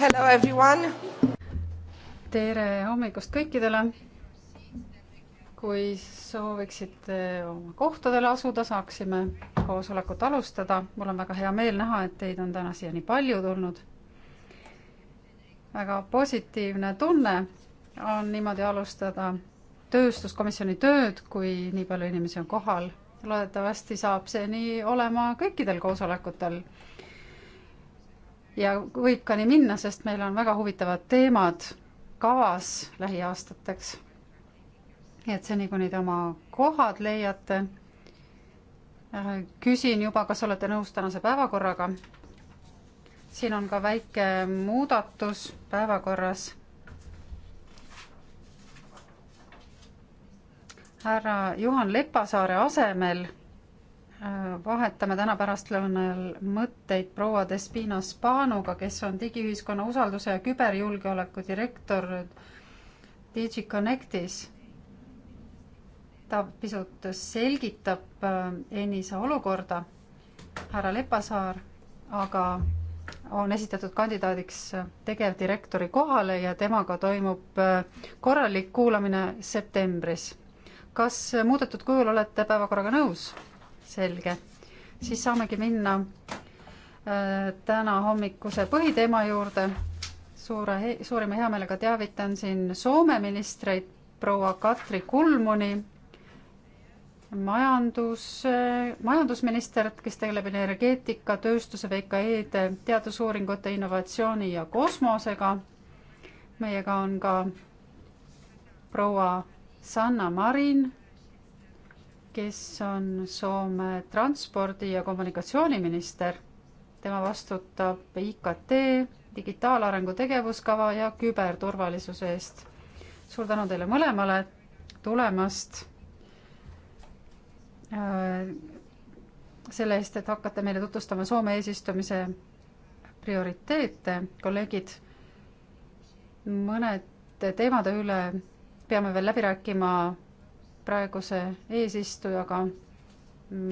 Hello everyone! tere hommikust kõikidele! kui sooviksite oma kohtadele asuda, saaksime koosolekut alustada. mul on väga hea meel näha, et teid on täna siia nii palju tulnud. väga positiivne tunne on niimoodi alustada tööstuskomisjoni tööd, kui nii palju inimesi on kohal. loodetavasti saab see nii olema kõikidel koosolekutel ja võib ka nii minna, sest meil on väga huvitavad teemad kavas lähiaastateks. nii et seni, kuni te oma kohad leiate, äh, küsin juba, kas olete nõus tänase päevakorraga. siin on ka väike muudatus päevakorras. härra Juhan Lepasaare asemel vahetame täna pärastlõunal mõtteid proua Despina Spanuga, kes on digiühiskonna usalduse ja küberjulgeoleku direktor DigiConnectis. ta pisut selgitab äh, ENISA olukorda, härra Lepasaar aga on esitatud kandidaadiks tegevdirektori kohale ja temaga toimub äh, korralik kuulamine septembris. kas muudetud kujul olete päevakorraga nõus? selge. siis saamegi minna äh, täna hommikuse põhiteema juurde. suure, suurima heameelega teavitan siin Soome ministreid, proua Katri Kulmuni, majandus, majandusminister, kes tegeleb energeetika, tööstuse, VKE-de, teadusuuringute, innovatsiooni ja kosmosega. meiega on ka proua Sanna Marin kes on Soome transpordi- ja kommunikatsiooniminister. tema vastutab IKT, digitaalarengu tegevuskava ja küberturvalisuse eest. suur tänu teile mõlemale tulemast äh, selle eest, et hakkate meile tutvustama Soome eesistumise prioriteete, kolleegid, mõned teemade üle peame veel läbi rääkima praeguse eesistujaga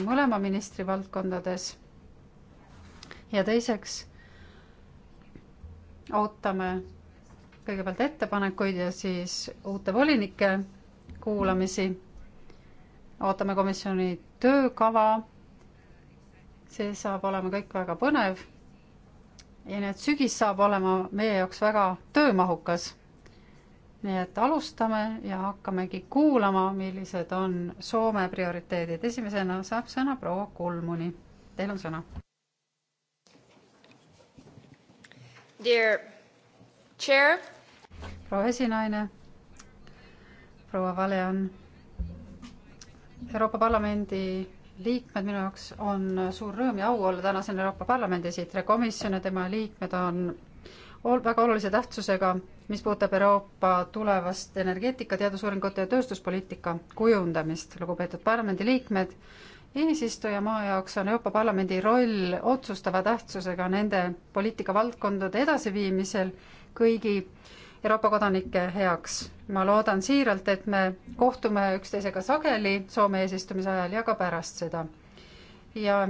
mõlema ministri valdkondades. ja teiseks ootame kõigepealt ettepanekuid ja siis uute volinike kuulamisi. ootame komisjoni töökava. see saab olema kõik väga põnev. ja nii, et sügis saab olema meie jaoks väga töömahukas nii et alustame ja hakkamegi kuulama, millised on Soome prioriteedid. esimesena saab sõna proua Kulmuni. Teil on sõna. Dear chair. proua esinaine, proua Valean. Euroopa Parlamendi liikmed, minu jaoks on suur rõõm ja au olla täna siin Euroopa Parlamendis. ITRE komisjon ja tema liikmed on ol-, väga olulise tähtsusega, mis puudutab Euroopa tulevast energeetika, teadusuuringute ja tööstuspoliitika kujundamist, lugupeetud parlamendiliikmed, eesistuja maa jaoks on Euroopa Parlamendi roll otsustava tähtsusega nende poliitikavaldkondade edasiviimisel kõigi Euroopa kodanike heaks. ma loodan siiralt, et me kohtume üksteisega sageli Soome eesistumise ajal ja ka pärast seda. ja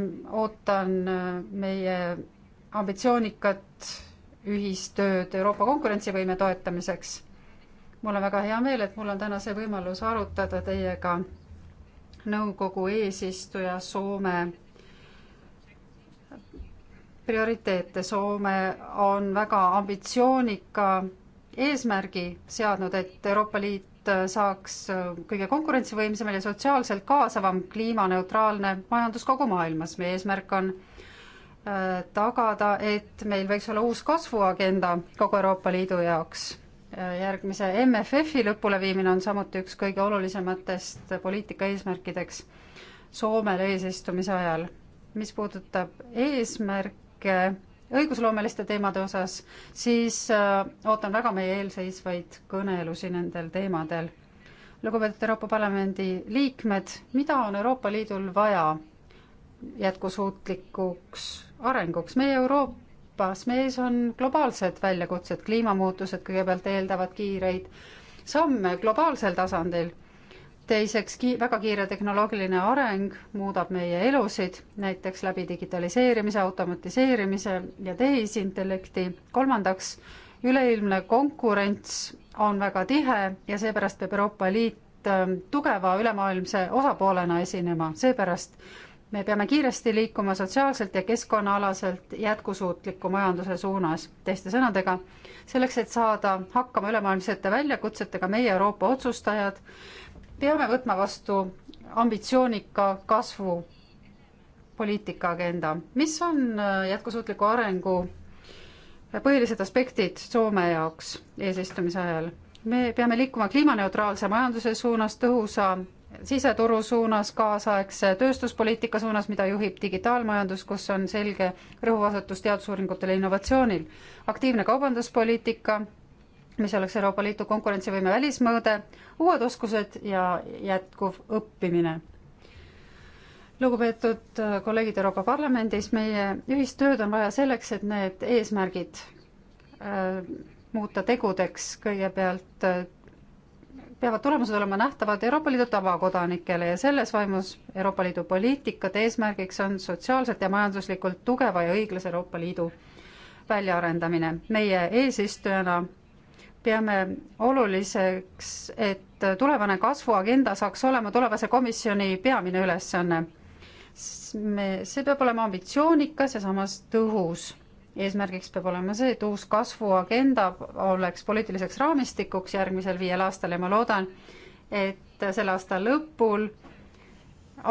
ootan meie ambitsioonikat ühistööd Euroopa konkurentsivõime toetamiseks. mul on väga hea meel, et mul on täna see võimalus arutada teiega nõukogu eesistuja Soome prioriteete. Soome on väga ambitsioonika eesmärgi seadnud, et Euroopa Liit saaks kõige konkurentsivõimsam ja sotsiaalselt kaasavam kliimaneutraalne majandus kogu maailmas. meie eesmärk on Äh, tagada, et meil võiks olla uus kasvuagenda kogu Euroopa Liidu jaoks. järgmise MFF-i lõpuleviimine on samuti üks kõige olulisematest poliitika eesmärkideks Soomele eesistumise ajal. mis puudutab eesmärke õigusloomeliste teemade osas, siis äh, ootan väga meie eelseisvaid kõnelusi nendel teemadel. lugupeetud Euroopa Parlamendi liikmed, mida on Euroopa Liidul vaja jätkusuutlikuks arenguks. meie Euroopas, mees on globaalsed väljakutsed, kliimamuutused kõigepealt eeldavad kiireid samme globaalsel tasandil. teiseks, ki-, väga kiire tehnoloogiline areng muudab meie elusid, näiteks läbi digitaliseerimise, automatiseerimise ja tehisintellekti. kolmandaks, üleilmne konkurents on väga tihe ja seepärast peab Euroopa Liit ähm, tugeva ülemaailmse osapoolena esinema, seepärast me peame kiiresti liikuma sotsiaalselt ja keskkonnaalaselt jätkusuutliku majanduse suunas. teiste sõnadega, selleks, et saada hakkama ülemaailmsete väljakutsetega, meie Euroopa otsustajad peame võtma vastu ambitsioonika kasvu poliitika agenda. mis on äh, jätkusuutliku arengu põhilised aspektid Soome jaoks eesistumise ajal? me peame liikuma kliimaneutraalse majanduse suunas, tõhusa siseturu suunas, kaasaegse tööstuspoliitika suunas, mida juhib digitaalmajandus, kus on selge rõhuasetus teadusuuringutele innovatsioonil. aktiivne kaubanduspoliitika, mis oleks Euroopa Liidu konkurentsivõime välismõõde, uued oskused ja jätkuv õppimine. lugupeetud äh, kolleegid Euroopa Parlamendis, meie ühist tööd on vaja selleks, et need eesmärgid äh, muuta tegudeks, kõigepealt äh, peavad tulemused olema nähtavad Euroopa Liidu tavakodanikele ja selles vaimus Euroopa Liidu poliitikate eesmärgiks on sotsiaalselt ja majanduslikult tugeva ja õiglase Euroopa Liidu väljaarendamine. meie eesistujana peame oluliseks, et tulevane kasvuagenda saaks olema tulevase komisjoni peamine ülesanne. me, see peab olema ambitsioonikas ja samas tõhus eesmärgiks peab olema see, et uus kasvuagenda oleks poliitiliseks raamistikuks järgmisel viiel aastal ja ma loodan, et selle aasta lõpul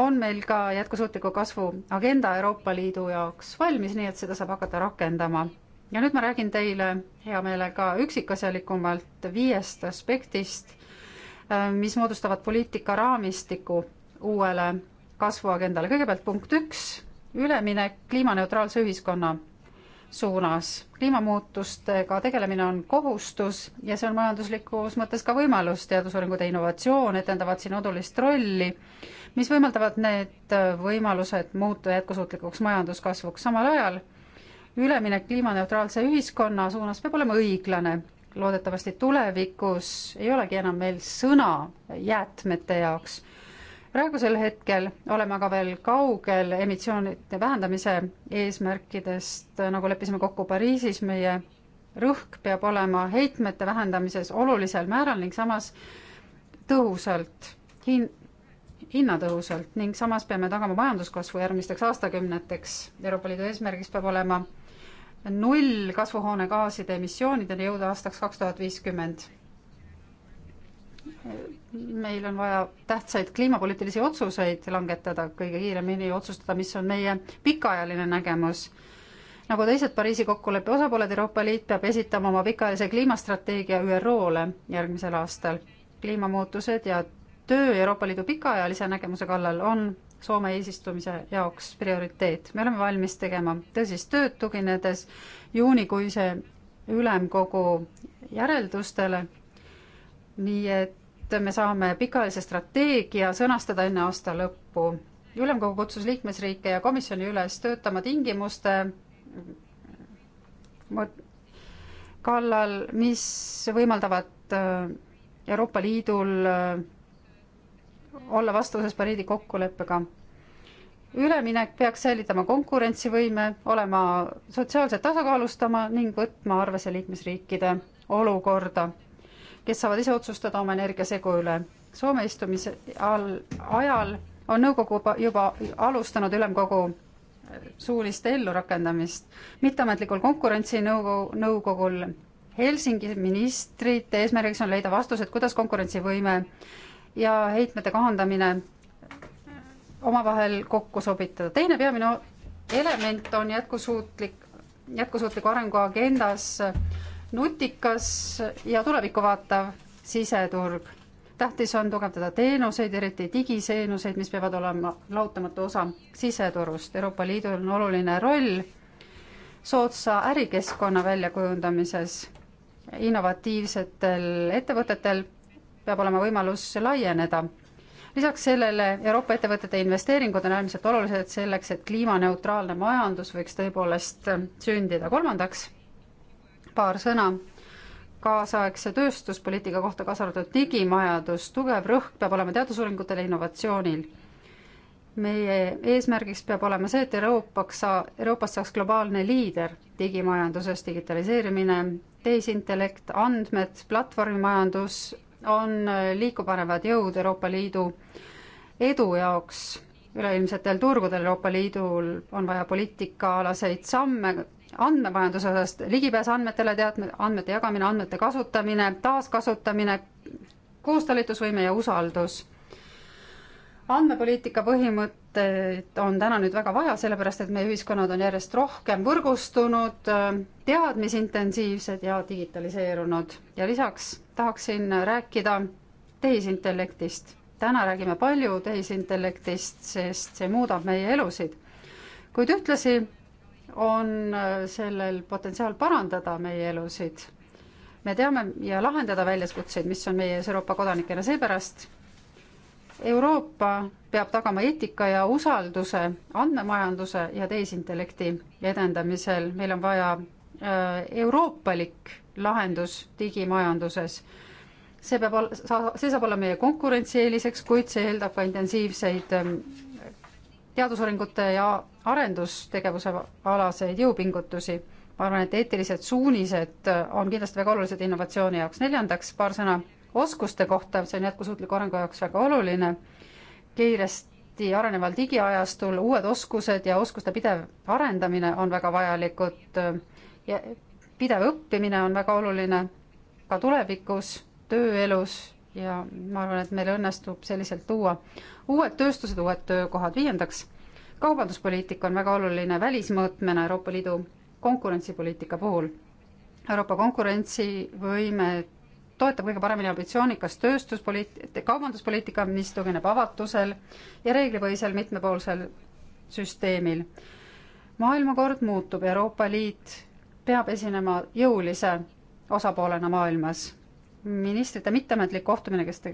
on meil ka jätkusuutliku kasvu agenda Euroopa Liidu jaoks valmis, nii et seda saab hakata rakendama. ja nüüd ma räägin teile hea meelega üksikasjalikumalt viiest aspektist, mis moodustavad poliitika raamistiku uuele kasvuagendale. kõigepealt punkt üks, üleminek kliimaneutraalse ühiskonna suunas. kliimamuutustega tegelemine on kohustus ja see on majanduslikus mõttes ka võimalus, teadusuuringud ja innovatsioon etendavad siin olulist rolli, mis võimaldavad need võimalused muuta jätkusuutlikuks majanduskasvuks. samal ajal üleminek kliimaneutraalse ühiskonna suunas peab olema õiglane. loodetavasti tulevikus ei olegi enam meil sõna jäätmete jaoks praegusel hetkel oleme aga veel kaugel emissioonide vähendamise eesmärkidest, nagu leppisime kokku Pariisis, meie rõhk peab olema heitmete vähendamises olulisel määral ning samas tõhusalt hin-, hinnatõhusalt ning samas peame tagama majanduskasvu järgmisteks aastakümneteks. Euroopa Liidu eesmärgiks peab olema null kasvuhoonegaaside emissioonideni jõuda aastaks kaks tuhat viiskümmend meil on vaja tähtsaid kliimapoliitilisi otsuseid langetada, kõige kiiremini otsustada, mis on meie pikaajaline nägemus. nagu teised Pariisi kokkuleppe osapooled, Euroopa Liit peab esitama oma pikaajalise kliimastrateegia ÜRO-le järgmisel aastal. kliimamuutused ja töö Euroopa Liidu pikaajalise nägemuse kallal on Soome eesistumise jaoks prioriteet. me oleme valmis tegema tõsist tööd, tuginedes juunikuise ülemkogu järeldustele, nii et me saame pikaajalise strateegia sõnastada enne aasta lõppu. ülemkogu kutsus liikmesriike ja komisjoni üles töötama tingimuste kallal, mis võimaldavad äh, Euroopa Liidul äh, olla vastuses Pariisi kokkuleppega. üleminek peaks säilitama konkurentsivõime, olema sotsiaalselt tasakaalustama ning võtma arvesse liikmesriikide olukorda kes saavad ise otsustada oma energiasegu üle. Soome istumise all, ajal on nõukogu juba alustanud ülemkogu suulist ellurakendamist. mitteametlikul konkurentsinõukogu, nõukogul Helsingi ministrite eesmärgiks on leida vastused, kuidas konkurentsivõime ja heitmete kahandamine omavahel kokku sobitada. teine peamine element on jätkusuutlik, jätkusuutliku arengu agendas äh, nutikas ja tulevikku vaatav siseturg. tähtis on tugevdada teenuseid, eriti digiteenuseid, mis peavad olema lahutamatu osa siseturust. Euroopa Liidul on oluline roll soodsa ärikeskkonna väljakujundamises. innovatiivsetel ettevõtetel peab olema võimalus laieneda. lisaks sellele Euroopa ettevõtete investeeringud on äärmiselt olulised selleks, et kliimaneutraalne majandus võiks tõepoolest sündida. kolmandaks paar sõna kaasaegse tööstuspoliitika kohta, kaasa arvatud digimajandus, tugev rõhk peab olema teadusuuringutel ja innovatsioonil. meie eesmärgiks peab olema see, et Euroopaks saa, Euroopast saaks globaalne liider digimajanduses, digitaliseerimine, tehisintellekt, andmed, platvormimajandus on liikupanevad jõud Euroopa Liidu edu jaoks üleilmsetel turgudel Euroopa Liidul on vaja poliitikaalaseid samme andmemajanduse osast, ligipääs andmetele, teadme, andmete jagamine, andmete kasutamine, taaskasutamine, koostalitusvõime ja usaldus. andmepoliitika põhimõtteid on täna nüüd väga vaja, sellepärast et meie ühiskonnad on järjest rohkem võrgustunud, teadmisintensiivsed ja digitaliseerunud ja lisaks tahaksin rääkida tehisintellektist. täna räägime palju tehisintellektist, sest see muudab meie elusid, kuid ühtlasi on äh, sellel potentsiaal parandada meie elusid. me teame ja lahendada väljakutseid, mis on meie ees Euroopa kodanikena, seepärast Euroopa peab tagama eetika ja usalduse andmemajanduse ja tehisintellekti edendamisel. meil on vaja äh, euroopalik lahendus digimajanduses. see peab, see saab olla meie konkurentsieeliseks, kuid see eeldab ka intensiivseid ähm, teadusuuringute ja arendustegevuse alaseid jõupingutusi. ma arvan, et eetilised suunised on kindlasti väga olulised innovatsiooni jaoks. neljandaks paar sõna oskuste kohta, see on jätkusuutliku arengu jaoks väga oluline. kiiresti areneval digiajastul uued oskused ja oskuste pidev arendamine on väga vajalikud ja pidev õppimine on väga oluline ka tulevikus, tööelus ja ma arvan, et meil õnnestub selliselt tuua uued tööstused, uued töökohad. viiendaks, kaubanduspoliitika on väga oluline välismõõtmena Euroopa Liidu konkurentsipoliitika puhul. Euroopa konkurentsivõime toetab kõige paremini ambitsioonikas tööstuspoliit-, kaubanduspoliitika, mis tugineb avatusel ja reeglipõhisel mitmepoolsel süsteemil. maailmakord muutub ja Euroopa Liit peab esinema jõulise osapoolena maailmas ministrite mitteametlik kohtumine, kes te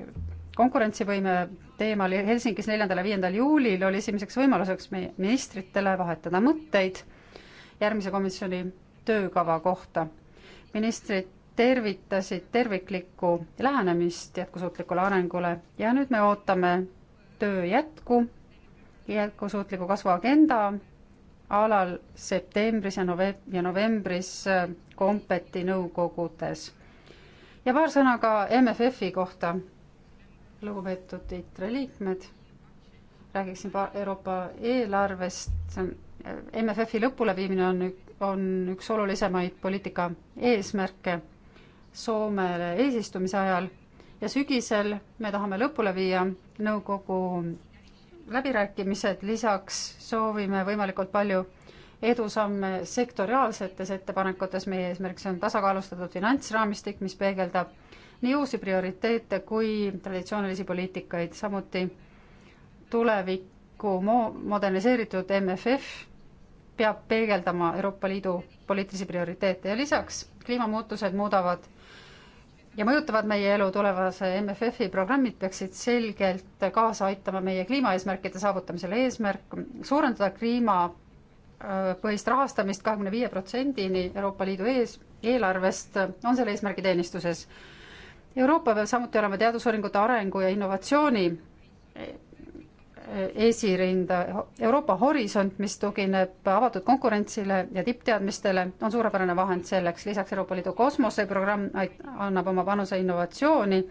konkurentsivõime teemal Helsingis neljandal ja viiendal juulil oli esimeseks võimaluseks meie ministritele vahetada mõtteid järgmise komisjoni töökava kohta. ministrid tervitasid terviklikku lähenemist jätkusuutlikule arengule ja nüüd me ootame töö jätku jätkusuutliku kasvu agenda alal septembris ja nove- ja novembris äh, Kompeti nõukogudes ja paar sõna ka MFF-i kohta. lugupeetud EITRE liikmed, räägiksin paar Euroopa eelarvest. MFF-i lõpuleviimine on, eh, on üks olulisemaid poliitika eesmärke Soomele eesistumise ajal ja sügisel me tahame lõpule viia nõukogu läbirääkimised, lisaks soovime võimalikult palju edusamme sektoriaalsetes ettepanekutes, meie eesmärgiks on tasakaalustatud finantsraamistik, mis peegeldab nii uusi prioriteete kui traditsioonilisi poliitikaid, samuti tulevikku mo-, moderniseeritud MFF peab peegeldama Euroopa Liidu poliitilisi prioriteete ja lisaks kliimamuutused muudavad ja mõjutavad meie elu tulevase MFF-i programmid peaksid selgelt kaasa aitama meie kliimaeesmärkide saavutamisele, eesmärk suurendada kliima põhist rahastamist kahekümne viie protsendini Euroopa Liidu ees, eelarvest on selle eesmärgi teenistuses. Euroopa peab samuti olema teadusuuringute arengu ja innovatsiooni esirinda. Euroopa Horisont, mis tugineb avatud konkurentsile ja tippteadmistele, on suurepärane vahend selleks. lisaks Euroopa Liidu kosmoseprogramm annab oma panuse innovatsiooni,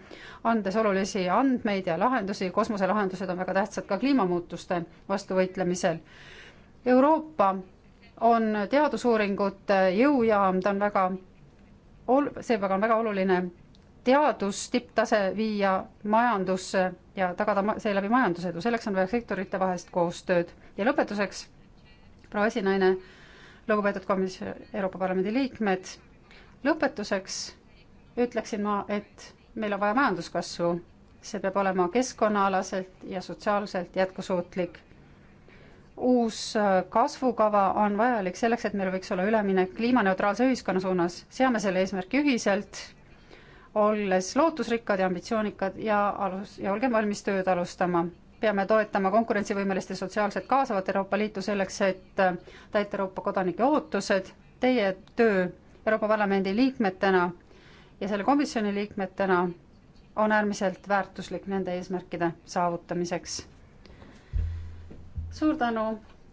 andes olulisi andmeid ja lahendusi. kosmoselahendused on väga tähtsad ka kliimamuutuste vastu võitlemisel Euroopa on teadusuuringute jõujaam, ta on väga ol-, seepärast on väga oluline teadus tipptase viia majandusse ja tagada ma-, seeläbi majandusedu, selleks on vaja sektorite vahest koostööd. ja lõpetuseks, proua esinaine, lugupeetud komisjon, Euroopa Parlamendi liikmed, lõpetuseks ütleksin ma, et meil on vaja majanduskasvu, see peab olema keskkonnaalaselt ja sotsiaalselt jätkusuutlik uus äh, kasvukava on vajalik selleks, et meil võiks olla üleminek kliimaneutraalse ühiskonna suunas. seame selle eesmärki ühiselt, olles lootusrikkad ja ambitsioonikad ja alus, ja olgem valmis tööd alustama. peame toetama konkurentsivõimelist ja sotsiaalselt kaasavat Euroopa Liitu selleks, et äh, täita Euroopa kodanike ootused. Teie töö Euroopa Parlamendi liikmetena ja selle komisjoni liikmetena on äärmiselt väärtuslik nende eesmärkide saavutamiseks suur tänu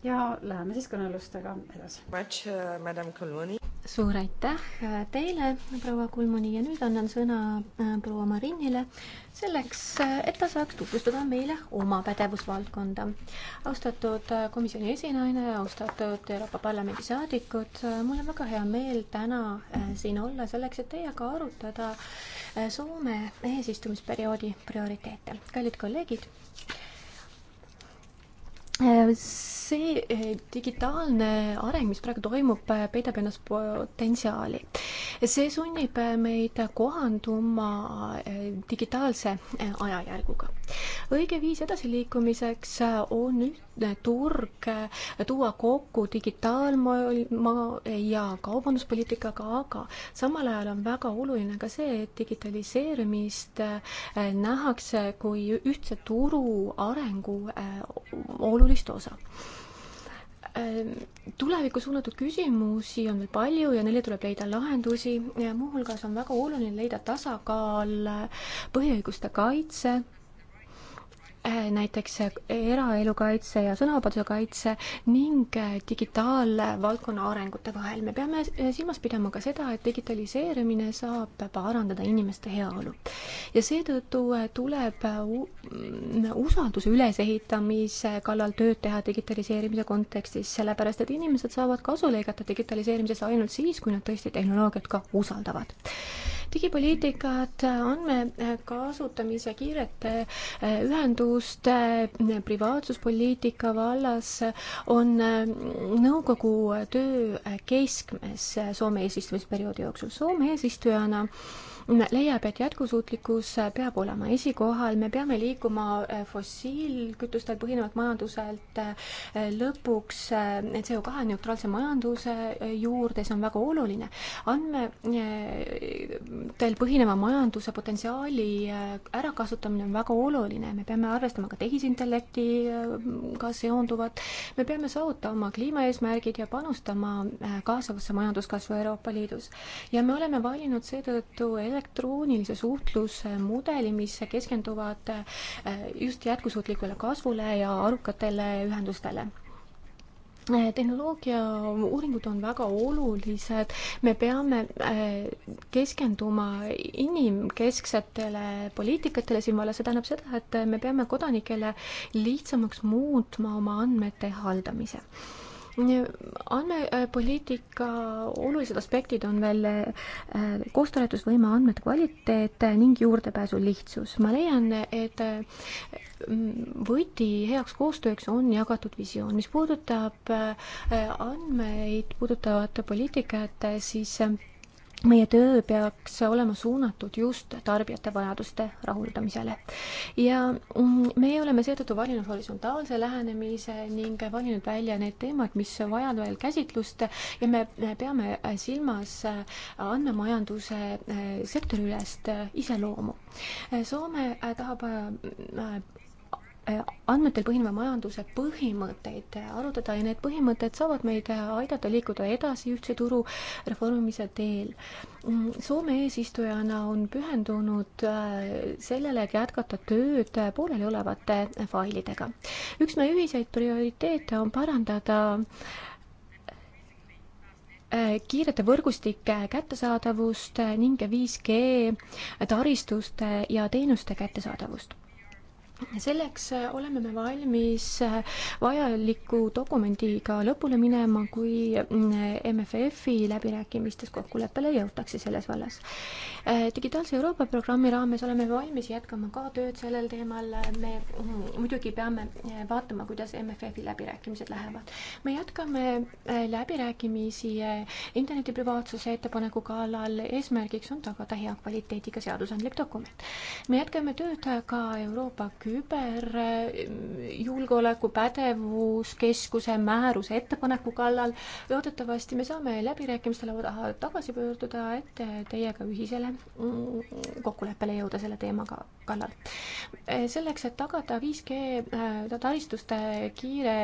ja läheme siis kõnelustega edasi. Uh, suur aitäh uh, teile, proua Kulmuni ja nüüd annan sõna uh, proua Marinile selleks, et ta saaks tutvustada meile oma pädevusvaldkonda. austatud komisjoni esinaine, austatud Euroopa Parlamendi saadikud, mul on väga hea meel täna siin olla selleks, et teiega arutada Soome eesistumisperioodi prioriteete. kallid kolleegid see eh, digitaalne areng, mis praegu toimub, eh, peidab ennast potentsiaali. see sunnib eh, meid kohanduma digitaalse ajajärguga. õige viis edasiliikumiseks on üht turg eh, tuua kokku digitaalmaailma ja kaubanduspoliitikaga, aga samal ajal on väga oluline ka see, et digitaliseerimist eh, nähakse kui ühtse turu arengu eh, olulist osa tulevikku suunatud küsimusi on veel palju ja neile tuleb leida lahendusi ja muuhulgas on väga oluline leida tasakaal põhiõiguste kaitse Äh, näiteks äh, eraelu kaitse ja sõnavabaduse kaitse ning äh, digitaalvaldkonna arengute vahel. me peame silmas pidama ka seda, et digitaliseerimine saab parandada inimeste heaolu. ja seetõttu tuleb mm, usalduse ülesehitamise kallal tööd teha digitaliseerimise kontekstis, sellepärast et inimesed saavad kasu lõigata digitaliseerimisest ainult siis, kui nad tõesti tehnoloogiat ka usaldavad digipoliitikat, andmekasutamise äh, kiirete äh, ühenduste, äh, privaatsuspoliitika vallas on nõukogu töö keskmes Soome eesistumisperioodi jooksul. Soome eesistujana leiab, et jätkusuutlikkus peab olema esikohal, me peame liikuma äh, fossiilkütustel põhinevalt majanduselt äh, lõpuks äh, CO2 neutraalse majanduse juurde, see on väga oluline. andmetel põhineva majanduse potentsiaali ärakasutamine on väga oluline, me peame arvestama ka tehisintellektiga seonduvat, me peame saavutama kliimaeesmärgid ja panustama kaasavasse majanduskasvu Euroopa Liidus. ja me oleme valinud seetõttu elektroonilise suhtluse mudeli, mis keskenduvad äh, just jätkusuutlikule kasvule ja arukatele ühendustele äh, tehnoloogia uuringud on väga olulised, me peame äh, keskenduma inimkesksetele poliitikatele siin vallas, see tähendab seda, et me peame kodanikele lihtsamaks muutma oma andmete haldamise andmepoliitika äh, olulised aspektid on veel äh, koostoletusvõime andmete kvaliteet äh, ning juurdepääsu lihtsus. ma leian, et võti heaks koostööks on jagatud visioon. mis puudutab andmeid puudutavat poliitikat, siis meie töö peaks olema suunatud just tarbijate vajaduste rahuldamisele. ja mm, meie oleme seetõttu valinud horisontaalse lähenemise ning valinud välja need teemad, mis vajavad veel käsitlust ja me peame silmas äh, andmemajanduse äh, sektoriülest äh, iseloomu. Soome tahab andmetel põhineva majanduse põhimõtteid arutada ja need põhimõtted saavad meid aidata liikuda edasi ühtse turu reformimise teel. Soome eesistujana on pühendunud äh, sellele, et jätkata tööd pooleliolevate failidega. üks meie ühiseid prioriteete on parandada äh, kiirete võrgustike kättesaadavust ning 5G taristuste ja teenuste kättesaadavust selleks äh, oleme me valmis äh, vajaliku dokumendiga lõpule minema, kui äh, MFF-i läbirääkimistes kokkuleppele jõutakse selles vallas. digitaalse Euroopa programmi raames oleme valmis jätkama ka tööd sellel teemal, me mm, muidugi peame vaatama, kuidas MFF-i läbirääkimised lähevad. me jätkame läbirääkimisi interneti privaatsuse ettepaneku kallal, eesmärgiks on tagada hea kvaliteediga seadusandlik dokument. me jätkame tööd ka Euroopa küberjulgeolekupädevuskeskuse eh, määruse ettepaneku kallal. loodetavasti me saame läbirääkimistele ah, tagasi pöörduda, et teiega ühisele mm, kokkuleppele jõuda selle teemaga kallal. Eh, selleks, et tagada 5G eh, taristuste kiire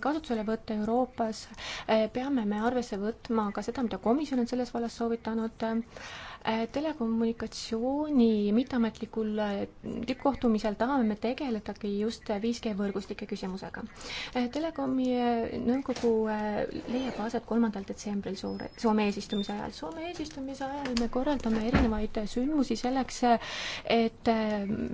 kasutuselevõtt Euroopas, peame me arvesse võtma ka seda, mida komisjon on selles vallas soovitanud Äh, telekommunikatsiooni mitteametlikul äh, tippkohtumisel tahame me tegeledagi just 5G äh, võrgustike küsimusega. Telekomi nõukogu leiab aset kolmandal detsembril suure, Soome eesistumise ajal. Soome eesistumise ajal me korraldame erinevaid sündmusi selleks, et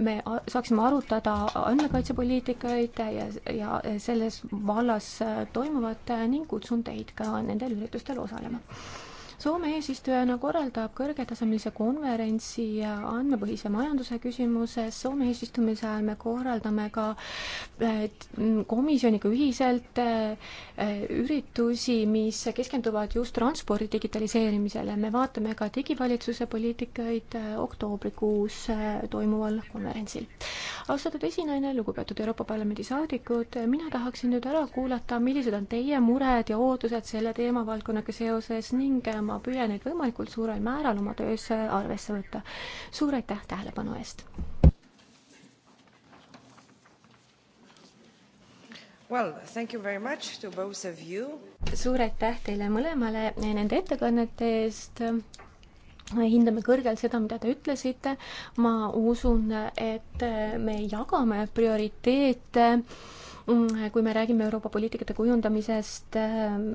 me saaksime arutada andmekaitsepoliitikaid ja, ja selles vallas toimuvat ning kutsun teid ka nendel üritustel osalema Soome eesistujana korraldab kõrgetasemelise konverentsi andmepõhise majanduse küsimuses. Soome eesistumise ajal me korraldame ka mm, komisjoniga ühiselt äh, üritusi, mis keskenduvad just transpordi digitaliseerimisele. me vaatame ka digivalitsuse poliitikaid äh, oktoobrikuus äh, toimuval konverentsil. austatud esinaine, lugupeetud Euroopa Parlamendi saadikud, mina tahaksin nüüd ära kuulata, millised on teie mured ja ootused selle teemavaldkonnaga seoses ning ma püüan neid võimalikult suurel määral oma töös arvesse võtta. suur aitäh tähelepanu eest! Well, thank you very much to both of you. suur aitäh teile mõlemale nende ettekannete eest hindame kõrgelt seda, mida te ütlesite. ma usun, et me jagame prioriteete Mm, kui me räägime Euroopa poliitikate kujundamisest ähm,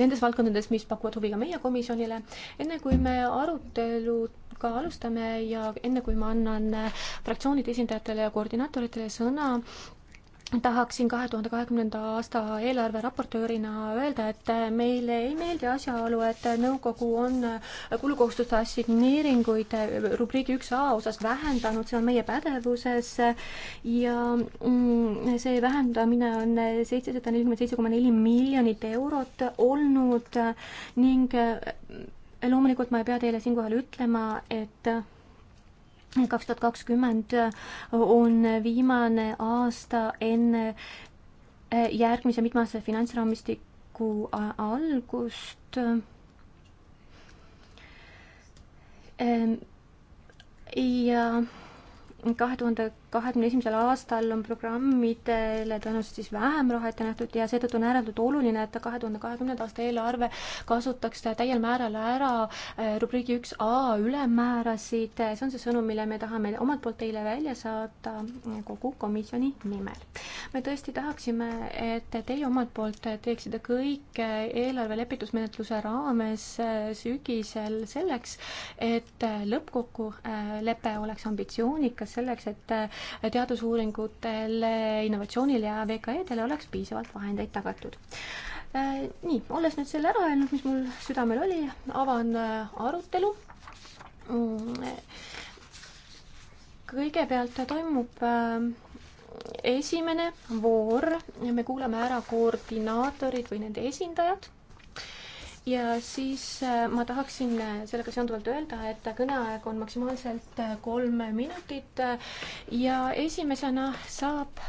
nendes valdkondades, mis pakuvad huvi ka meie komisjonile, enne kui me arutelud ka alustame ja enne, kui ma annan äh, fraktsioonide esindajatele ja koordinaatoritele sõna, tahaksin kahe tuhande kahekümnenda aasta eelarve raportöörina öelda, et meile ei meeldi asjaolu, et nõukogu on kulukohustuste assigneeringuid rubriigi üks A osas vähendanud, see on meie pädevuses ja mm, see vähendamine on seitsesada nelikümmend seitse koma neli miljonit eurot olnud ning loomulikult ma ei pea teile siinkohal ütlema, et kaks tuhat kakskümmend on viimane aasta enne eh, järgmise mitmeaastase finantsraamistiku algust ja kahe tuhande kahekümne esimesel aastal on programmidele tõenäoliselt siis vähem raha ette nähtud ja seetõttu on ääretult oluline, et kahe tuhande kahekümnenda aasta eelarve kasutaks täiel määral ära äh, rubriigi üks A ülemmäärasid, see on see sõnum, mille me tahame omalt poolt teile välja saata äh, kogu komisjoni nimel. me tõesti tahaksime, et teie omalt poolt teeksite kõik äh, eelarve lepitusmenetluse raames sügisel selleks, et lõppkokkulepe oleks ambitsioonikas selleks, et teadusuuringutele, innovatsioonile ja VKE-dele oleks piisavalt vahendeid tagatud. Äh, nii, olles nüüd selle ära öelnud, mis mul südamel oli, avan äh, arutelu mm, kõigepealt toimub äh, esimene voor, me kuulame ära koordinaatorid või nende esindajad ja siis äh, ma tahaksin äh, sellega seonduvalt öelda, et kõneaeg on maksimaalselt äh, kolm minutit ja esimesena saab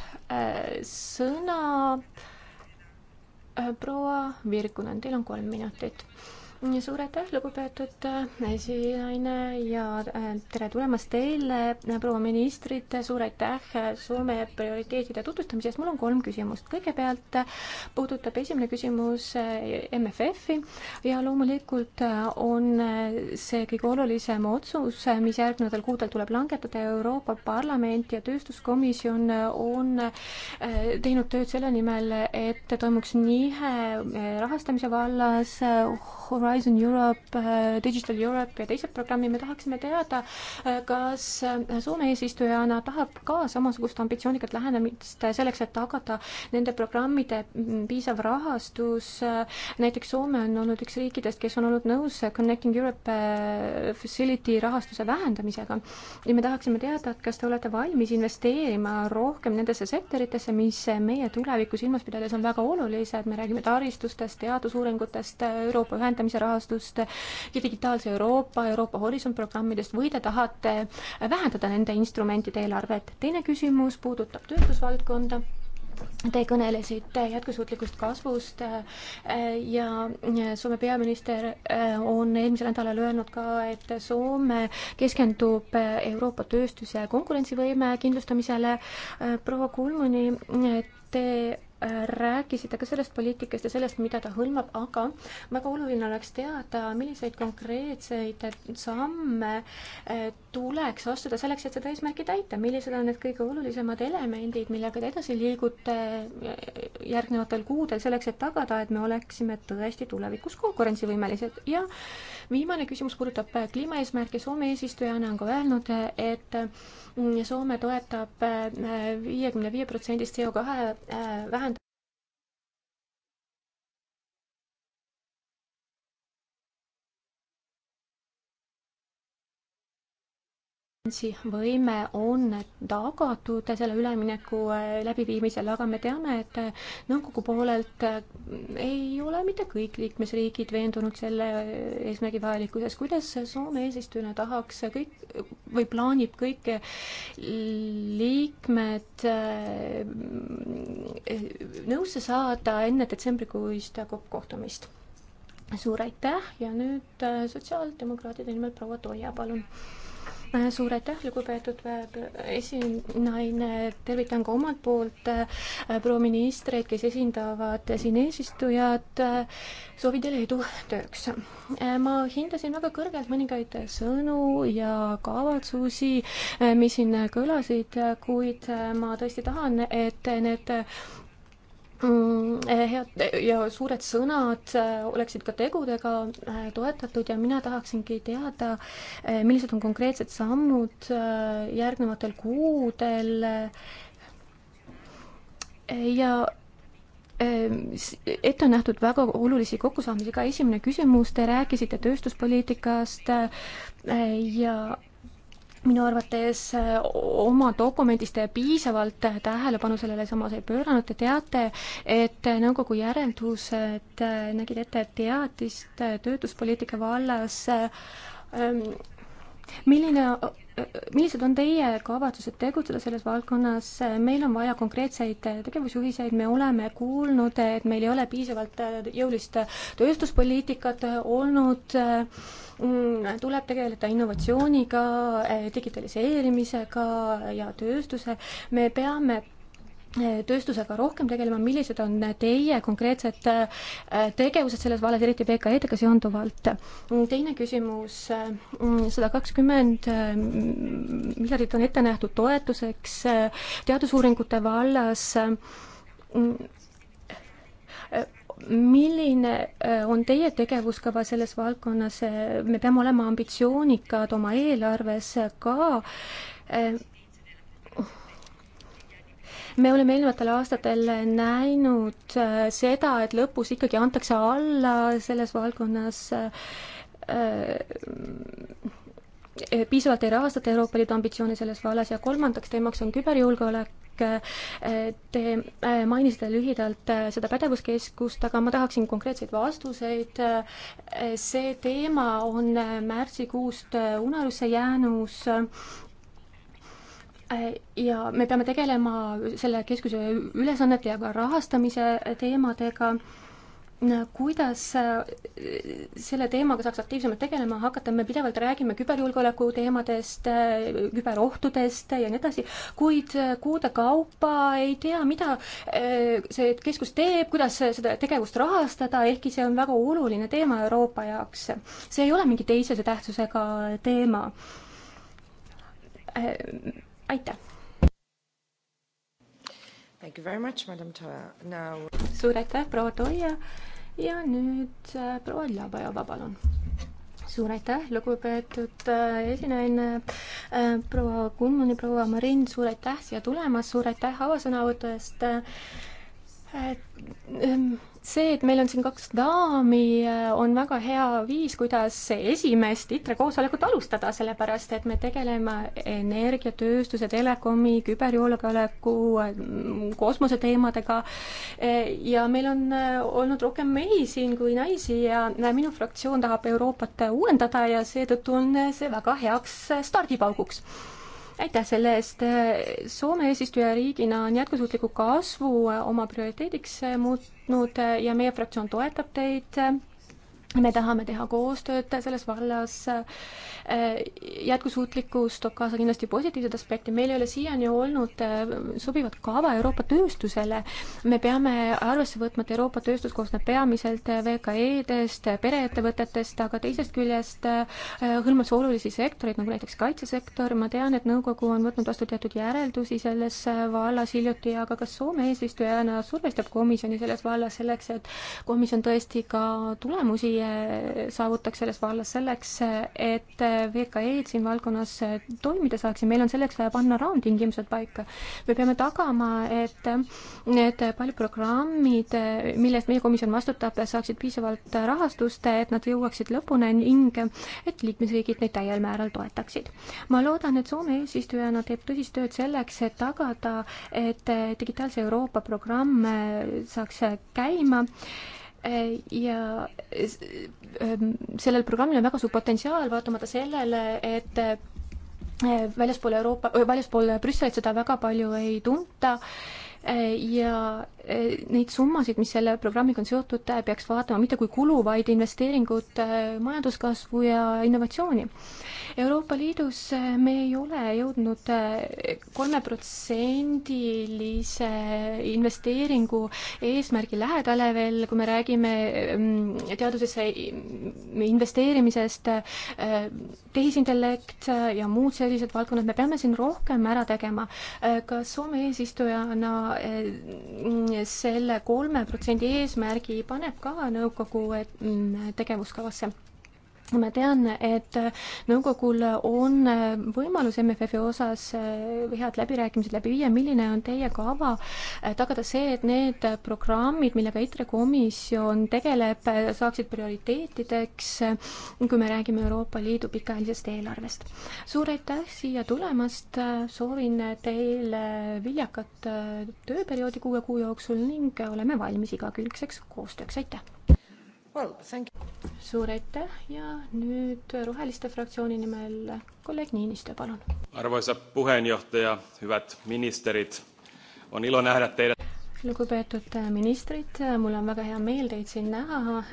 sõna proua Virkunen, teil on kolm minutit suur aitäh, lugupeetud äh, esinaine ja äh, tere tulemast teile, äh, proua ministrid, suur aitäh Soome prioriteetide tutvustamise eest. mul on kolm küsimust. kõigepealt puudutab esimene küsimus MFF-i ja loomulikult on see kõige olulisem otsus, mis järgnevatel kuudel tuleb langetada. Euroopa Parlament ja Tööstuskomisjon on teinud tööd selle nimel, et toimuks nihe rahastamise vallas Horizon Europe, äh, Digital Europe ja teised programmid, me tahaksime teada, äh, kas äh, Soome eesistujana tahab ka samasugust ambitsioonikat lähenemist selleks, et tagada nende programmide mm, piisav rahastus, näiteks Soome on olnud üks riikidest, kes on olnud nõus Connecting Europe Facility rahastuse vähendamisega ja me tahaksime teada, et kas te olete valmis investeerima rohkem nendesse sektoritesse, mis meie tulevikku silmas pidades on väga olulised, me räägime taristustest, teadusuuringutest, Euroopa ühendamise rahastust ja Digitaalse Euroopa, Euroopa Horisont programmidest või te tahate vähendada nende instrumentide eelarvet? teine küsimus puudutab tööstusvaldkonda Te kõnelesite jätkusuutlikust kasvust äh, ja Soome peaminister äh, on eelmisel nädalal öelnud ka, et Soome keskendub äh, Euroopa tööstuse konkurentsivõime kindlustamisele. proua Kulmuni, te rääkisite ka sellest poliitikast ja sellest, mida ta hõlmab, aga väga oluline oleks teada, milliseid konkreetseid samme äh, tuleks astuda selleks, et seda eesmärki täita, millised on need kõige olulisemad elemendid, millega te edasi liigute äh, järgnevatel kuudel selleks, et tagada, et me oleksime tõesti tulevikus konkurentsivõimelised ja viimane küsimus puudutab äh, kliimaeesmärke. Soome eesistujana on ka öelnud, et mm, Soome toetab äh, viiekümne viie protsendist CO2 äh, vähendamist konkurentsivõime on tagatud selle ülemineku äh, läbiviimisel, aga me teame, et äh, nõukogu poolelt äh, ei ole mitte kõik liikmesriigid veendunud selle eesmärgi vajalikkuses. kuidas Soome eesistujana tahaks kõik või plaanib kõik liikmed nõusse saada enne detsembrikuist kohtumist? suur aitäh ja nüüd sotsiaaldemokraatide nimel proua Toia, palun suur aitäh, lugupeetud äh, esinaine, tervitan ka omalt poolt äh, proua ministreid, kes esindavad siin eesistujat. soovin teile edu tööks. Äh, ma hindasin väga kõrgelt mõningaid sõnu ja kavatsusi, mis siin kõlasid, kuid ma tõesti tahan, et need Mm, eh, head eh, ja suured sõnad eh, oleksid ka tegudega toetatud ja mina tahaksingi teada, millised on konkreetsed sammud järgnevatel kuudel ja ette on nähtud väga olulisi kokkusaamisi ka, esimene küsimus, te rääkisite tööstuspoliitikast ja minu arvates äh, oma dokumendis te piisavalt tähelepanu sellele samas ei pööranud, te teate, et nõukogu järeldused äh, nägid ette teatist äh, töötuspoliitika vallas ähm, milline millised on teie kavatsused tegutseda selles valdkonnas, meil on vaja konkreetseid tegevusjuhiseid, me oleme kuulnud, et meil ei ole piisavalt jõulist tööstuspoliitikat olnud, tuleb tegeleda innovatsiooniga, digitaliseerimisega ja tööstuse, me peame tööstusega rohkem tegelema, millised on teie konkreetsed äh, tegevused selles vallas, eriti VKE-dega seonduvalt? teine küsimus, äh, sada kakskümmend äh, miljardit on ette nähtud toetuseks teadusuuringute vallas, milline on teie tegevuskava selles valdkonnas, me peame olema ambitsioonikad oma eelarves ka, me oleme eelnevatel aastatel näinud äh, seda, et lõpus ikkagi antakse alla selles valdkonnas äh, äh, piisavalt ei rahastata Euroopa Liidu ambitsioone selles vallas ja kolmandaks teemaks on küberjulgeolek, Te mainisite lühidalt seda pädevuskeskust, aga ma tahaksin konkreetseid vastuseid. see teema on märtsikuust unarusse jäänus Äh, ja me peame tegelema selle keskuse ülesannete ja ka rahastamise teemadega kuidas äh, selle teemaga saaks aktiivsemalt tegelema hakata, me pidevalt räägime küberjulgeoleku teemadest, äh, küberohtudest ja nii edasi, kuid kuude kaupa ei tea, mida see keskus teeb, kuidas seda tegevust rahastada, ehkki see on väga oluline teema Euroopa jaoks. see ei ole mingi teisese tähtsusega teema aitäh! Now... suur aitäh, proua Toia ja nüüd äh, proua Labajova, palun suur aitäh, lugupeetud äh, esinaine, äh, proua Kummuni, proua Marin, suur aitäh siia tulemast, suur aitäh avasõnavõtu eest ähm, see, et meil on siin kaks daami, äh, on väga hea viis, kuidas esimest ITRE koosolekut alustada, sellepärast et me tegeleme energiatööstuse, telekomi, küberjulgeoleku, äh, kosmoseteemadega äh, ja meil on olnud rohkem mehi siin kui naisi ja minu fraktsioon tahab Euroopat uuendada ja seetõttu on see väga heaks stardipauguks aitäh selle eest. Soome eesistujariigina on jätkusuutliku kasvu oma prioriteediks muutnud ja meie fraktsioon toetab teid me tahame teha koostööd selles vallas, äh, jätkusuutlikkus toob kaasa kindlasti positiivseid aspekte, meil ei ole siiani olnud äh, sobivat kava Euroopa tööstusele, me peame arvesse võtma, et Euroopa tööstus koosneb peamiselt äh, VKE-dest, pereettevõtetest, aga teisest küljest hõlmab see olulisi sektoreid, nagu näiteks kaitsesektor, ma tean, et nõukogu on võtnud vastu teatud järeldusi selles vallas hiljuti, aga kas Soome eesistujana survestab komisjoni selles vallas selleks, et komisjon tõesti ka tulemusi meie saavutaks selles vallas selleks, et VKE-d siin valdkonnas toimida saaksid, meil on selleks vaja panna raamtingimused paika. me peame tagama, et need paljud programmid, mille eest meie komisjon vastutab, saaksid piisavalt rahastust, et nad jõuaksid lõpuni ning et liikmesriigid neid täiel määral toetaksid. ma loodan, et Soome eesistujana teeb tõsist tööd selleks, et tagada, et digitaalse Euroopa programm saaks käima ja ähm, sellel programmil on väga suur potentsiaal, vaatamata sellele, et äh, väljaspool Euroopa, väljaspool Brüsselit seda väga palju ei tunta äh, ja neid summasid, mis selle programmiga on seotud, peaks vaatama mitte kui kulu, vaid investeeringut äh, majanduskasvu ja innovatsiooni. Euroopa Liidus äh, me ei ole jõudnud äh, kolmeprotsendilise investeeringu eesmärgi lähedale veel, kui me räägime mm, teadusesse investeerimisest, tehisintellekt ja muud sellised valdkonnad, me peame siin rohkem ära tegema. kas Soome eesistujana selle kolme protsendi eesmärgi paneb ka nõukogu mm, tegevuskavasse ma tean, et nõukogul on võimalus MFF-i osas eh, head läbirääkimised läbi viia, milline on teie kava eh, tagada see, et need programmid, millega ITRE komisjon tegeleb, eh, saaksid prioriteetideks, kui me räägime Euroopa Liidu pikaajalisest eelarvest. suur aitäh siia tulemast, soovin teile viljakat tööperioodi kuue kuu jooksul ning oleme valmis igakülgseks koostööks, aitäh! well,. suur aitäh ja nüüd Roheliste fraktsiooni nimel kolleeg Niinistö, palun. arvoisa puheenjohtaja, hüved ministerid, on ilo näha teile. lugupeetud ministrid, mul on väga hea meel teid siin näha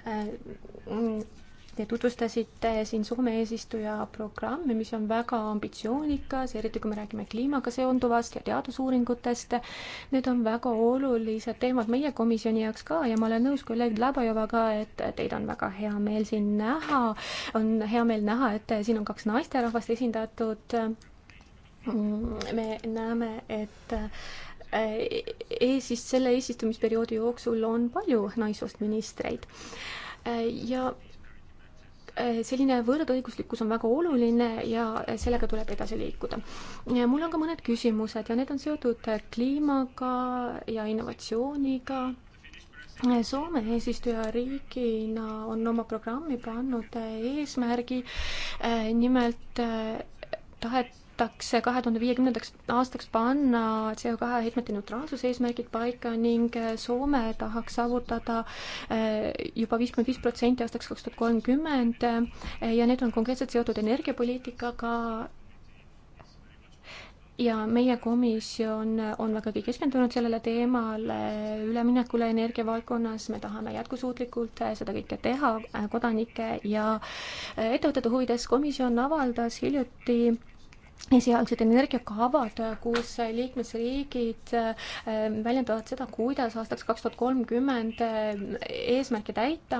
Te tutvustasite siin Soome eesistuja programmi, mis on väga ambitsioonikas, eriti kui me räägime kliimaga seonduvast ja teadusuuringutest. Need on väga olulised teemad meie komisjoni jaoks ka ja ma olen nõus kolleeg Labajovaga, et teid on väga hea meel siin näha. on hea meel näha, et siin on kaks naisterahvast esindatud. me näeme, et eh, eesist-, selle eesistumisperioodi jooksul on palju naissoost ministreid ja Eh, selline võrdõiguslikkus on väga oluline ja eh, sellega tuleb edasi liikuda. mul on ka mõned küsimused ja need on seotud eh, kliimaga ja innovatsiooniga Soome eesistujariigina on oma programmi pannud eesmärgi nimelt tahet tahetakse kahe tuhande viiekümnendaks aastaks panna CO2 heitmete neutraalsuse eesmärgid paika ning äh, Soome tahaks saavutada äh, juba viiskümmend viis protsenti aastaks kaks tuhat kolmkümmend äh, ja need on konkreetselt seotud energiapoliitikaga ja meie komisjon on vägagi keskendunud sellele teemale, üleminekule energiavaldkonnas, me tahame jätkusuutlikult seda kõike teha kodanike ja ettevõtete huvides. komisjon avaldas hiljuti esialgsed energiakavad, kus liikmesriigid äh, väljendavad seda, kuidas aastaks kaks tuhat kolmkümmend äh, eesmärke täita,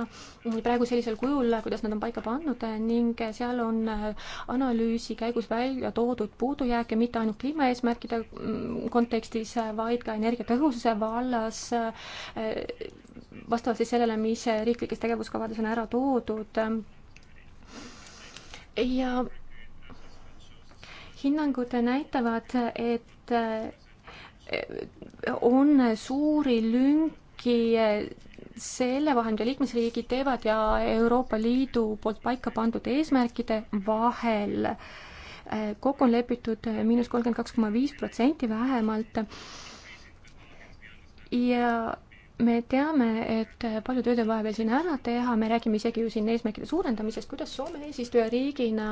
praegu sellisel kujul, kuidas nad on paika pannud ning seal on äh, analüüsi käigus välja toodud puudujääke mitte ainult kliimaeesmärkide mm, kontekstis, vaid ka energiatõhususe vallas, vastavalt siis sellele, mis riiklikes tegevuskavades on ära toodud ja hinnangud näitavad, et eh, on suuri lünki selle vahel, mida liikmesriigid teevad ja Euroopa Liidu poolt paika pandud eesmärkide vahel. Eh, kokku on lepitud miinus kolmkümmend kaks koma viis protsenti vähemalt. ja me teame, et palju tööd on vaja veel siin ära teha, me räägime isegi ju siin eesmärkide suurendamisest, kuidas Soome eesistujariigina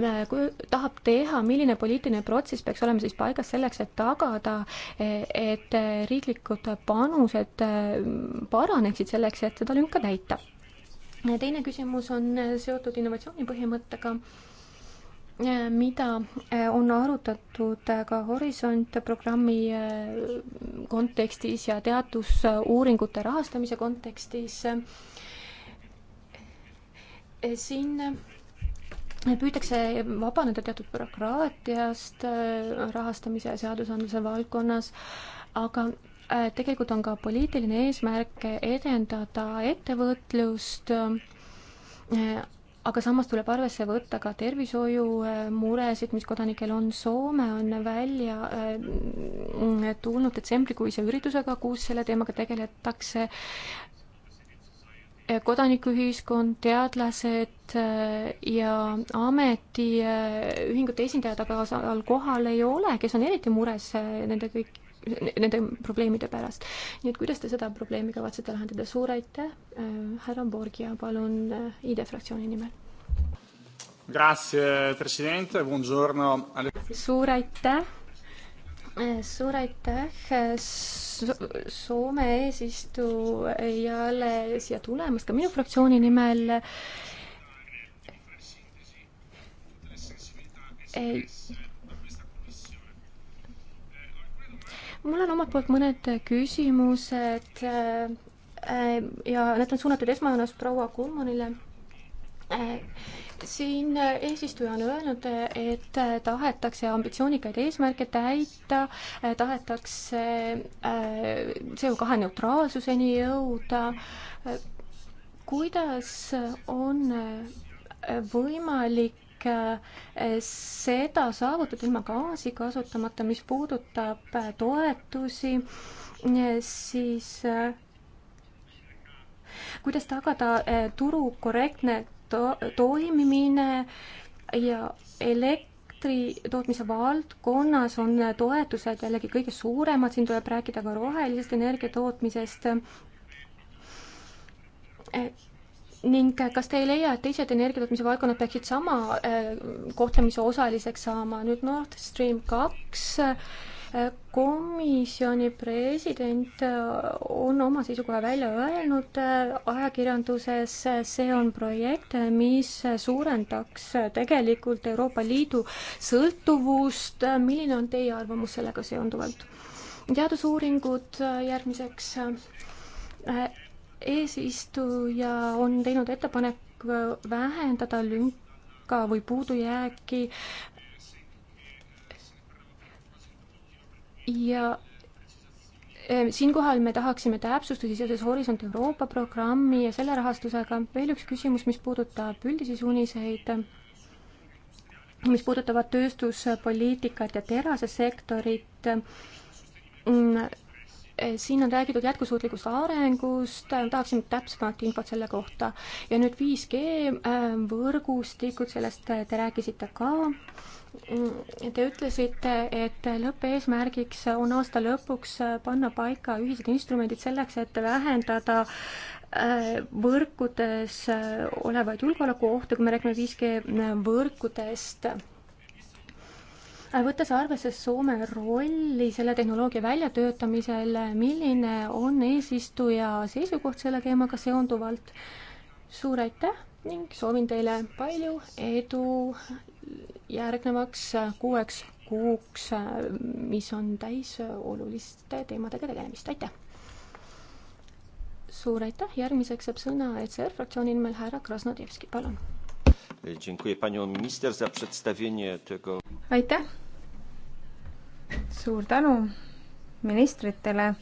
äh, tahab teha, milline poliitiline protsess peaks olema siis paigas selleks, et tagada, e, et riiklikud panused äh, paraneksid selleks, et seda lünka täita. teine küsimus on seotud innovatsiooni põhimõttega mida äh, on arutatud äh, ka Horisont programmi äh, kontekstis ja teadusuuringute rahastamise kontekstis. siin püütakse vabaneda teatud bürokraatiast rahastamise ja seadusandluse valdkonnas, aga tegelikult on ka poliitiline eesmärk edendada ettevõtlust aga samas tuleb arvesse võtta ka tervishoiumuresid, äh, mis kodanikel on. Soome on välja äh, tulnud detsembrikuise üritusega, kus selle teemaga tegeletakse. Äh, kodanikuühiskond, teadlased ja ametiühingute esindajad aga seal kohal ei ole, kes on eriti mures nende kõik, nende probleemide pärast. nii et kuidas te seda probleemi kavatsete lahendada? suur aitäh, äh, härra Borgia, palun äh, ID fraktsiooni nimel. suur aitäh äh, suur aitäh Soome eesistujale siia tulemast ka minu fraktsiooni nimel. mul on omalt poolt mõned küsimused äh, ja need on suunatud esmajoones proua Kulmanile äh, siin eesistuja on öelnud, et tahetakse ambitsioonikaid eesmärke täita, äh, tahetakse CO2 neutraalsuseni jõuda. kuidas on võimalik Äh, seda saavutada ilma gaasi kasutamata, mis puudutab äh, toetusi, äh, siis kuidas tagada turu korrektne to toimimine ja elektri elektri tootmise valdkonnas on toetused jällegi kõige suuremad, siin tuleb rääkida ka rohelisest energia tootmisest ning kas te ei leia, et teised energiatootmise valdkonnad peaksid sama äh, kohtlemise osaliseks saama, nüüd Nord Stream kaks, äh, komisjoni president äh, on oma seisukoha välja öelnud ajakirjanduses, see on projekt, mis suurendaks tegelikult Euroopa Liidu sõltuvust, milline on teie arvamus sellega seonduvalt? teadusuuringud järgmiseks eesistuja on teinud ettepanek vähendada lünka või puudujääki ja e, siinkohal me tahaksime täpsustusi seoses Horisont Euroopa programmi ja selle rahastusega. veel üks küsimus, mis puudutab üldisi suuniseid, mis puudutavad tööstuspoliitikat ja terasesektorit mm, Eh, siin on räägitud jätkusuutlikust arengust, äh, tahaksin täpsemat infot selle kohta. ja nüüd 5G äh, võrgustikud, sellest äh, te rääkisite ka. Mm, te ütlesite, et lõppeesmärgiks on aasta lõpuks panna paika ühised instrumendid selleks, et vähendada võrkudes olevaid julgeolekuohte, kui me räägime 5G võrkudest võttes arvesse Soome rolli selle tehnoloogia väljatöötamisel, milline on eesistuja seisukoht selle teemaga seonduvalt? suur aitäh ning soovin teile palju edu järgnevaks kuueks kuuks, mis on täis oluliste teemadega tegelemist, aitäh! suur aitäh, järgmiseks saab sõna ECR fraktsiooni nimel härra Krasnodevski, palun aitäh! suur tänu ministritele,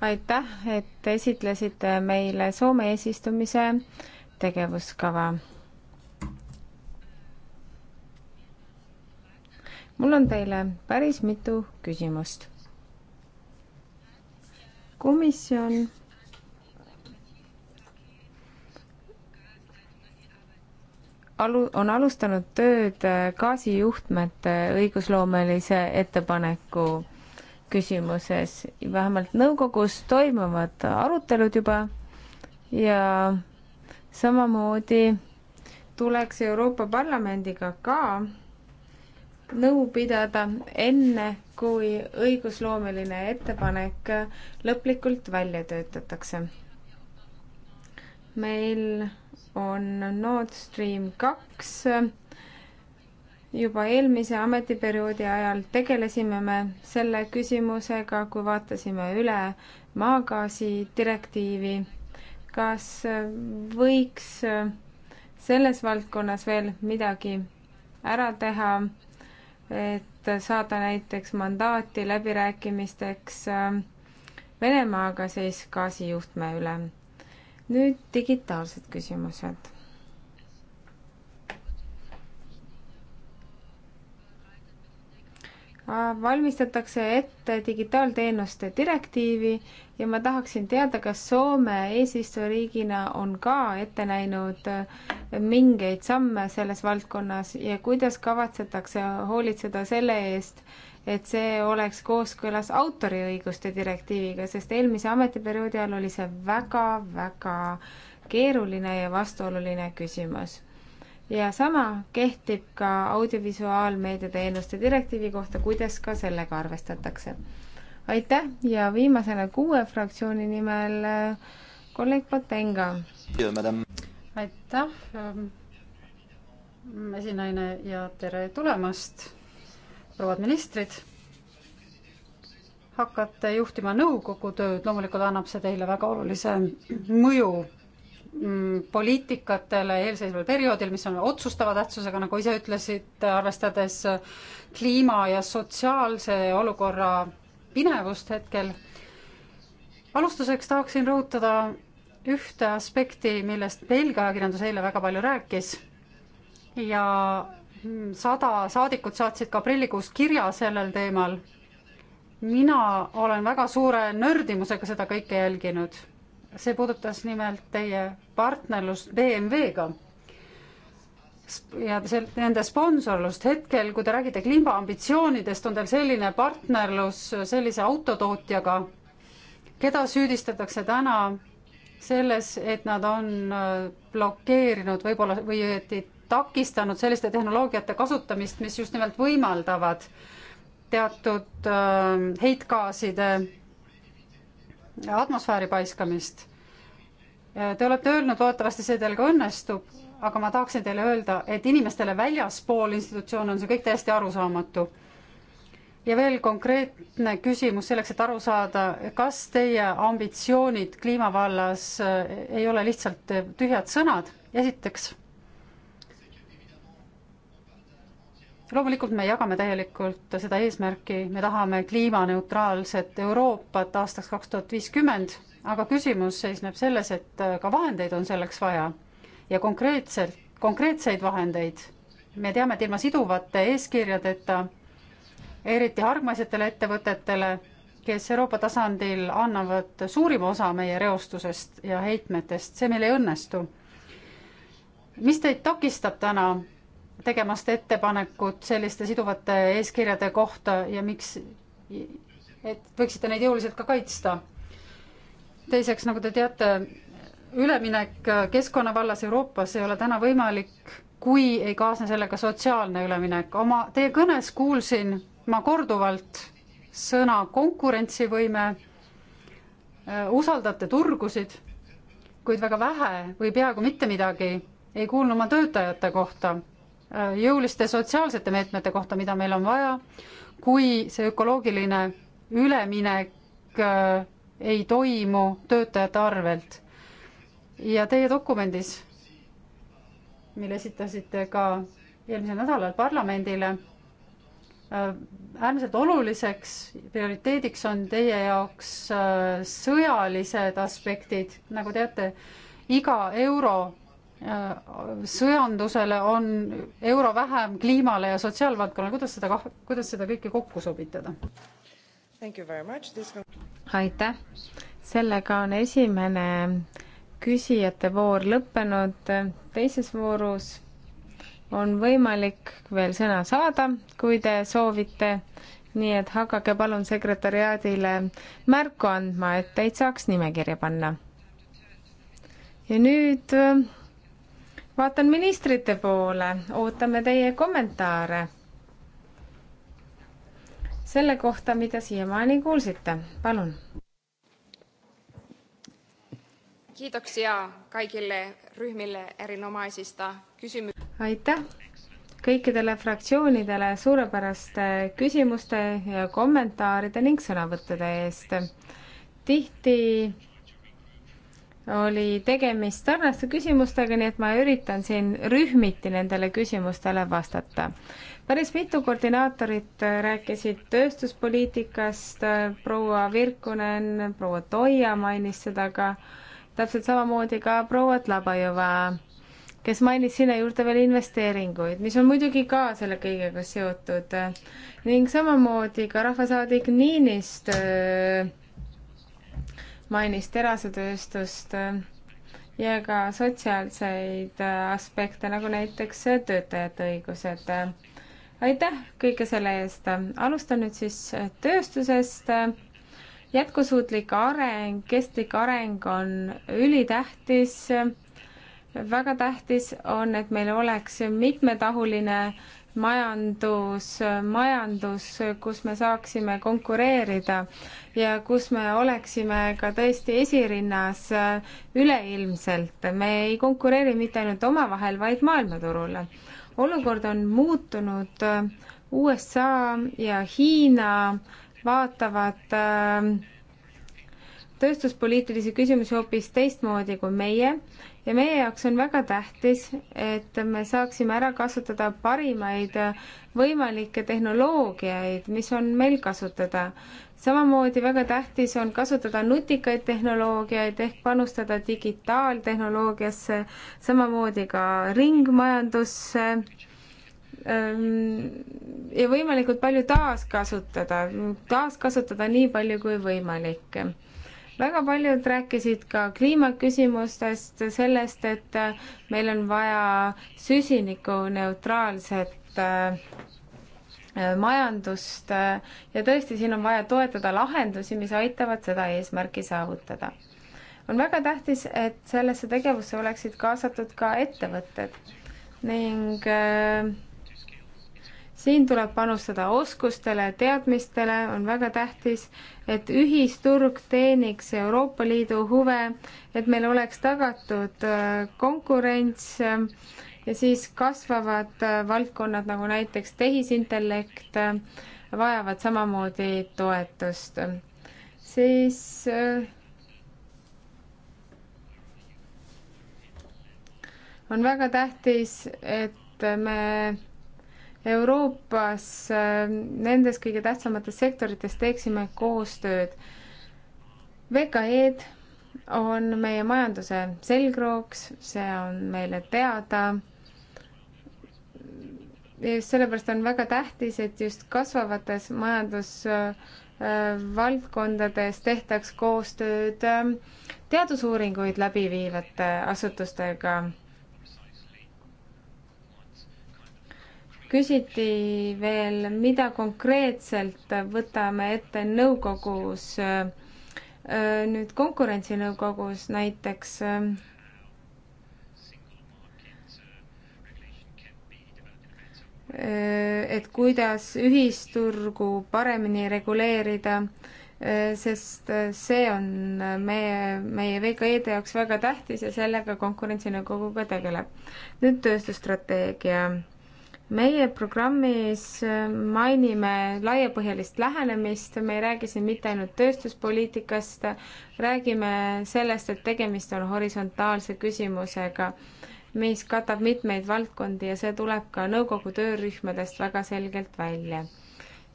aitäh, et esitlesite meile Soome eesistumise tegevuskava. mul on teile päris mitu küsimust. komisjon alu-, on alustanud tööd äh, gaasijuhtmete õigusloomelise ettepaneku küsimuses, vähemalt nõukogus toimuvad arutelud juba ja samamoodi tuleks Euroopa Parlamendiga ka nõu pidada enne, kui õigusloomeline ettepanek lõplikult välja töötatakse. meil on Nord Stream kaks. juba eelmise ametiperioodi ajal tegelesime me selle küsimusega, kui vaatasime üle maagaasi direktiivi. kas võiks selles valdkonnas veel midagi ära teha, et saada näiteks mandaati läbirääkimisteks Venemaaga siis gaasijuhtme üle? nüüd digitaalsed küsimused. valmistatakse ette digitaalteenuste direktiivi ja ma tahaksin teada, kas Soome eesistujariigina on ka ette näinud mingeid samme selles valdkonnas ja kuidas kavatsetakse hoolitseda selle eest, et see oleks kooskõlas autoriõiguste direktiiviga, sest eelmise ametiperioodi ajal oli see väga-väga keeruline ja vastuoluline küsimus. ja sama kehtib ka audiovisuaalmeedia teenuste direktiivi kohta, kuidas ka sellega arvestatakse. aitäh ja viimasena kuue fraktsiooni nimel äh, kolleeg Patenga. aitäh, ähm, esinaine ja tere tulemast prouad ministrid, hakkate juhtima nõukogu tööd, loomulikult annab see teile väga olulise mõju mm, poliitikatele eelseisval perioodil, mis on otsustava tähtsusega, nagu ise ütlesite, arvestades kliima ja sotsiaalse olukorra pinevust hetkel. alustuseks tahaksin rõhutada ühte aspekti, millest Belgia ajakirjandus eile väga palju rääkis ja sada saadikut saatsid ka aprillikuus kirja sellel teemal. mina olen väga suure nördimusega seda kõike jälginud. see puudutas nimelt teie partnerlust BMW-ga ja sel-, nende sponsorlust. hetkel, kui te räägite kliimaambitsioonidest, on teil selline partnerlus sellise autotootjaga, keda süüdistatakse täna selles, et nad on äh, blokeerinud võib-olla või õieti takistanud selliste tehnoloogiate kasutamist, mis just nimelt võimaldavad teatud ähm, heitgaaside atmosfääri paiskamist. Te olete öelnud, loodetavasti see teil ka õnnestub, aga ma tahaksin teile öelda, et inimestele väljaspool institutsioone on see kõik täiesti arusaamatu. ja veel konkreetne küsimus selleks, et aru saada, kas teie ambitsioonid kliima vallas äh, ei ole lihtsalt äh, tühjad sõnad, esiteks loomulikult me jagame täielikult seda eesmärki, me tahame kliimaneutraalset Euroopat aastaks kaks tuhat viiskümmend, aga küsimus seisneb selles, et äh, ka vahendeid on selleks vaja ja konkreetselt, konkreetseid vahendeid. me teame, et ilma siduvate eeskirjadeta, eriti hargmaisetele ettevõtetele, kes Euroopa tasandil annavad suurima osa meie reostusest ja heitmetest, see meil ei õnnestu. mis teid takistab täna tegemast ettepanekut selliste siduvate eeskirjade kohta ja miks, et võiksite neid jõuliselt ka kaitsta. teiseks, nagu te teate, üleminek keskkonna vallas Euroopas ei ole täna võimalik, kui ei kaasne sellega sotsiaalne üleminek. oma, teie kõnes kuulsin ma korduvalt sõna konkurentsivõime, äh, usaldate turgusid, kuid väga vähe või peaaegu mitte midagi ei kuulnud ma töötajate kohta jõuliste sotsiaalsete meetmete kohta, mida meil on vaja, kui see ökoloogiline üleminek äh, ei toimu töötajate arvelt. ja teie dokumendis, mille esitasite ka eelmisel nädalal parlamendile, äh, äärmiselt oluliseks prioriteediks on teie jaoks äh, sõjalised aspektid, nagu teate, iga euro Äh, sõjandusele on euro vähem kliimale ja sotsiaalvaldkonnale, kuidas seda kah-, kuidas seda kõike kokku sobitada? aitäh, sellega on esimene küsijate voor lõppenud, teises voorus on võimalik veel sõna saada, kui te soovite, nii et hakake palun sekretäriaadile märku andma, et teid saaks nimekirja panna. ja nüüd vaatan ministrite poole, ootame teie kommentaare selle kohta, mida siiamaani kuulsite, palun. kiitoksia kõigile rühmile erinomaisista küsimus-. aitäh kõikidele fraktsioonidele suurepäraste küsimuste ja kommentaaride ning sõnavõttude eest. tihti oli tegemist sarnaste küsimustega, nii et ma üritan siin rühmiti nendele küsimustele vastata. päris mitu koordinaatorit äh, rääkisid tööstuspoliitikast, äh, proua Virkunen, proua Toia mainis seda ka, täpselt samamoodi ka proua Tlabajova, kes mainis sinna juurde veel investeeringuid, mis on muidugi ka selle kõigega seotud ning samamoodi ka rahvasaadik Niinist öö, äh, mainis terasetööstust äh, ja ka sotsiaalseid äh, aspekte, nagu näiteks äh, töötajate õigused. aitäh kõige selle eest. alustan nüüd siis tööstusest. jätkusuutlik areng, kestlik areng on ülitähtis. väga tähtis on, et meil oleks mitmetahuline majandus, majandus, kus me saaksime konkureerida ja kus me oleksime ka tõesti esirinnas äh, üleilmselt. me ei konkureeri mitte ainult omavahel, vaid maailmaturul. olukord on muutunud, äh, USA ja Hiina vaatavad äh, tööstuspoliitilisi küsimusi hoopis teistmoodi kui meie ja meie jaoks on väga tähtis, et me saaksime ära kasutada parimaid võimalikke tehnoloogiaid, mis on meil kasutada. samamoodi väga tähtis on kasutada nutikaid tehnoloogiaid ehk panustada digitaaltehnoloogiasse, samamoodi ka ringmajandusse ähm, ja võimalikult palju taaskasutada, taaskasutada nii palju kui võimalik väga paljud rääkisid ka kliimaküsimustest, sellest, et äh, meil on vaja süsinikuneutraalset äh, äh, majandust ja tõesti, siin on vaja toetada lahendusi, mis aitavad seda eesmärki saavutada. on väga tähtis, et sellesse tegevusse oleksid kaasatud ka ettevõtted ning äh, siin tuleb panustada oskustele, teadmistele, on väga tähtis, et ühisturg teeniks Euroopa Liidu huve, et meil oleks tagatud äh, konkurents äh, ja siis kasvavad äh, valdkonnad nagu näiteks tehisintellekt vajavad samamoodi toetust. siis on väga tähtis, et me Euroopas äh, nendes kõige tähtsamates sektorites teeksime koostööd. VKE-d on meie majanduse selgrooks, see on meile teada. just sellepärast on väga tähtis, et just kasvavates majandusvaldkondades tehtaks koostööd äh, teadusuuringuid läbi viivate asutustega küsiti veel, mida konkreetselt võtame ette nõukogus, äh, nüüd konkurentsinõukogus näiteks. Äh, et kuidas ühisturgu paremini reguleerida, äh, sest see on meie, meie VKE-de jaoks väga tähtis ja sellega konkurentsinõukoguga tegeleb. nüüd tööstusstrateegia meie programmis äh, mainime laiapõhjalist lähenemist, me ei räägi siin mitte ainult tööstuspoliitikast, räägime sellest, et tegemist on horisontaalse küsimusega, mis katab mitmeid valdkondi ja see tuleb ka nõukogu töörühmadest väga selgelt välja.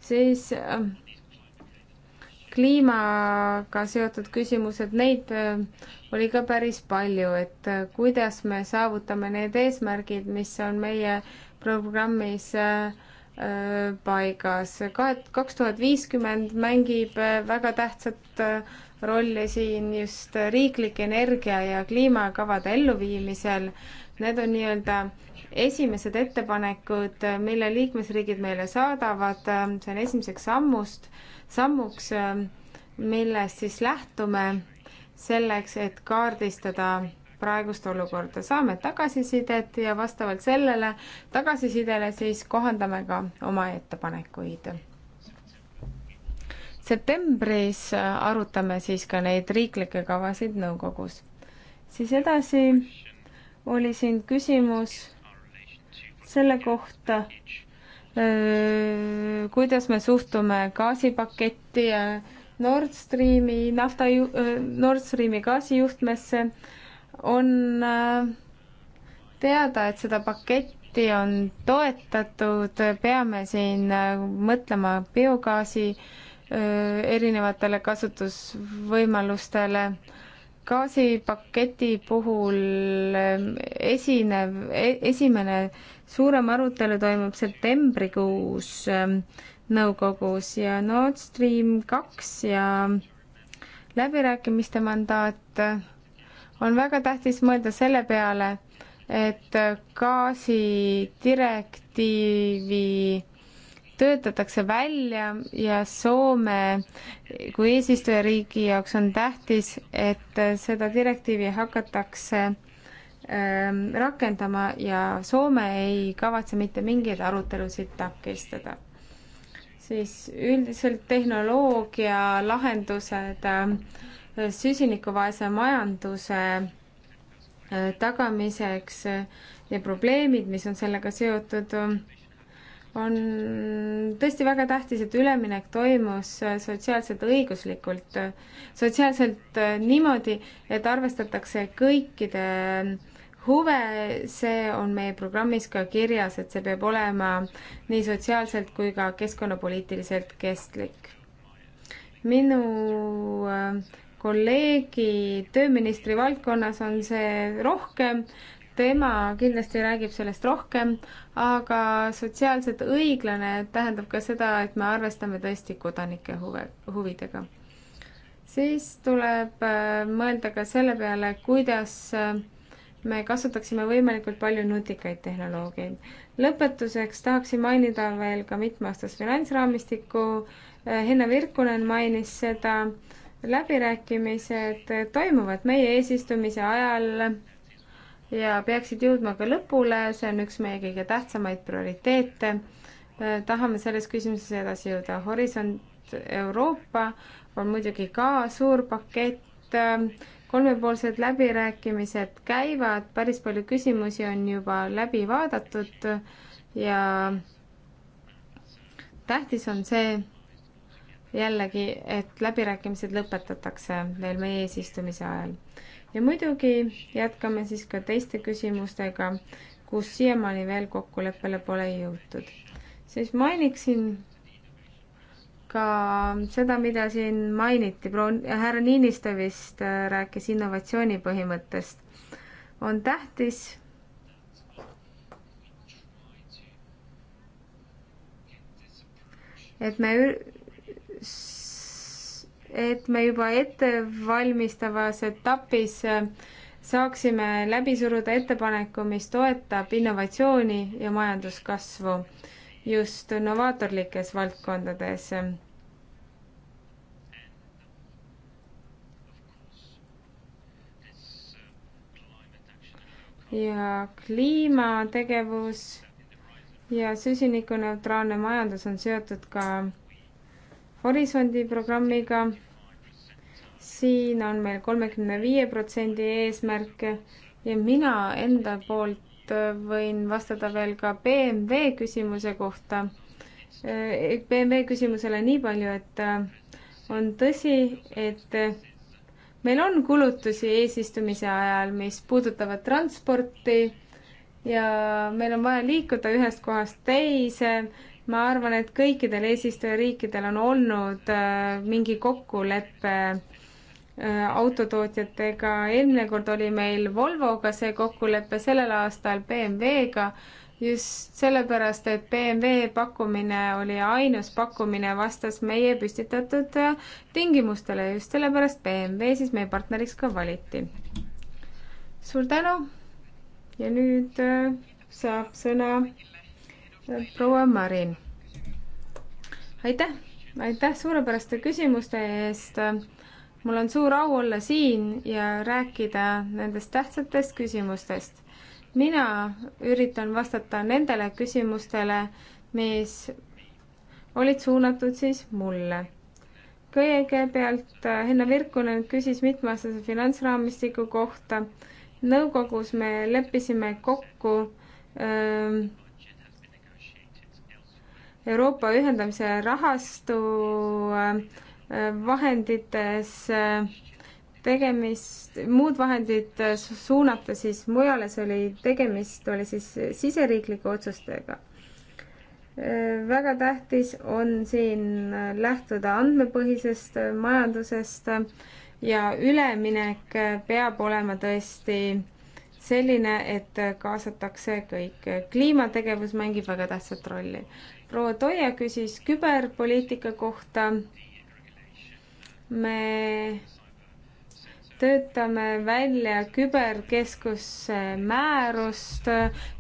siis äh, kliimaga seotud küsimused, neid äh, oli ka päris palju, et kuidas me saavutame need eesmärgid, mis on meie programmis äh, äh, paigas. kahe, kaks tuhat viiskümmend mängib äh, väga tähtsat rolli siin just riiklike energia ja kliimakavade elluviimisel. Need on nii-öelda esimesed ettepanekud, mille liikmesriigid meile saadavad, see on esimeseks sammust, sammuks, millest siis lähtume selleks, et kaardistada praegust olukorda. saame tagasisidet ja vastavalt sellele tagasisidele siis kohandame ka oma ettepanekuid. septembris arutame siis ka neid riiklikke kavasid nõukogus. siis edasi oli siin küsimus selle kohta, kuidas me suhtume gaasipaketti ja Nord Streami nafta, Nord Streami gaasijuhtmesse on äh, teada, et seda paketti on toetatud, peame siin äh, mõtlema biogaasi äh, erinevatele kasutusvõimalustele gaasipaketi puhul ähm, esinev, e, esimene suurem arutelu toimub septembrikuus ähm, nõukogus ja Nord Stream kaks ja läbirääkimiste mandaat on väga tähtis mõelda selle peale, et gaasidirektiivi töötatakse välja ja Soome kui eesistujariigi jaoks on tähtis, et seda direktiivi hakatakse ähm, rakendama ja Soome ei kavatse mitte mingeid arutelusid takistada. siis üldiselt tehnoloogia lahendused äh, süsinikuvaese majanduse äh, tagamiseks äh, ja probleemid, mis on sellega seotud, on tõesti väga tähtis, et üleminek toimus äh, sotsiaalselt õiguslikult, sotsiaalselt niimoodi, et arvestatakse kõikide huve, see on meie programmis ka kirjas, et see peab olema nii sotsiaalselt kui ka keskkonnapoliitiliselt kestlik. minu kolleegi tööministri valdkonnas on see rohkem, tema kindlasti räägib sellest rohkem, aga sotsiaalselt õiglane tähendab ka seda, et me arvestame tõesti kodanike huve, huvidega. siis tuleb äh, mõelda ka selle peale, kuidas äh, me kasutaksime võimalikult palju nutikaid tehnoloogiaid. lõpetuseks tahaksin mainida veel ka mitmeaastast finantsraamistikku, äh, Henna Virkunen mainis seda, läbirääkimised toimuvad meie eesistumise ajal ja peaksid jõudma ka lõpule, see on üks meie kõige tähtsamaid prioriteete. tahame selles küsimuses edasi jõuda. Horisont Euroopa on muidugi ka suur pakett, kolmepoolsed läbirääkimised käivad, päris palju küsimusi on juba läbi vaadatud ja tähtis on see, jällegi, et läbirääkimised lõpetatakse veel meie eesistumise ajal. ja muidugi jätkame siis ka teiste küsimustega, kus siiamaani veel kokkuleppele pole jõutud. siis mainiksin ka seda, mida siin mainiti, härra Niinistö vist äh, rääkis innovatsiooni põhimõttest. on tähtis et me et me juba ettevalmistavas etapis äh, saaksime läbi suruda ettepaneku, mis toetab innovatsiooni ja majanduskasvu just novaatorlikes valdkondades. ja kliimategevus ja süsinikuneutraalne majandus on seotud ka Horisondi programmiga. siin on meil kolmekümne viie protsendi eesmärk ja mina enda poolt võin vastada veel ka BMW küsimuse kohta. Eh, BMW küsimusele nii palju, et eh, on tõsi, et meil on kulutusi eesistumise ajal, mis puudutavad transporti ja meil on vaja liikuda ühest kohast teise ma arvan, et kõikidel eesistujariikidel on olnud äh, mingi kokkulepe äh, autotootjatega, eelmine kord oli meil Volvoga see kokkulepe, sellel aastal BMW-ga, just sellepärast, et BMW pakkumine oli ainus pakkumine, vastas meie püstitatud äh, tingimustele, just sellepärast BMW siis meie partneriks ka valiti. suur tänu ja nüüd saab sõna proua Marin. aitäh, aitäh suurepäraste küsimuste eest. mul on suur au olla siin ja rääkida nendest tähtsatest küsimustest. mina üritan vastata nendele küsimustele, mis olid suunatud siis mulle. kõigepealt äh, Henna Virkunen küsis mitmeaastase finantsraamistiku kohta. nõukogus me leppisime kokku öö, ähm, Euroopa ühendamise rahastu äh, vahendites äh, tegemist, muud vahendid äh, suunata siis mujale, see oli, tegemist oli siis siseriiklike otsustega. väga tähtis on siin lähtuda andmepõhisest majandusest ja üleminek peab olema tõesti selline, et kaasatakse kõik. kliimategevus mängib väga tähtsat rolli proua Toia küsis küberpoliitika kohta. me töötame välja küberkeskuse määrust,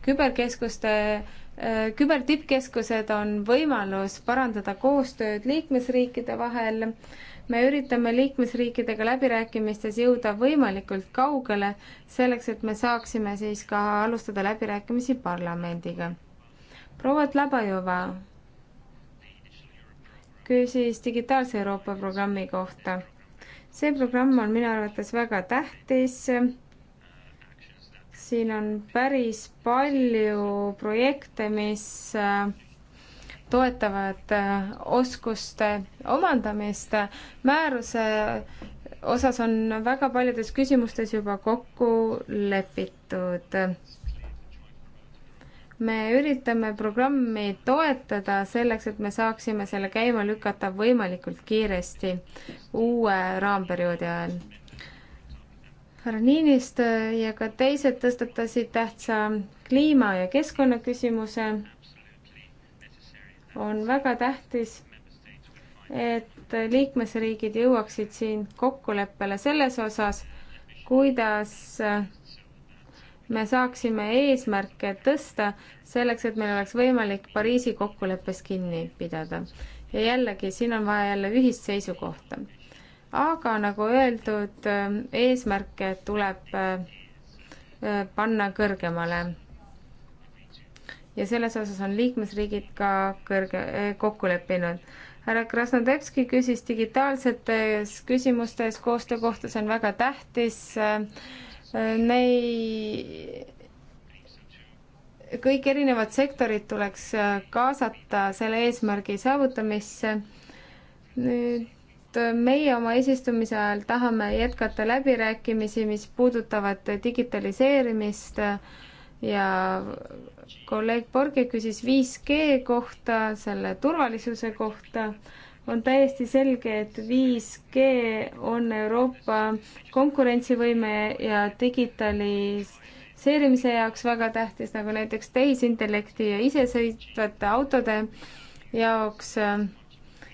küberkeskuste äh, kübertippkeskused on võimalus parandada koostööd liikmesriikide vahel. me üritame liikmesriikidega läbirääkimistes jõuda võimalikult kaugele, selleks et me saaksime siis ka alustada läbirääkimisi parlamendiga proua Tlabajova küsis Digitaalse Euroopa programmi kohta. see programm on minu arvates väga tähtis. siin on päris palju projekte, mis äh, toetavad äh, oskuste omandamist. määruse osas on väga paljudes küsimustes juba kokku lepitud me üritame programmi toetada selleks, et me saaksime selle käima lükata võimalikult kiiresti uue raamperioodi ajal. härra Niinistö äh, ja ka teised tõstatasid tähtsa kliima- ja keskkonnaküsimuse. on väga tähtis, et liikmesriigid jõuaksid siin kokkuleppele selles osas, kuidas äh, me saaksime eesmärke tõsta selleks, et meil oleks võimalik Pariisi kokkuleppes kinni pidada. ja jällegi, siin on vaja jälle ühist seisukohta. aga nagu öeldud, eesmärke tuleb äh, panna kõrgemale. ja selles osas on liikmesriigid ka kõrge, äh, kokku leppinud härra Krasnodebski küsis digitaalsetes küsimustes koostöö kohta, see on väga tähtis äh, Nei-, kõik erinevad sektorid tuleks äh, kaasata selle eesmärgi saavutamisse. nüüd äh, meie oma eesistumise ajal tahame jätkata läbirääkimisi, mis puudutavad digitaliseerimist äh, ja kolleeg Borgi küsis 5G kohta, selle turvalisuse kohta on täiesti selge, et 5G on Euroopa konkurentsivõime ja digitaliseerimise jaoks väga tähtis, nagu näiteks tehisintellekti ja isesõitvate autode jaoks,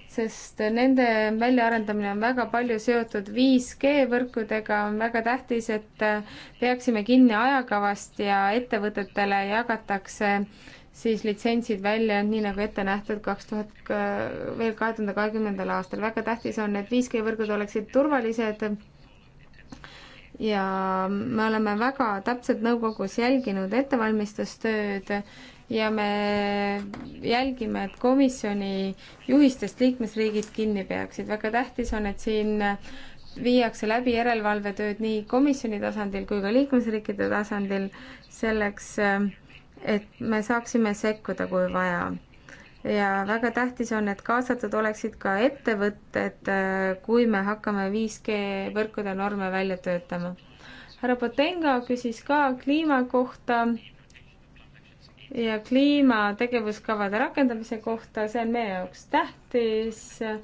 sest nende väljaarendamine on väga palju seotud 5G võrkudega, on väga tähtis, et peaksime kinni ajakavast ja ettevõtetele jagatakse ja siis litsentsid välja, nii nagu ette nähtud kaks tuhat, veel kahe tuhande kahekümnendal aastal. väga tähtis on, et 5G võrgud oleksid turvalised ja me oleme väga täpselt nõukogus jälginud ettevalmistustööd ja me jälgime, et komisjoni juhistest liikmesriigid kinni peaksid. väga tähtis on, et siin viiakse läbi järelevalvetööd nii komisjoni tasandil kui ka liikmesriikide tasandil selleks äh, et me saaksime sekkuda, kui vaja. ja väga tähtis on, et kaasatud oleksid ka ettevõtted, äh, kui me hakkame 5G võrkude norme välja töötama. härra Potenga küsis ka kliima kohta ja kliimategevuskavade rakendamise kohta, see on meie jaoks tähtis, äh,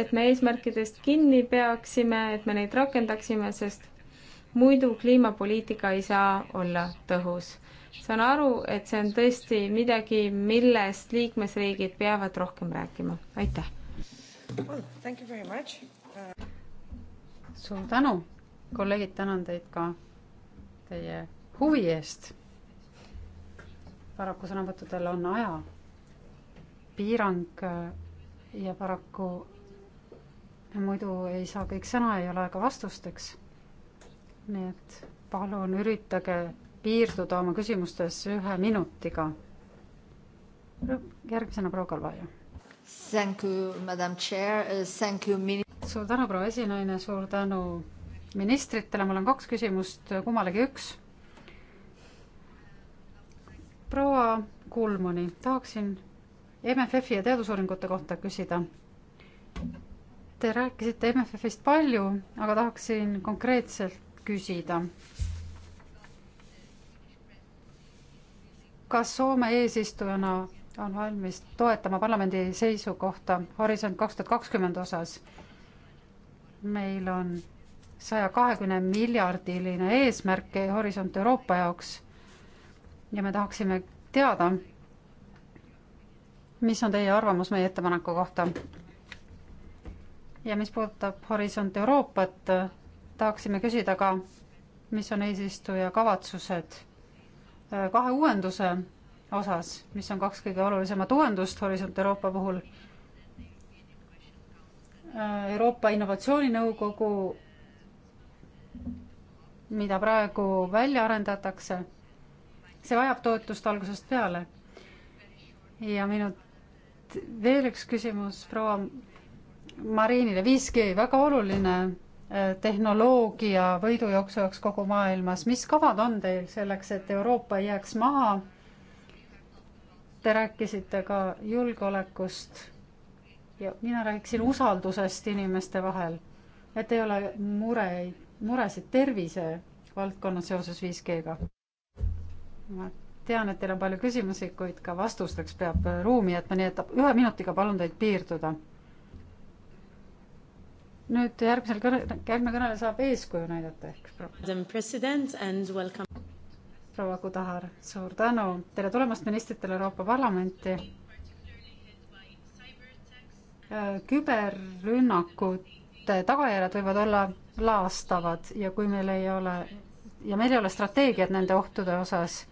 et me eesmärkidest kinni peaksime, et me neid rakendaksime, sest muidu kliimapoliitika ei saa olla tõhus saan aru, et see on tõesti midagi, millest liikmesriigid peavad rohkem rääkima. aitäh well,! Uh... suur tänu, kolleegid, tänan teid ka teie huvi eest. paraku sõnavõttudel on ajapiirang äh, ja paraku muidu ei saa kõik sõna, ei ole ka vastusteks. nii et palun üritage piirduda oma küsimustes ühe minutiga. järgmisena proua Kalvaja. Thank you, madam chair, uh, thank you min-. suur tänu, proua esinaine, suur tänu ministritele, mul on kaks küsimust, kummalegi üks. proua Kulmuni, tahaksin MFF-i ja teadusuuringute kohta küsida. Te rääkisite MFF-ist palju, aga tahaksin konkreetselt küsida kas Soome eesistujana on valmis toetama parlamendi seisukohta Horisont kaks tuhat kakskümmend osas? meil on saja kahekümne miljardiline eesmärk Horisont Euroopa jaoks ja me tahaksime teada, mis on teie arvamus meie ettepaneku kohta? ja mis puudutab Horisont Euroopat, tahaksime küsida ka, mis on eesistuja kavatsused kahe uuenduse osas, mis on kaks kõige olulisemat uuendust Horisont Euroopa puhul. Euroopa Innovatsiooninõukogu, mida praegu välja arendatakse, see vajab toetust algusest peale. ja minu veel üks küsimus proua Marinile, 5G, väga oluline tehnoloogia võidujooksu jaoks kogu maailmas. mis kavad on teil selleks, et Euroopa ei jääks maha? Te rääkisite ka julgeolekust ja mina rääkisin usaldusest inimeste vahel, et ei ole mureid, muresid tervise valdkonnas seoses 5G-ga. ma tean, et teil on palju küsimusi, kuid ka vastusteks peab ruumi jätma, nii et ühe minutiga palun teid piirduda nüüd järgmisel kõne, järgmine kõneleja saab eeskuju näidata ehk. proua Kudahar, suur tänu, tere tulemast ministritele Euroopa Parlamenti. Äh, küberrünnakute tagajärjed võivad olla laastavad ja kui meil ei ole ja meil ei ole strateegiat nende ohtude osas.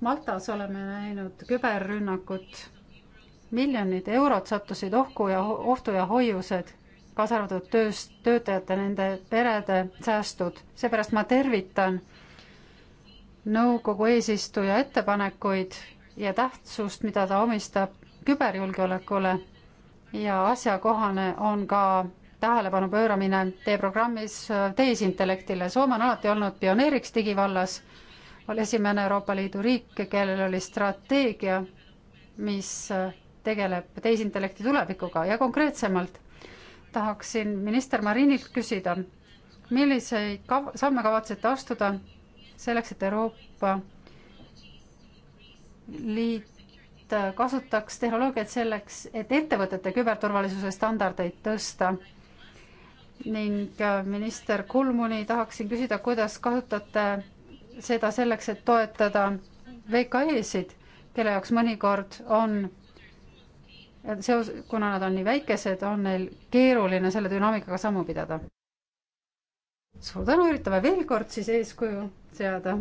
Maltas oleme näinud küberrünnakut, miljonid eurod sattusid ohku ja ohtu ja hoiused kaasa arvatud tööst, töötajate, nende perede säästud. seepärast ma tervitan nõukogu eesistuja ettepanekuid ja tähtsust, mida ta omistab küberjulgeolekule ja asjakohane on ka tähelepanu pööramine teie programmis äh, tehisintellektile. Soome on alati olnud pioneeriks digivallas, oli esimene Euroopa Liidu riik, kellel oli strateegia, mis äh, tegeleb tehisintellekti tulevikuga ja konkreetsemalt tahaksin minister Marinilt küsida, milliseid kav-, samme kavatsete astuda selleks, et Euroopa Liit kasutaks tehnoloogiat selleks, et ettevõtete küberturvalisuse standardeid tõsta ning äh, minister Kulmuni tahaksin küsida, kuidas kasutate seda selleks, et toetada VKE-sid, kelle jaoks mõnikord on seos, kuna nad on nii väikesed, on neil keeruline selle dünaamikaga sammu pidada. suur tänu, üritame veel kord siis eeskuju seada.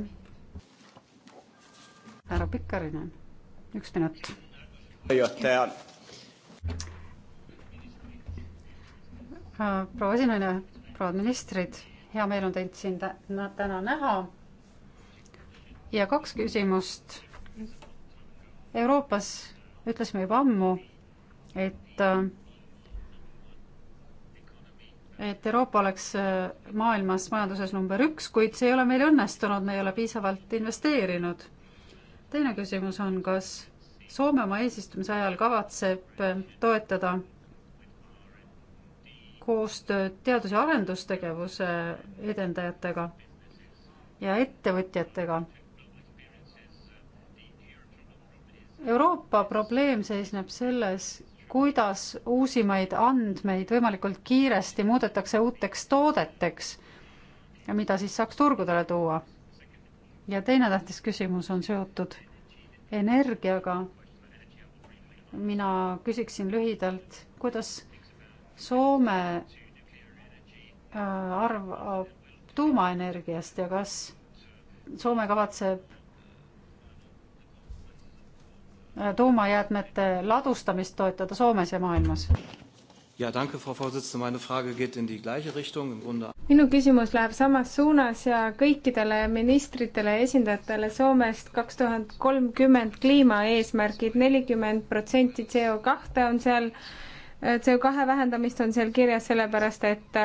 härra Pikkarinen, üks minut. juhataja. Äh, proua esinaine, prouad ministrid, hea meel on teid siin täna näha. ja kaks küsimust. Euroopas ütlesime juba ammu et et Euroopa oleks äh, maailmas majanduses number üks, kuid see ei ole meil õnnestunud, me ei ole piisavalt investeerinud. teine küsimus on, kas Soome oma eesistumise ajal kavatseb äh, toetada koostööd teadus- ja arendustegevuse edendajatega ja ettevõtjatega. Euroopa probleem seisneb selles, kuidas uusimaid andmeid võimalikult kiiresti muudetakse uuteks toodeteks, mida siis saaks turgudele tuua. ja teine tähtis küsimus on seotud energiaga. mina küsiksin lühidalt, kuidas Soome äh, arvab tuumaenergiast ja kas Soome kavatseb tuumajäätmete ladustamist toetada Soomes ja maailmas? Ja, danke, Frau Vorsitzende. Meine Frage geht in die gleiche Richtung im Grunde. minu küsimus läheb samas suunas ja kõikidele ministritele ja esindajatele Soomest kaks tuhat kolmkümmend kliimaeesmärgid, nelikümmend protsenti CO kahte on seal CO2 vähendamist on seal kirjas sellepärast, et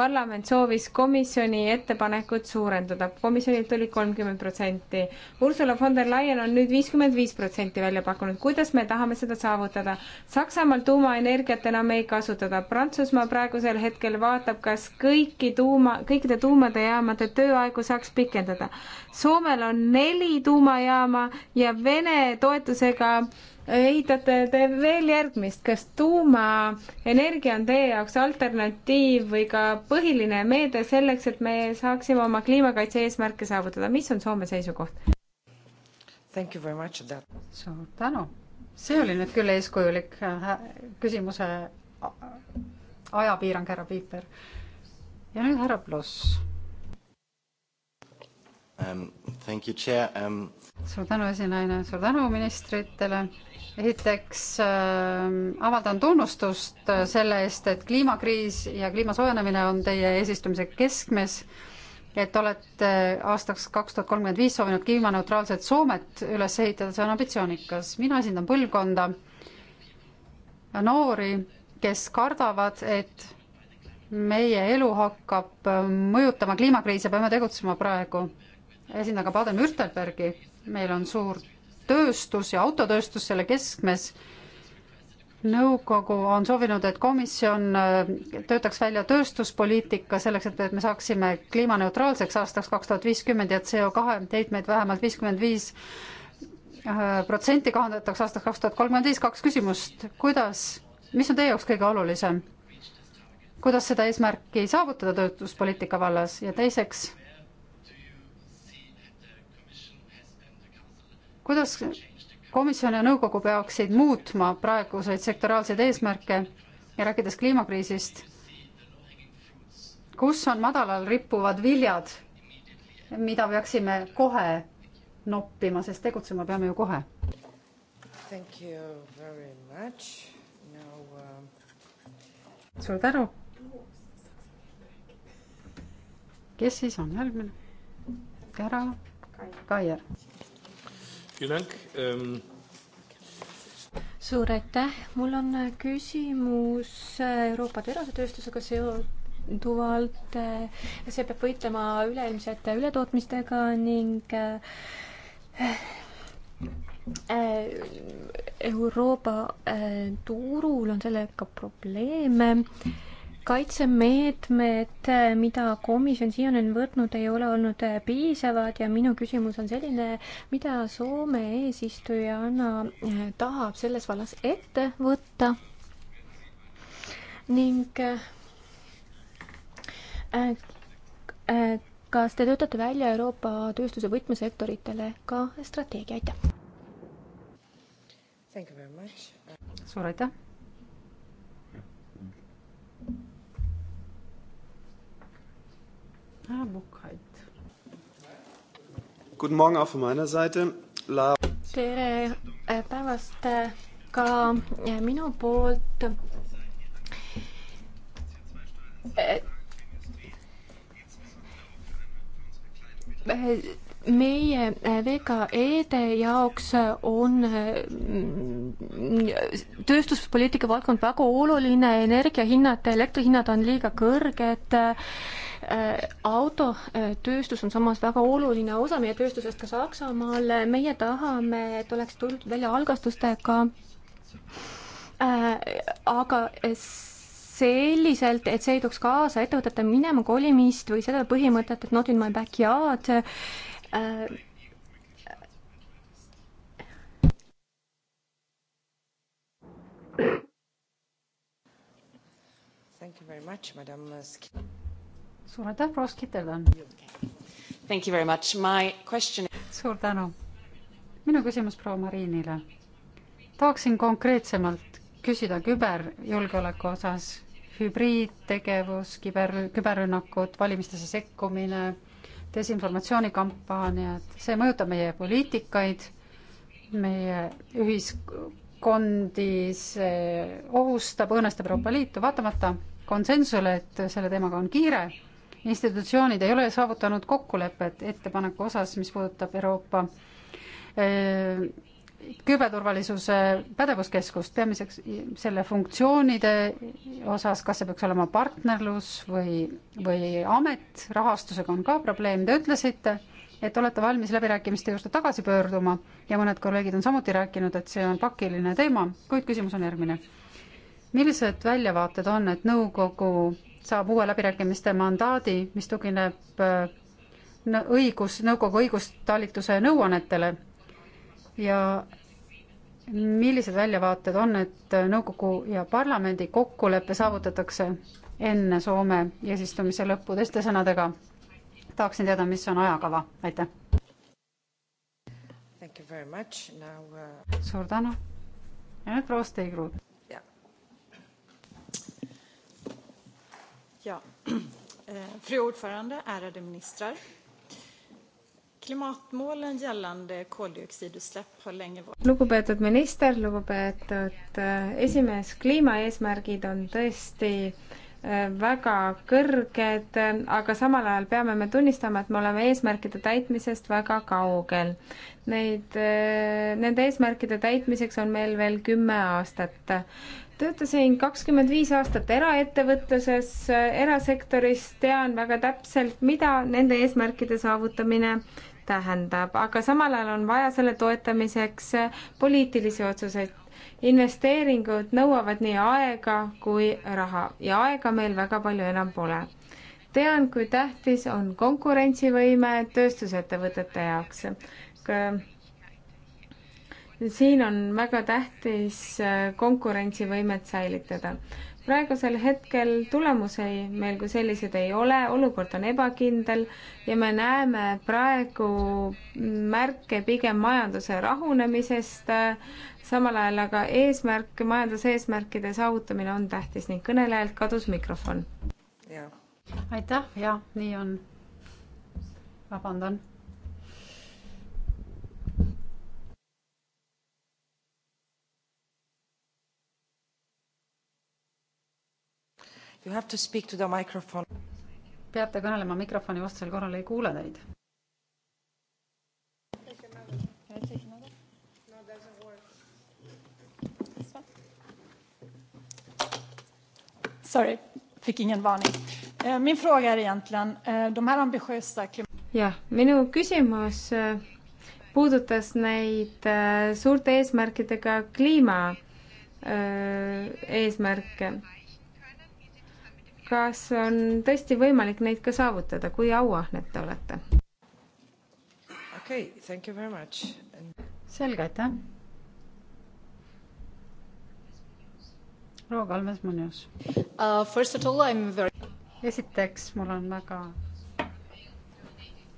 parlament soovis komisjoni ettepanekut suurendada, komisjonilt tuli kolmkümmend protsenti. Ursula von der Leyen on nüüd viiskümmend viis protsenti välja pakkunud, kuidas me tahame seda saavutada? Saksamaal tuumaenergiat enam ei kasutada, Prantsusmaa praegusel hetkel vaatab, kas kõiki tuuma, kõikide tuumajaamade tööaegu saaks pikendada. Soomel on neli tuumajaama ja Vene toetusega ehitate te veel järgmist, kas tuumaenergia on teie jaoks alternatiiv või ka põhiline meede selleks, et me saaksime oma kliimakaitse eesmärke saavutada. mis on Soome seisukoht? suur tänu. see oli nüüd küll eeskujulik äh, küsimuse ajapiirang, härra Piiper. ja nüüd härra Pluss um,. Um... suur tänu, esinaine, suur tänu ministritele. esiteks äh, avaldan tunnustust äh, selle eest, et kliimakriis ja kliima soojenemine on teie eesistumise keskmes et olete äh, aastaks kaks tuhat kolmkümmend viis soovinud kliimaneutraalset Soomet üles ehitada, see on ambitsioonikas. mina esindan põlvkonda äh, noori, kes kardavad, et meie elu hakkab mõjutama kliimakriise, peame tegutsema praegu esindan ka Baden-Württembergi, meil on suur tööstus ja autotööstus selle keskmes. nõukogu on soovinud, et komisjon äh, töötaks välja tööstuspoliitika selleks, et, et me saaksime kliimaneutraalseks aastaks kaks tuhat viiskümmend ja CO2 heitmeid vähemalt viiskümmend viis äh, protsenti kahandatakse aastaks kaks tuhat kolmkümmend viis. kaks küsimust, kuidas, mis on teie jaoks kõige olulisem? kuidas seda eesmärki saavutada töötuspoliitika vallas ja teiseks, kuidas komisjon ja nõukogu peaksid muutma praeguseid sektoraalseid eesmärke ja rääkides kliimakriisist, kus on madalal rippuvad viljad, mida peaksime kohe noppima, sest tegutsema peame ju kohe. Uh... suur tänu. kes siis on järgmine? härra Kaier. Ähm, suur aitäh, mul on küsimus äh, Euroopa terasetööstusega seonduvalt. Äh, see peab võitlema üleilmsete ületootmistega ning äh, Euroopa turul on sellega probleeme kaitsemeetmed, mida komisjon siiani on võtnud, ei ole olnud piisavad ja minu küsimus on selline, mida Soome eesistujana tahab selles vallas ette võtta? ning äh, äh, kas te töötate välja Euroopa tööstuse võtmesektoritele ka strateegia, aitäh! suur aitäh! härra Buchheit. Guten Morgen auch von meiner Seite La.... tere äh, päevast äh, ka äh, minu poolt meie VKE-de jaoks on mm, tööstuspoliitika valdkond väga oluline, energiahinnad, elektrihinnad on liiga kõrged Äh, autotööstus äh, on samas väga oluline osa meie tööstusest ka Saksamaal. meie tahame, et oleks tuldud välja algastustega, äh, aga selliselt, et see ei tooks kaasa ettevõtete minema kolimist või seda põhimõtet, et not in my backyard. Thank you very much, madam suur aitäh, proua Skiteldan! Thank you very much, my question suur tänu! minu küsimus proua Marinile. tahaksin konkreetsemalt küsida küberjulgeoleku osas, hübriidtegevus, küber, küberrünnakud, valimistesse sekkumine, desinformatsioonikampaaniad, see mõjutab meie poliitikaid, meie ühiskondi, see ohustab, õõnestab Euroopa Liitu, vaatamata konsensusele, et selle teemaga on kiire institutsioonid ei ole saavutanud kokkulepet ettepaneku osas, mis puudutab Euroopa eh, küberturvalisuse pädevuskeskust, peamiseks selle funktsioonide osas, kas see peaks olema partnerlus või, või amet, rahastusega on ka probleem, te ütlesite, et olete valmis läbirääkimiste juurde tagasi pöörduma ja mõned kolleegid on samuti rääkinud, et see on pakiline teema, kuid küsimus on järgmine. millised väljavaated on, et nõukogu saab uue läbirääkimiste mandaadi, mis tugineb äh, õigus, nõukogu õigustalituse nõuannetele ja millised väljavaated on, et nõukogu ja parlamendi kokkulepe saavutatakse enne Soome eesistumise lõppu, teiste sõnadega tahaksin teada, mis on ajakava, aitäh. Uh, suur tänu ja nüüd proua Stegruud. Ja. Eh, fru ordförande, ärade ministrar. Klimatmålen gällande koldioxidutsläpp har länge varit... lugupeetud minister, lugupeetud eh, esimees, kliimaeesmärgid on tõesti eh, väga kõrged, aga samal ajal peame me tunnistama, et me oleme eesmärkide täitmisest väga kaugel. Neid, nende eesmärkide täitmiseks on meil veel kümme aastat töötasin kakskümmend viis aastat eraettevõtluses, erasektoris, tean väga täpselt, mida nende eesmärkide saavutamine tähendab, aga samal ajal on vaja selle toetamiseks poliitilisi otsuseid. investeeringud nõuavad nii aega kui raha ja aega meil väga palju enam pole. tean, kui tähtis on konkurentsivõime tööstusettevõtete jaoks siin on väga tähtis äh, konkurentsivõimet säilitada. praegusel hetkel tulemusi meil kui selliseid ei ole, olukord on ebakindel ja me näeme praegu märke pigem majanduse rahunemisest, äh, samal ajal aga eesmärk, majanduseesmärkide saavutamine on tähtis ning kõnelejalt kadus mikrofon. aitäh, jah, nii on. vabandan You have to speak to the microphone. peate kõnelema mikrofoni, vastasel korral ei kuule teid. Sorry, fick ingen varning. Eh, min fråga är egentligen eh, de här ambitiösa klimat... jah, minu küsimus eh, puudutas neid suurte eesmärkidega kliima eesmärke kas on tõesti võimalik neid ka saavutada, kui auahned te olete? okei okay,, thank you very much And.... selge, aitäh. proua Kalmes Munjus uh,. First of all I am very. esiteks, mul on väga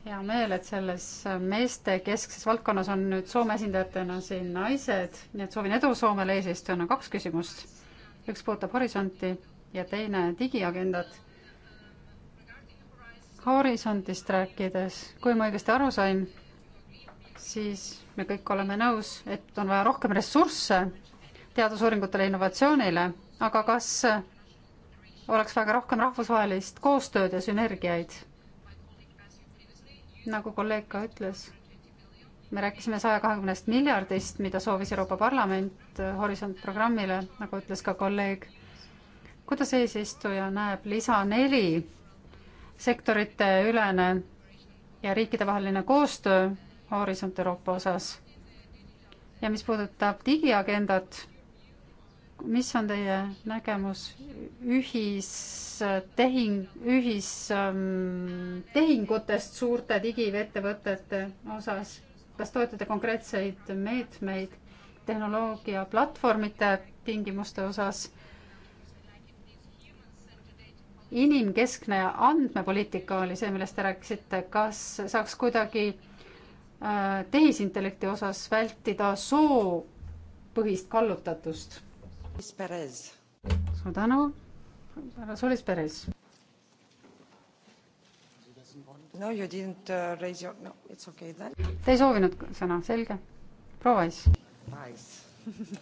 hea meel, et selles meestekeskses valdkonnas on nüüd Soome esindajatena siin naised, nii et soovin edu Soomele eesistujana. kaks küsimust. üks puudutab horisonti ja teine digiagendat. horisontist rääkides, kui ma õigesti aru sain, siis me kõik oleme nõus, et on vaja rohkem ressursse teadusuuringutele, innovatsioonile, aga kas oleks väga rohkem rahvusvahelist koostööd ja sünergiaid? nagu kolleeg ka ütles, me rääkisime saja kahekümnest miljardist, mida soovis Euroopa Parlament Horisont programmile, nagu ütles ka kolleeg kuidas eesistuja näeb lisa neli sektorite ülene ja riikidevaheline koostöö Horisont Euroopa osas? ja mis puudutab digiagendat, mis on teie nägemus ühistehing, ühistehingutest ähm, suurte digiettevõtete osas? kas toetate konkreetseid meetmeid tehnoloogiaplatvormide tingimuste osas? inimkeskne andmepoliitika oli see, millest te rääkisite, kas saaks kuidagi äh, tehisintellekti osas vältida soopõhist kallutatust? suur tänu, härra Solis Perez. No you didn't uh, raise your, no it's okay then. Te ei soovinud sõna, selge. proua Ais. Ais.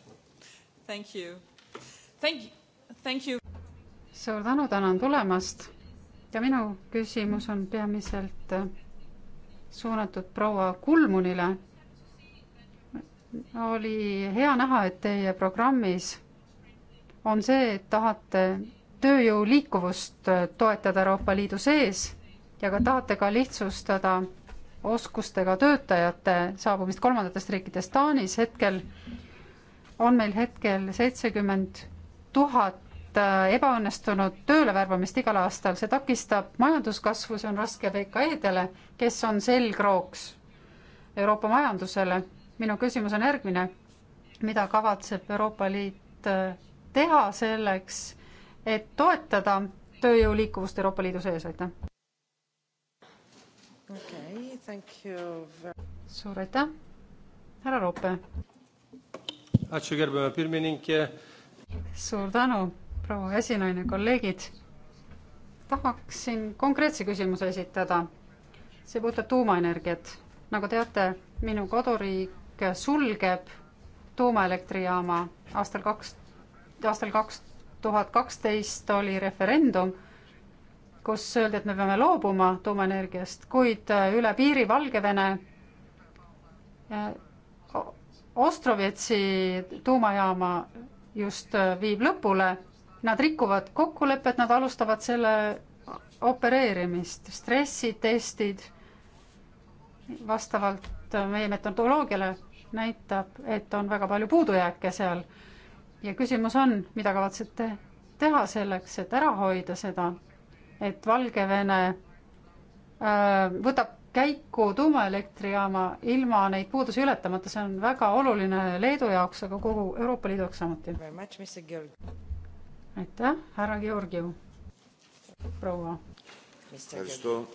Thank you. Thank you. Thank you suur tänu, tänan tulemast. ja minu küsimus on peamiselt äh, suunatud proua Kulmunile. oli hea näha, et teie programmis on see, et tahate tööjõu liikuvust äh, toetada Euroopa Liidu sees ja ka tahate ka lihtsustada oskustega töötajate saabumist kolmandatest riikidest Taanis hetkel on meil hetkel seitsekümmend tuhat Äh, ebaõnnestunud töölevärbamist igal aastal, see takistab majanduskasvu, see on raske VKE-dele, kes on selgrooks Euroopa majandusele. minu küsimus on järgmine, mida kavatseb Euroopa Liit äh, teha selleks, et toetada tööjõu liikuvust Euroopa Liidu sees, aitäh! okei okay,, thank you very.... suur aitäh, härra Roope! suur tänu! proua esinaine, kolleegid. tahaksin konkreetse küsimuse esitada. see puudutab tuumaenergiat. nagu teate, minu koduriik sulgeb tuumaelektrijaama aastal kaks, aastal kaks tuhat kaksteist oli referendum, kus öeldi, et me peame loobuma tuumaenergiast, kuid äh, üle piiri Valgevene äh, Ostrovetsi tuumajaama just äh, viib lõpule nad rikuvad kokkulepet, nad alustavad selle opereerimist, stressitestid vastavalt meie metodoloogiale näitab, et on väga palju puudujääke seal. ja küsimus on, mida kavatsete teha selleks, et ära hoida seda, et Valgevene äh, võtab käiku tuumaelektrijaama ilma neid puudusi ületamata, see on väga oluline Leedu jaoks, aga kogu Euroopa Liidu jaoks samuti aitäh, härra Georgiev, proua. Ευχαριστώ.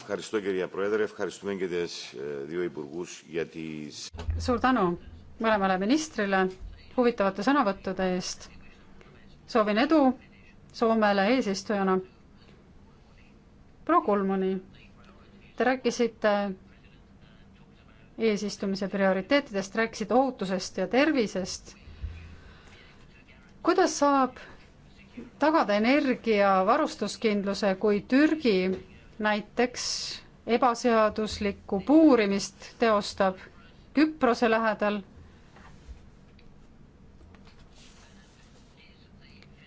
Ευχαριστώ κυρία Πρόεδρε, ευχαριστούμε και τις δύο υπουργούς για τις... Suur tänu mõlemale ministrile huvitavate sõnavõttude eest. soovin edu Soomele eesistujana. proua Kulmuni, te rääkisite eesistumise prioriteetidest, rääkisite ohutusest ja tervisest. kuidas saab tagada energiavarustuskindluse, kui Türgi näiteks ebaseaduslikku puurimist teostab Küprose lähedal.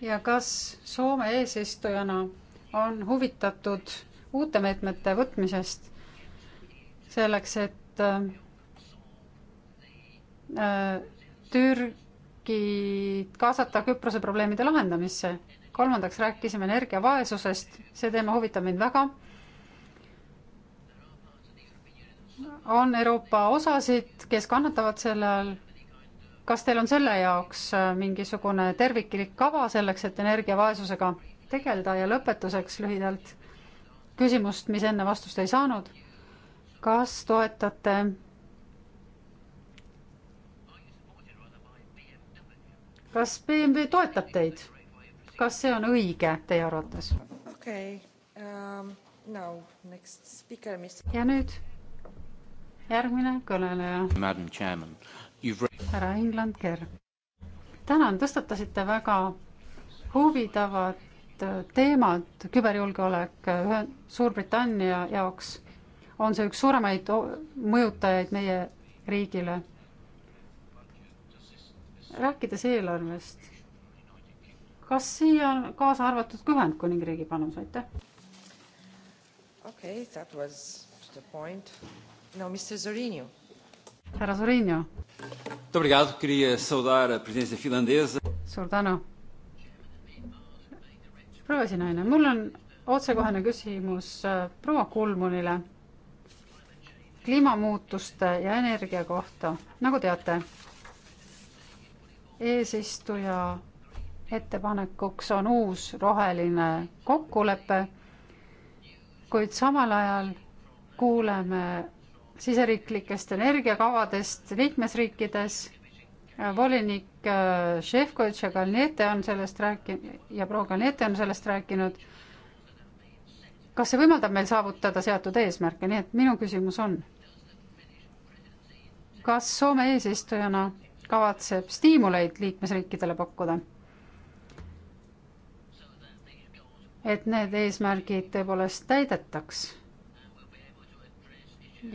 ja kas Soome eesistujana on huvitatud uute meetmete võtmisest selleks, et äh, Tür-, riikid kaasata Küprose probleemide lahendamisse. kolmandaks rääkisime energiavaesusest, see teema huvitab mind väga. on Euroopa osasid, kes kannatavad selle all. kas teil on selle jaoks äh, mingisugune terviklik kava selleks, et energiavaesusega tegeleda ja lõpetuseks lühidalt küsimust, mis enne vastust ei saanud. kas toetate kas BMW toetab teid? kas see on õige teie arvates? okei okay. um,, now next speaker, mis. ja nüüd järgmine kõneleja. härra England Kerr. tänan, tõstatasite väga huvitavad äh, teemad, küberjulgeolek äh, Suurbritannia jaoks on see üks suuremaid mõjutajaid meie riigile rääkides eelarvest, kas siia on kaasa arvatud ka Ühendkuningriigi panus, aitäh? okei okay,, that was the point. no Mr Zorinio. härra Zorinio. suur tänu. proua esinaine, mul on otsekohene küsimus äh, proua Kulmunile kliimamuutuste ja energia kohta. nagu teate, eesistuja ettepanekuks on uus roheline kokkulepe, kuid samal ajal kuuleme siseriiklikest energiakavadest liikmesriikides. volinik äh, Šefkovitš ja Kalniete on sellest rääkinud ja proua Kalniete on sellest rääkinud. kas see võimaldab meil saavutada seatud eesmärke, nii et minu küsimus on, kas Soome eesistujana kavatseb stiimuleid liikmesriikidele pakkuda. et need eesmärgid tõepoolest täidetaks.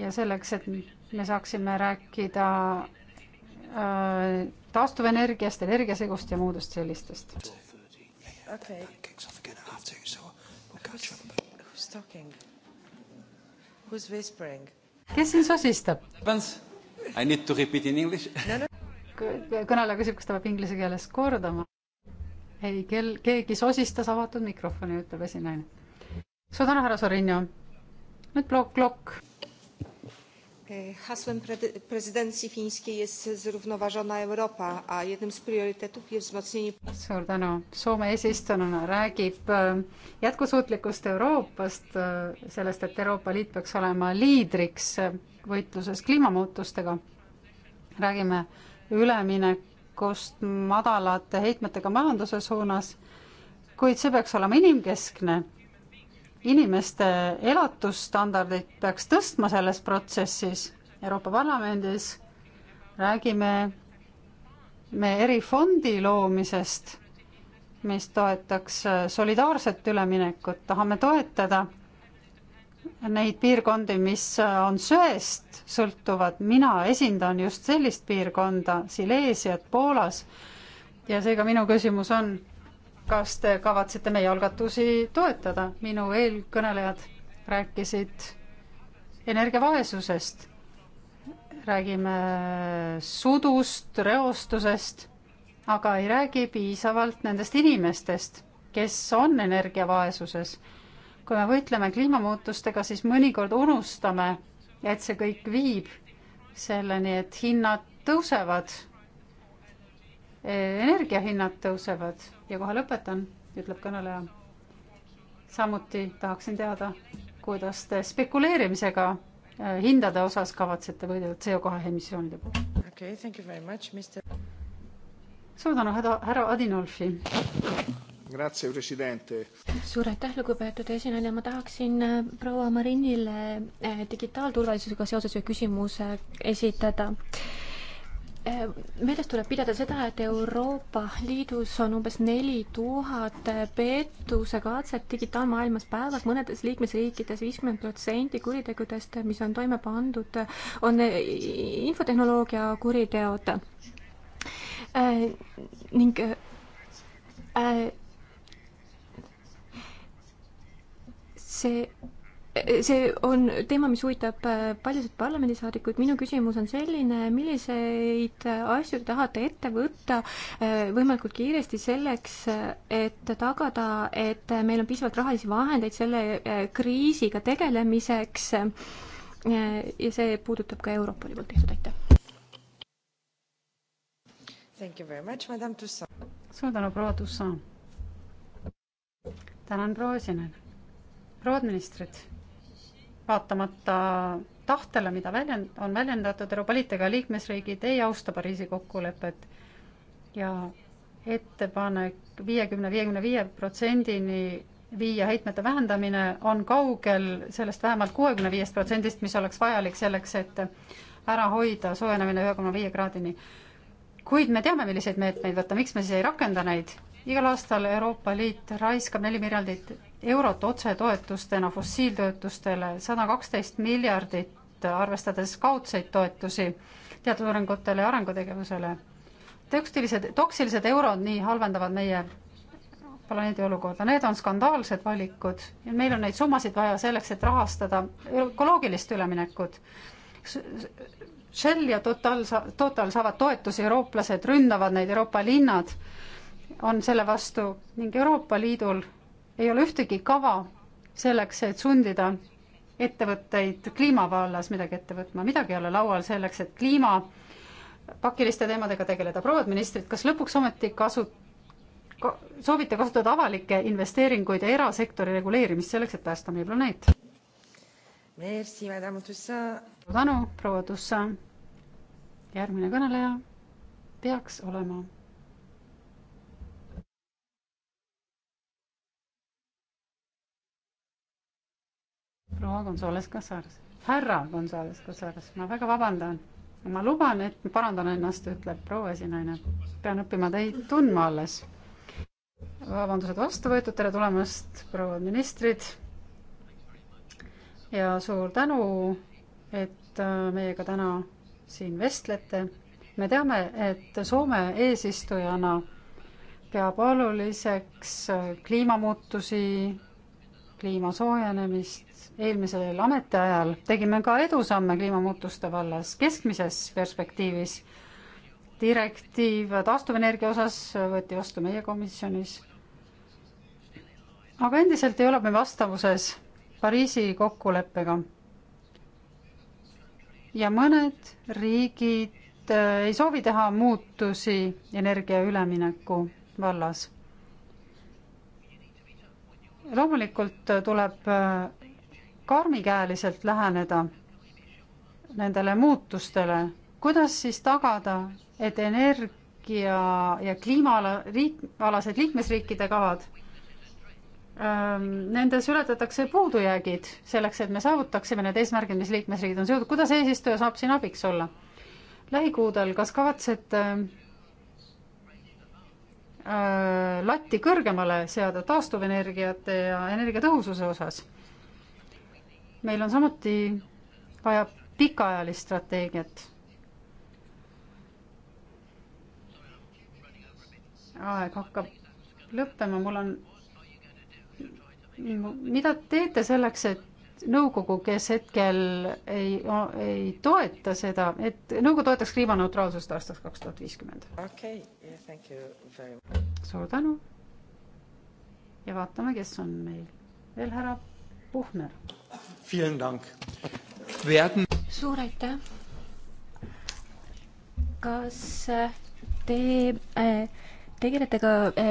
ja selleks, et me saaksime rääkida äh, taastuvenergiast, energiasegust ja muudest sellistest okay.. kes siin sosistab? I need to repeat in english no,. No, kõneleja küsib, kas ta peab inglise keeles kordama. ei, kel-, keegi sosistas avatud mikrofoni, ütleb esinaine. suur tänu, härra Sorinio. nüüd plokk, plokk. E, hasłem pre prezydencji fińskiej jest zrównoważona Europa, a jednym z priorytetów jest wzmocnienie. Suur tänu. Soome eesistujana räägib e, jätkusuutlikust Euroopast, e, sellest, et Euroopa Liit peaks olema liidriks võitluses kliimamuutustega. räägime üleminekust madalate heitmetega majanduse suunas, kuid see peaks olema inimkeskne. inimeste elatusstandardid peaks tõstma selles protsessis. Euroopa Parlamendis räägime me erifondi loomisest, mis toetaks solidaarset üleminekut, tahame toetada neid piirkondi, mis äh, on söest sõltuvad, mina esindan just sellist piirkonda, Sileesiat Poolas, ja seega minu küsimus on, kas te kavatsete meie algatusi toetada, minu eelkõnelejad rääkisid energiavaesusest, räägime sudust, reostusest, aga ei räägi piisavalt nendest inimestest, kes on energiavaesuses kui me võitleme kliimamuutustega, siis mõnikord unustame, et see kõik viib selleni, et hinnad tõusevad. E, energiahinnad tõusevad ja kohe lõpetan, ütleb kõneleja. samuti tahaksin teada, kuidas te spekuleerimisega e, hindade osas kavatsete võidelda CO kahe emissioonide puhul okay,? suur tänu, härra Adinolfi suur aitäh, lugupeetud esineja, ma tahaksin äh, proua Marinile äh, digitaalturvalisusega seoses ühe küsimuse esitada äh, meeles tuleb pidada seda, et Euroopa Liidus on umbes neli tuhat pettusekatset digitaalmaailmas päevas, mõnedes liikmesriikides viiskümmend protsenti kuritegudest, mis on toime pandud, on infotehnoloogia kuriteod äh,. ning äh, see see on teema, mis huvitab äh, paljusid parlamendisaadikuid. minu küsimus on selline, milliseid asju te tahate ette võtta äh, võimalikult kiiresti selleks, et tagada, et meil on piisavalt rahalisi vahendeid selle äh, kriisiga tegelemiseks. ja see puudutab ka Europoli poolt tehtud, aitäh. suur tänu, proua Tusson. tänan, proua Sinen prouad ministrid, vaatamata tahtele, mida väljend-, on väljendatud Euroopa Liit ega liikmesriigid, ei austa Pariisi kokkulepet ja ettepanek viiekümne, viiekümne viie protsendini viia heitmete vähendamine on kaugel sellest vähemalt kuuekümne viiest protsendist, mis oleks vajalik selleks, et ära hoida soojenemine ühe koma viie kraadini. kuid me teame, milliseid meetmeid võtta, miks me siis ei rakenda neid? igal aastal Euroopa Liit raiskab neli miljardit eurot otsetoetustena fossiiltoetustele, sada kaksteist miljardit, arvestades kaudseid toetusi teadusuuringutele ja arengutegevusele. tekstilised, toksilised eurod nii halvendavad meie planeedi olukorda, need on skandaalsed valikud ja meil on neid summasid vaja selleks, et rahastada ökoloogilist üleminekut. Shell ja Total, Total saavad toetusi, eurooplased ründavad neid, Euroopa linnad on selle vastu ning Euroopa Liidul ei ole ühtegi kava selleks, et sundida ettevõtteid kliima vallas midagi ette võtma, midagi ei ole laual selleks, et kliima pakiliste teemadega tegeleda. prouad ministrid, kas lõpuks ometi kasu- ka,, soovite kasutada avalikke investeeringuid ja erasektori reguleerimist selleks, et päästa meie planeet? tänu, proua Tussa. järgmine kõneleja peaks olema proua Gonzales Casares, härra Gonzales Casares, ma väga vabandan. ma luban, et parandan ennast, ütleb proua esinaine. pean õppima teid tundma alles. vabandused vastu võetud, tere tulemast, prouad ministrid. ja suur tänu, et äh, meiega täna siin vestlete. me teame, et Soome eesistujana peab oluliseks äh, kliimamuutusi kliima soojenemist. eelmisel ametiajal tegime ka edusamme kliimamuutuste vallas keskmises perspektiivis. direktiiv taastuvenergia osas võeti vastu meie komisjonis. aga endiselt ei ole me vastavuses Pariisi kokkuleppega. ja mõned riigid äh, ei soovi teha muutusi energia ülemineku vallas loomulikult tuleb äh, karmikäeliselt läheneda nendele muutustele, kuidas siis tagada, et energia ja kliimaala, riik, alased liikmesriikide kavad, ähm, nendes ületatakse puudujäägid selleks, et me saavutaksime need eesmärgid, mis liikmesriigid on seotud, kuidas eesistuja saab siin abiks olla? lähikuudel, kas kavatsete äh, Äh, latti kõrgemale seada taastuvenergiate ja energiatõhususe osas. meil on samuti vaja pikaajalist strateegiat. aeg hakkab lõppema, mul on, mida teete selleks, et nõukogu, kes hetkel ei, ei toeta seda, et nõukogu toetaks kliimaneutraalsust aastaks kaks tuhat viiskümmend. okei, thank you very much. suur tänu. ja vaatame, kes on meil veel, härra Puhner. suur aitäh. kas te äh, tegelete ka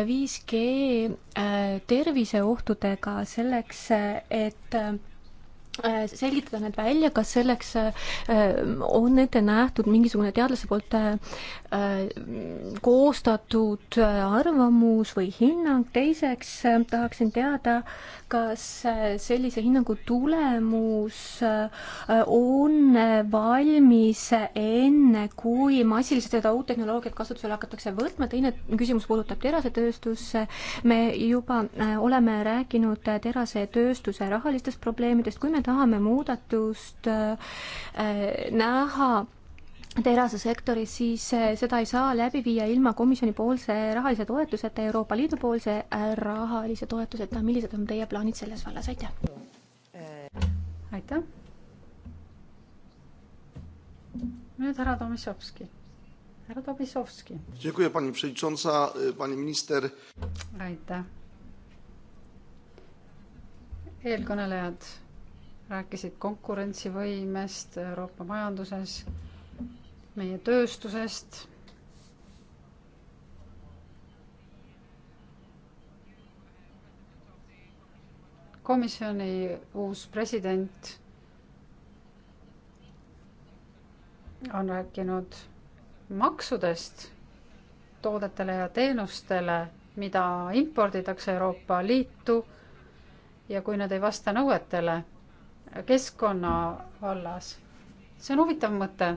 5G äh, äh, terviseohtudega selleks, äh, et Äh, selgitada need välja, kas selleks äh, äh, on ette nähtud mingisugune teadlase poolt koostatud arvamus või hinnang, teiseks tahaksin teada, kas sellise hinnangu tulemus on valmis enne, kui massiliselt seda uut tehnoloogiat kasutusele hakatakse võtma, teine küsimus puudutab terasetööstusse, me juba oleme rääkinud terasetööstuse rahalistest probleemidest, kui me tahame muudatust äh, näha terasesektoris, siis äh, seda ei saa läbi viia ilma komisjonipoolse rahalise toetuseta, Euroopa Liidu poolse äh, rahalise toetuseta. millised on teie plaanid selles vallas, aitäh! aitäh! nüüd härra Tomisovski. härra Tomisovski. aitäh! eelkõnelejad rääkisid konkurentsivõimest Euroopa majanduses, meie tööstusest. komisjoni uus president on rääkinud maksudest toodetele ja teenustele, mida imporditakse Euroopa Liitu ja kui nad ei vasta nõuetele keskkonna vallas. see on huvitav mõte.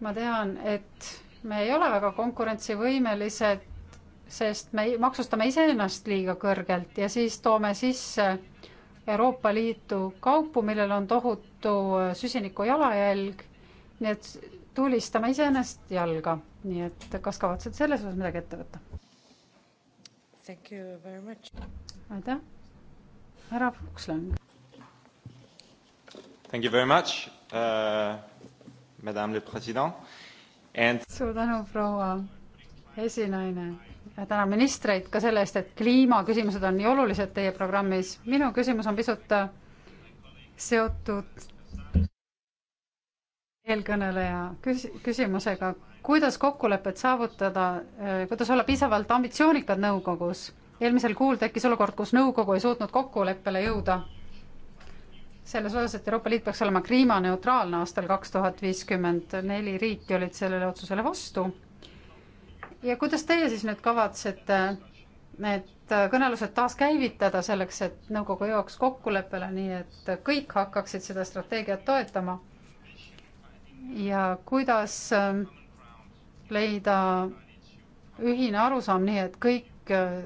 ma tean, et me ei ole väga konkurentsivõimelised, sest me maksustame iseennast liiga kõrgelt ja siis toome sisse Euroopa Liitu kaupu, millel on tohutu süsiniku jalajälg. nii et tulistame iseennast jalga, nii et kas kavatsed selles osas midagi ette võtta? aitäh, härra Fuchslang. Thank you very much uh,, madame le president and.... suur tänu, proua esinaine ja tänan ministreid ka selle eest, et kliimaküsimused on nii olulised teie programmis. minu küsimus on pisut äh, seotud eelkõneleja küs-, küsimusega, kuidas kokkulepet saavutada, äh, kuidas olla piisavalt ambitsioonikad nõukogus? eelmisel kuul tekkis olukord, kus nõukogu ei suutnud kokkuleppele jõuda selles osas, et Euroopa Liit peaks olema kliimaneutraalne aastal kaks tuhat viiskümmend, neli riiki olid sellele otsusele vastu. ja kuidas teie siis nüüd kavatsete need kõnelused taaskäivitada selleks, et nõukogu jõuaks kokkuleppele, nii et kõik hakkaksid seda strateegiat toetama? ja kuidas ähm, leida ühine arusaam, nii et kõik äh,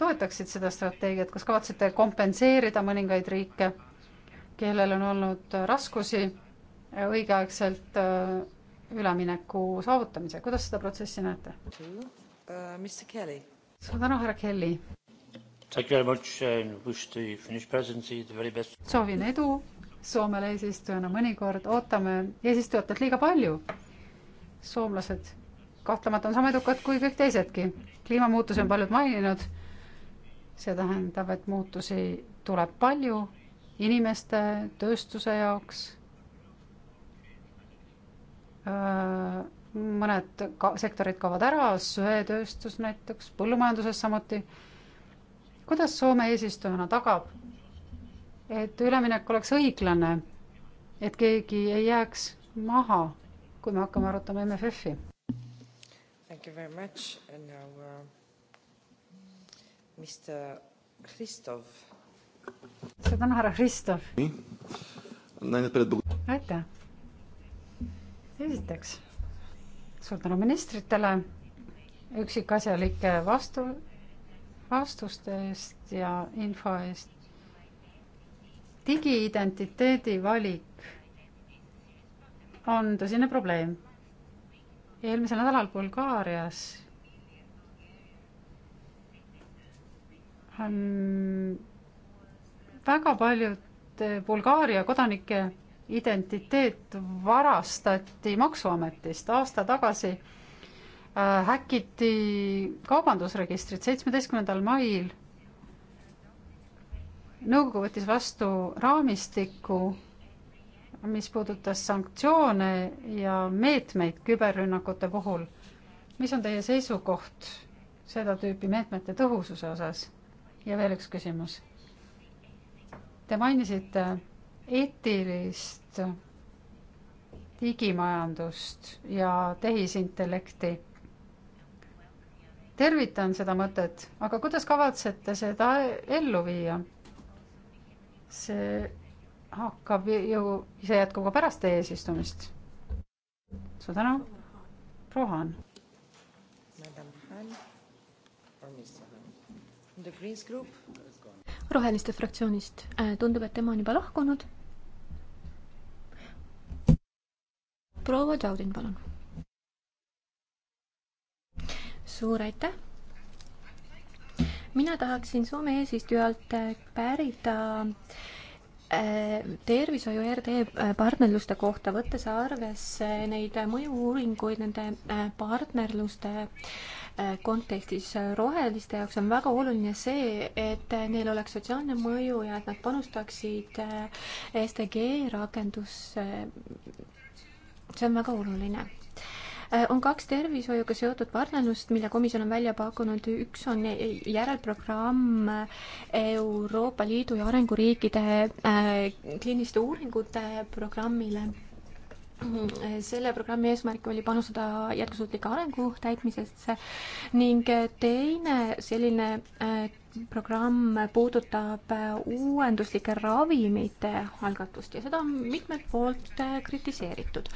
toetaksid seda strateegiat, kas kavatsete kompenseerida mõningaid riike? kellel on olnud raskusi õigeaegselt äh, ülemineku saavutamisega, kuidas seda protsessi näete? suur tänu, härra Kelly! Uh, soovin edu Soomele eesistujana, mõnikord ootame eesistujatelt liiga palju. soomlased kahtlemata on sama edukad kui kõik teisedki. kliimamuutusi on paljud maininud, see tähendab, et muutusi tuleb palju inimeste, tööstuse jaoks. mõned ka-, sektorid kaovad ära, söetööstus näiteks, põllumajanduses samuti. kuidas Soome eesistujana tagab, et üleminek oleks õiglane, et keegi ei jääks maha, kui me hakkame arutama MFF-i? Thank you very much and now uh, Mr Hristov suur tänu, härra Kristof. aitäh. esiteks suur tänu ministritele üksikasjalike vastu, vastuste eest ja info eest. digiidentiteedi valik on tõsine probleem. eelmisel nädalal Bulgaarias on väga paljude eh, Bulgaaria kodanike identiteet varastati Maksuametist aasta tagasi äh,. häkiti kaubandusregistrit seitsmeteistkümnendal mail. nõukogu võttis vastu raamistiku, mis puudutas sanktsioone ja meetmeid küberrünnakute puhul. mis on teie seisukoht seda tüüpi meetmete tõhususe osas? ja veel üks küsimus Te mainisite eetilist digimajandust ja tehisintellekti. tervitan seda mõtet, aga kuidas kavatsete seda ellu viia? see hakkab ju, see jätkub ka pärast teie eesistumist. suur tänu, Rohan. The Greens Group Roheliste fraktsioonist. Äh, tundub, et tema on juba lahkunud. proua Jaudin, palun. suur aitäh mina tahaksin Soome eesistujalt pärida äh, Äh, tervishoiu RD äh, partnerluste kohta, võttes arvesse neid mõju-uuringuid nende äh, partnerluste kontekstis roheliste jaoks on väga oluline see, et neil oleks sotsiaalne mõju ja et nad panustaksid STG rakendusse. see on väga oluline Äh, on kaks tervishoiuga seotud partnerlust, mille komisjon on välja pakkunud, üks on järelprogramm äh, Euroopa Liidu ja arenguriikide äh, kliiniliste uuringute programmile selle programmi eesmärk oli panustada jätkusuutliku arengu täitmisesse ning teine selline programm puudutab uuenduslike ravimite algatust ja seda on mitmelt poolt kritiseeritud.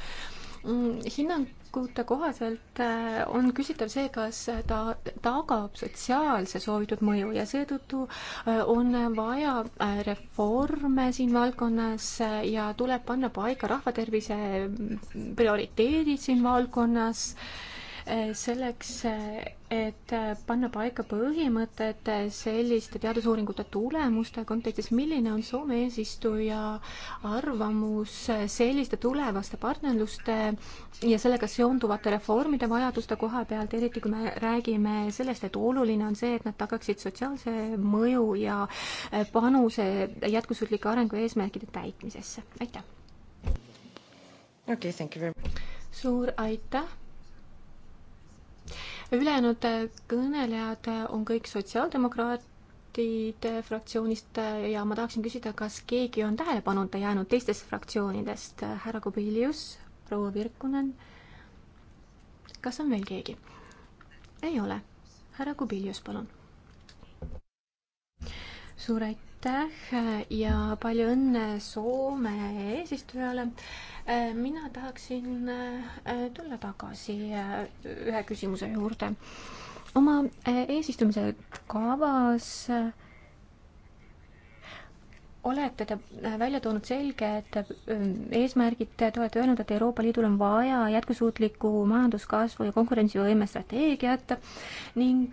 Mm, hinnangute kohaselt äh, on küsitav see, kas ta tagab sotsiaalse soovitud mõju ja seetõttu äh, on vaja äh, reforme siin valdkonnas ja tuleb panna paika rahvatervise prioriteedid siin valdkonnas Eh, selleks, eh, et eh, panna paika põhimõtted selliste teadusuuringute tulemuste kontekstis, milline on Soome eesistuja arvamus selliste tulevaste partnerluste ja sellega seonduvate reformide vajaduste koha pealt, eriti kui me räägime sellest, et oluline on see, et nad tagaksid sotsiaalse mõju ja panuse jätkusuutlike arengu eesmärkide täitmisesse. aitäh! okei okay,, thank you very much! suur aitäh! ülejäänud äh, kõnelejad äh, on kõik sotsiaaldemokraatide fraktsioonist äh, ja ma tahaksin küsida, kas keegi on tähele panuta jäänud teistest fraktsioonidest, härra Kubilius, proua Virkunen, kas on veel keegi? ei ole. härra Kubilius, palun. suur aitäh aitäh ja palju õnne Soome eesistujale. mina tahaksin äh, tulla tagasi äh, ühe küsimuse juurde. oma äh, eesistumise kavas olete te välja toonud selged eesmärgid, te olete öelnud, et Euroopa Liidul on vaja jätkusuutlikku majanduskasvu ja konkurentsivõime strateegiat ning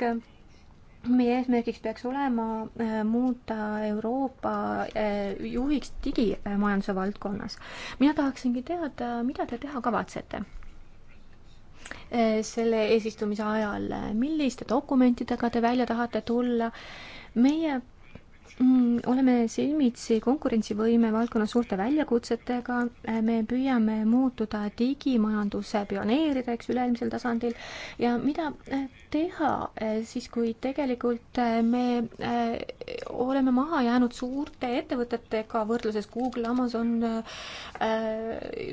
meie eesmärgiks peaks olema äh, muuta Euroopa äh, juhiks digimajanduse valdkonnas. mina tahaksingi teada, mida te teha kavatsete? Äh, selle eesistumise ajal, milliste dokumentidega te välja tahate tulla? meie Mm, oleme silmitsi konkurentsivõime valdkonna suurte väljakutsetega, äh, me püüame muutuda digimajanduse pioneerideks üleilmsel tasandil ja mida äh, teha äh, siis, kui tegelikult me oleme maha jäänud suurte ettevõtetega võrdluses Google, Amazon,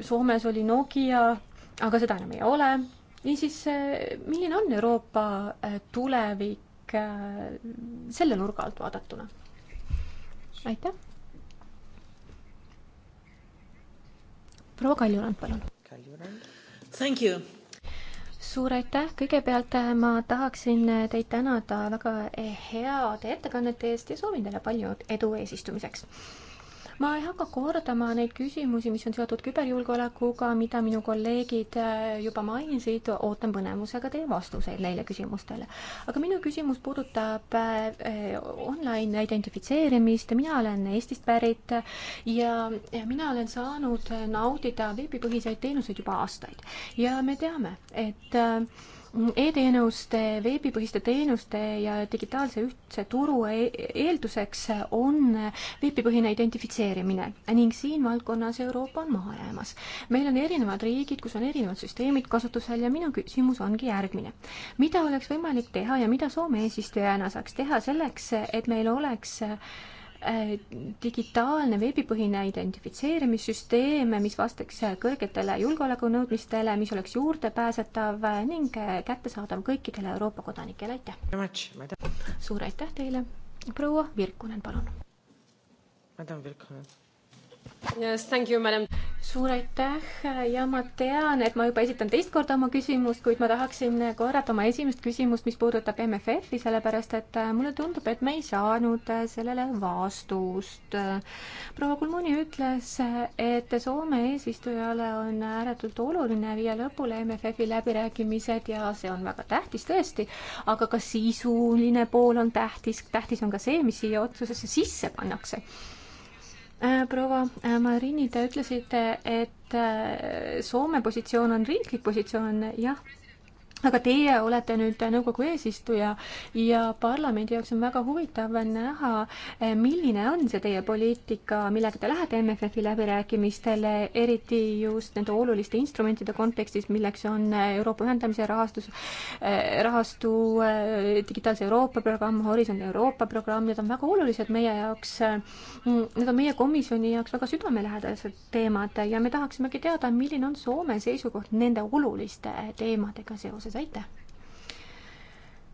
Soomes oli Nokia, aga seda enam ei ole. niisiis, milline on Euroopa tulevik selle nurga alt vaadatuna? aitäh. proua Kaljurand, palun. Thank you suur aitäh, kõigepealt eh, ma tahaksin eh, teid tänada väga eh, heade ettekannete eest ja soovin teile palju edu eesistumiseks ma ei hakka kordama neid küsimusi, mis on seotud küberjulgeolekuga, mida minu kolleegid äh, juba mainisid, ootan põnevusega teie vastuseid neile küsimustele. aga minu küsimus puudutab äh, äh, online identifitseerimist, mina olen Eestist pärit ja mina olen saanud naudida veebipõhiseid teenuseid juba aastaid ja me teame, et E-teenuste, veebipõhiste teenuste ja digitaalse ühtse turu e-, eelduseks on veebipõhine identifitseerimine ning siin valdkonnas Euroopa on maha jäämas. meil on erinevad riigid, kus on erinevad süsteemid kasutusel ja minu küsimus ongi järgmine. mida oleks võimalik teha ja mida Soome eesistujana saaks teha selleks, et meil oleks äh, Äh, digitaalne veebipõhine identifitseerimissüsteem, mis vastaks äh, kõrgetele julgeolekunõudmistele, mis oleks juurdepääsetav äh, ning kättesaadav kõikidele Euroopa kodanikele, aitäh! suur aitäh teile, proua Virkunen, palun! Yes, thank you, madam. suur aitäh ja ma tean, et ma juba esitan teist korda oma küsimust, kuid ma tahaksin korrata oma esimest küsimust, mis puudutab MFF-i, sellepärast et äh, mulle tundub, et me ei saanud äh, sellele vastust. proua Kulmuni ütles, et Soome eesistujale on ääretult oluline viia lõpule MFF-i läbirääkimised ja see on väga tähtis tõesti, aga ka sisuline pool on tähtis, tähtis on ka see, mis siia otsusesse sisse pannakse Äh, proua äh, Marini, te ütlesite, et äh, Soome positsioon on riiklik positsioon, jah aga teie olete nüüd nõukogu eesistuja ja parlamendi jaoks on väga huvitav näha, eh, milline on see teie poliitika, millega te lähete MFF-i läbirääkimistele, eriti just nende oluliste instrumentide kontekstis, milleks on eh, Euroopa ühendamise rahastus, eh, rahastu, digitaalse Euroopa programm, Horisont Euroopa programm, need on väga olulised meie jaoks, need on meie komisjoni jaoks väga südamelähedased teemad ja me tahaksimegi teada, milline on Soome seisukoht nende oluliste teemadega seoses valitsuses, aitäh!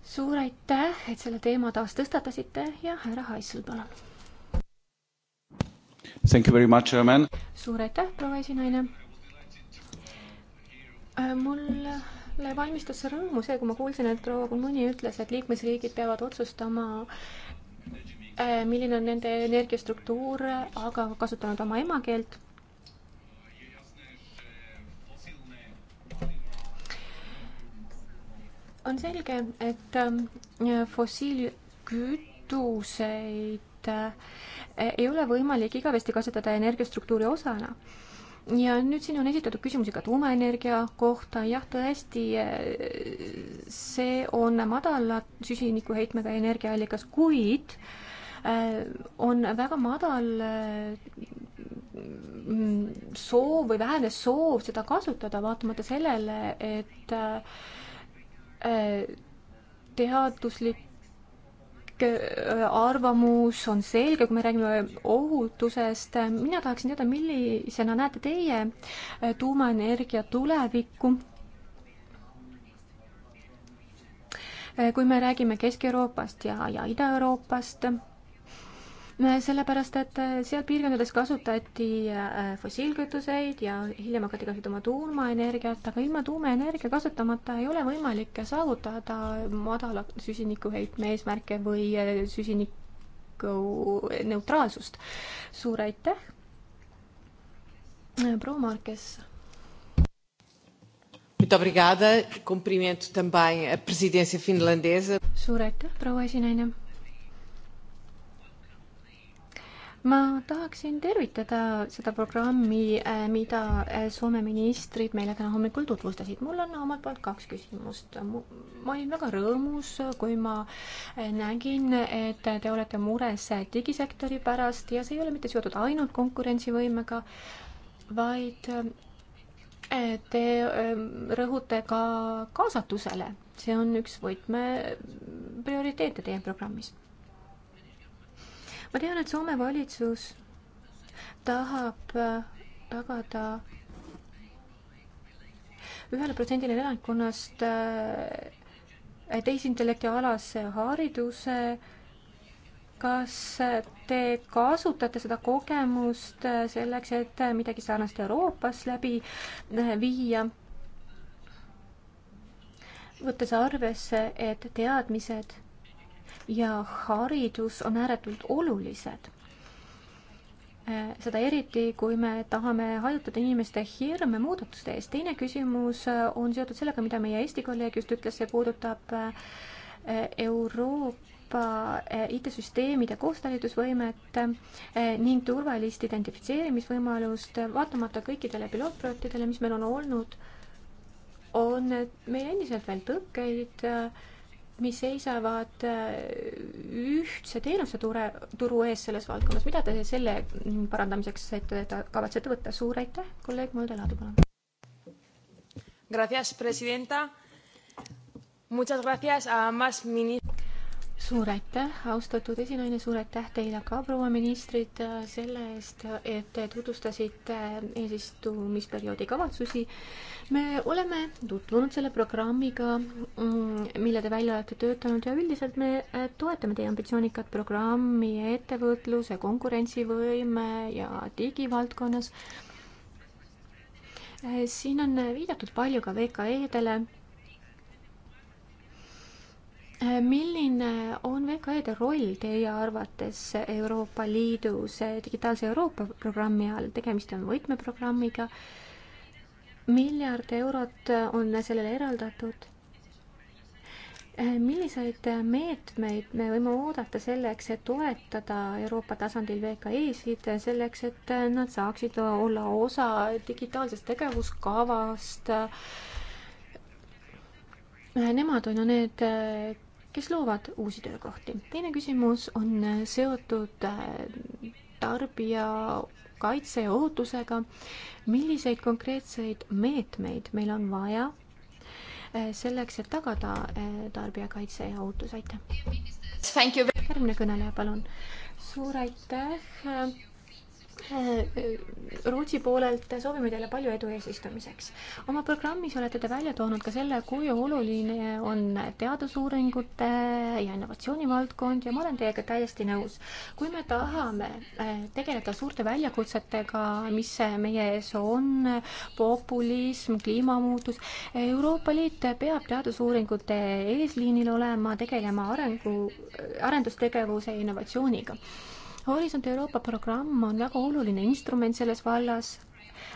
suur aitäh, et selle teema taas tõstatasite ja härra Haissel, palun! Thank you very much, Chairman! suur aitäh, proua esinaine! Äh, mulle valmistas rõõmu see, kui ma kuulsin, et proua Kulmuni ütles, et liikmesriigid peavad otsustama, äh, milline on nende energiastruktuur, aga kasutanud oma emakeelt on selge, et ähm, fossiilkütuseid äh, ei ole võimalik igavesti kasutada energiastruktuuri osana ja nüüd siin on esitatud küsimusi ka tuumaenergia kohta, jah, tõesti, äh, see on madala süsinikuheitmega energiaallikas, kuid äh, on väga madal soov või vähene soov seda kasutada, vaatamata sellele, et teaduslik äh, arvamus on selge, kui me räägime ohutusest. mina tahaksin teada, millisena näete teie äh, tuumaenergia tulevikku? Äh, kui me räägime Kesk-Euroopast ja, ja Ida-Euroopast sellepärast et äh, seal piirkondades kasutati äh, fossiilkütuseid ja hiljem hakati kasutama tuumaenergiat, aga ilma tuumaenergia kasutamata ei ole võimalik saavutada madala süsinikuheitme eesmärke või äh, süsinikuneutraalsust. suur aitäh! proua Markes Muito obrigada. Cumprimento também a presidência finlandesa. Suur aitäh, proua esinaine. ma tahaksin tervitada seda programmi, eh, mida eh, Soome ministrid meile täna hommikul tutvustasid. mul on omalt poolt kaks küsimust. ma olin väga rõõmus, kui ma eh, nägin, et te olete mures digisektori pärast ja see ei ole mitte seotud ainult konkurentsivõimega, vaid te rõhute ka kaasatusele. see on üks võtme prioriteete teie programmis ma tean, et Soome valitsus tahab äh, tagada ühele protsendile elanikkonnast äh, tehisintellekti alase hariduse kas te kasutate seda kogemust äh, selleks, et midagi sarnast Euroopas läbi viia? võttes arvesse, et teadmised ja haridus on ääretult olulised. Äh, seda eriti, kui me tahame hajutada inimeste hirme muudatuste ees. teine küsimus äh, on seotud sellega, mida meie Eesti kolleeg just ütles, see puudutab äh, Euroopa IT-süsteemide koostalitusvõimet ning turvalist identifitseerimisvõimalust, vaatamata kõikidele pilootprojektidele, mis meil on olnud, on meil endiselt veel tõkkeid äh, mis seisavad äh, ühtse teenuseture, turu ees selles valdkonnas, mida te selle parandamiseks ette kavatsete võtta? suur aitäh, kolleeg Mulder Laadu, palun suur aitäh, austatud esinaine, suur aitäh teile ka, proua ministrid, selle eest, et te tutvustasite eesistumisperioodi kavatsusi. me oleme tutvunud selle programmiga, mm, mille te välja olete töötanud ja üldiselt me äh, toetame teie ambitsioonikat programmi ettevõtluse, konkurentsivõime ja digivaldkonnas. Äh, siin on viidatud palju ka VKE-dele milline on VKE-de roll teie arvates Euroopa Liidus Digitaalse Euroopa programmi all, tegemist on võtmeprogrammiga, miljard eurot on sellele eraldatud milliseid meetmeid me võime oodata selleks, et toetada Euroopa tasandil VKE-sid, selleks et nad saaksid olla osa digitaalsest tegevuskavast? Nemad on ju need, kes loovad uusi töökohti. teine küsimus on seotud äh, tarbija kaitse ja ohutusega. milliseid konkreetseid meetmeid meil on vaja äh, selleks, et tagada äh, tarbijakaitse ja ohutus, aitäh! järgmine kõneleja, palun! suur aitäh! Äh, äh, Rootsi poolelt soovime teile palju edu eesistumiseks. oma programmis olete te välja toonud ka selle, kui oluline on teadusuuringute ja innovatsiooni valdkond ja ma olen teiega täiesti nõus. kui me tahame äh, tegeleda suurte väljakutsetega, mis meie ees on, populism, kliimamuutus, Euroopa Liit peab teadusuuringute eesliinil olema, tegelema arengu, arendustegevuse ja innovatsiooniga Horisont Euroopa programm on väga oluline instrument selles vallas.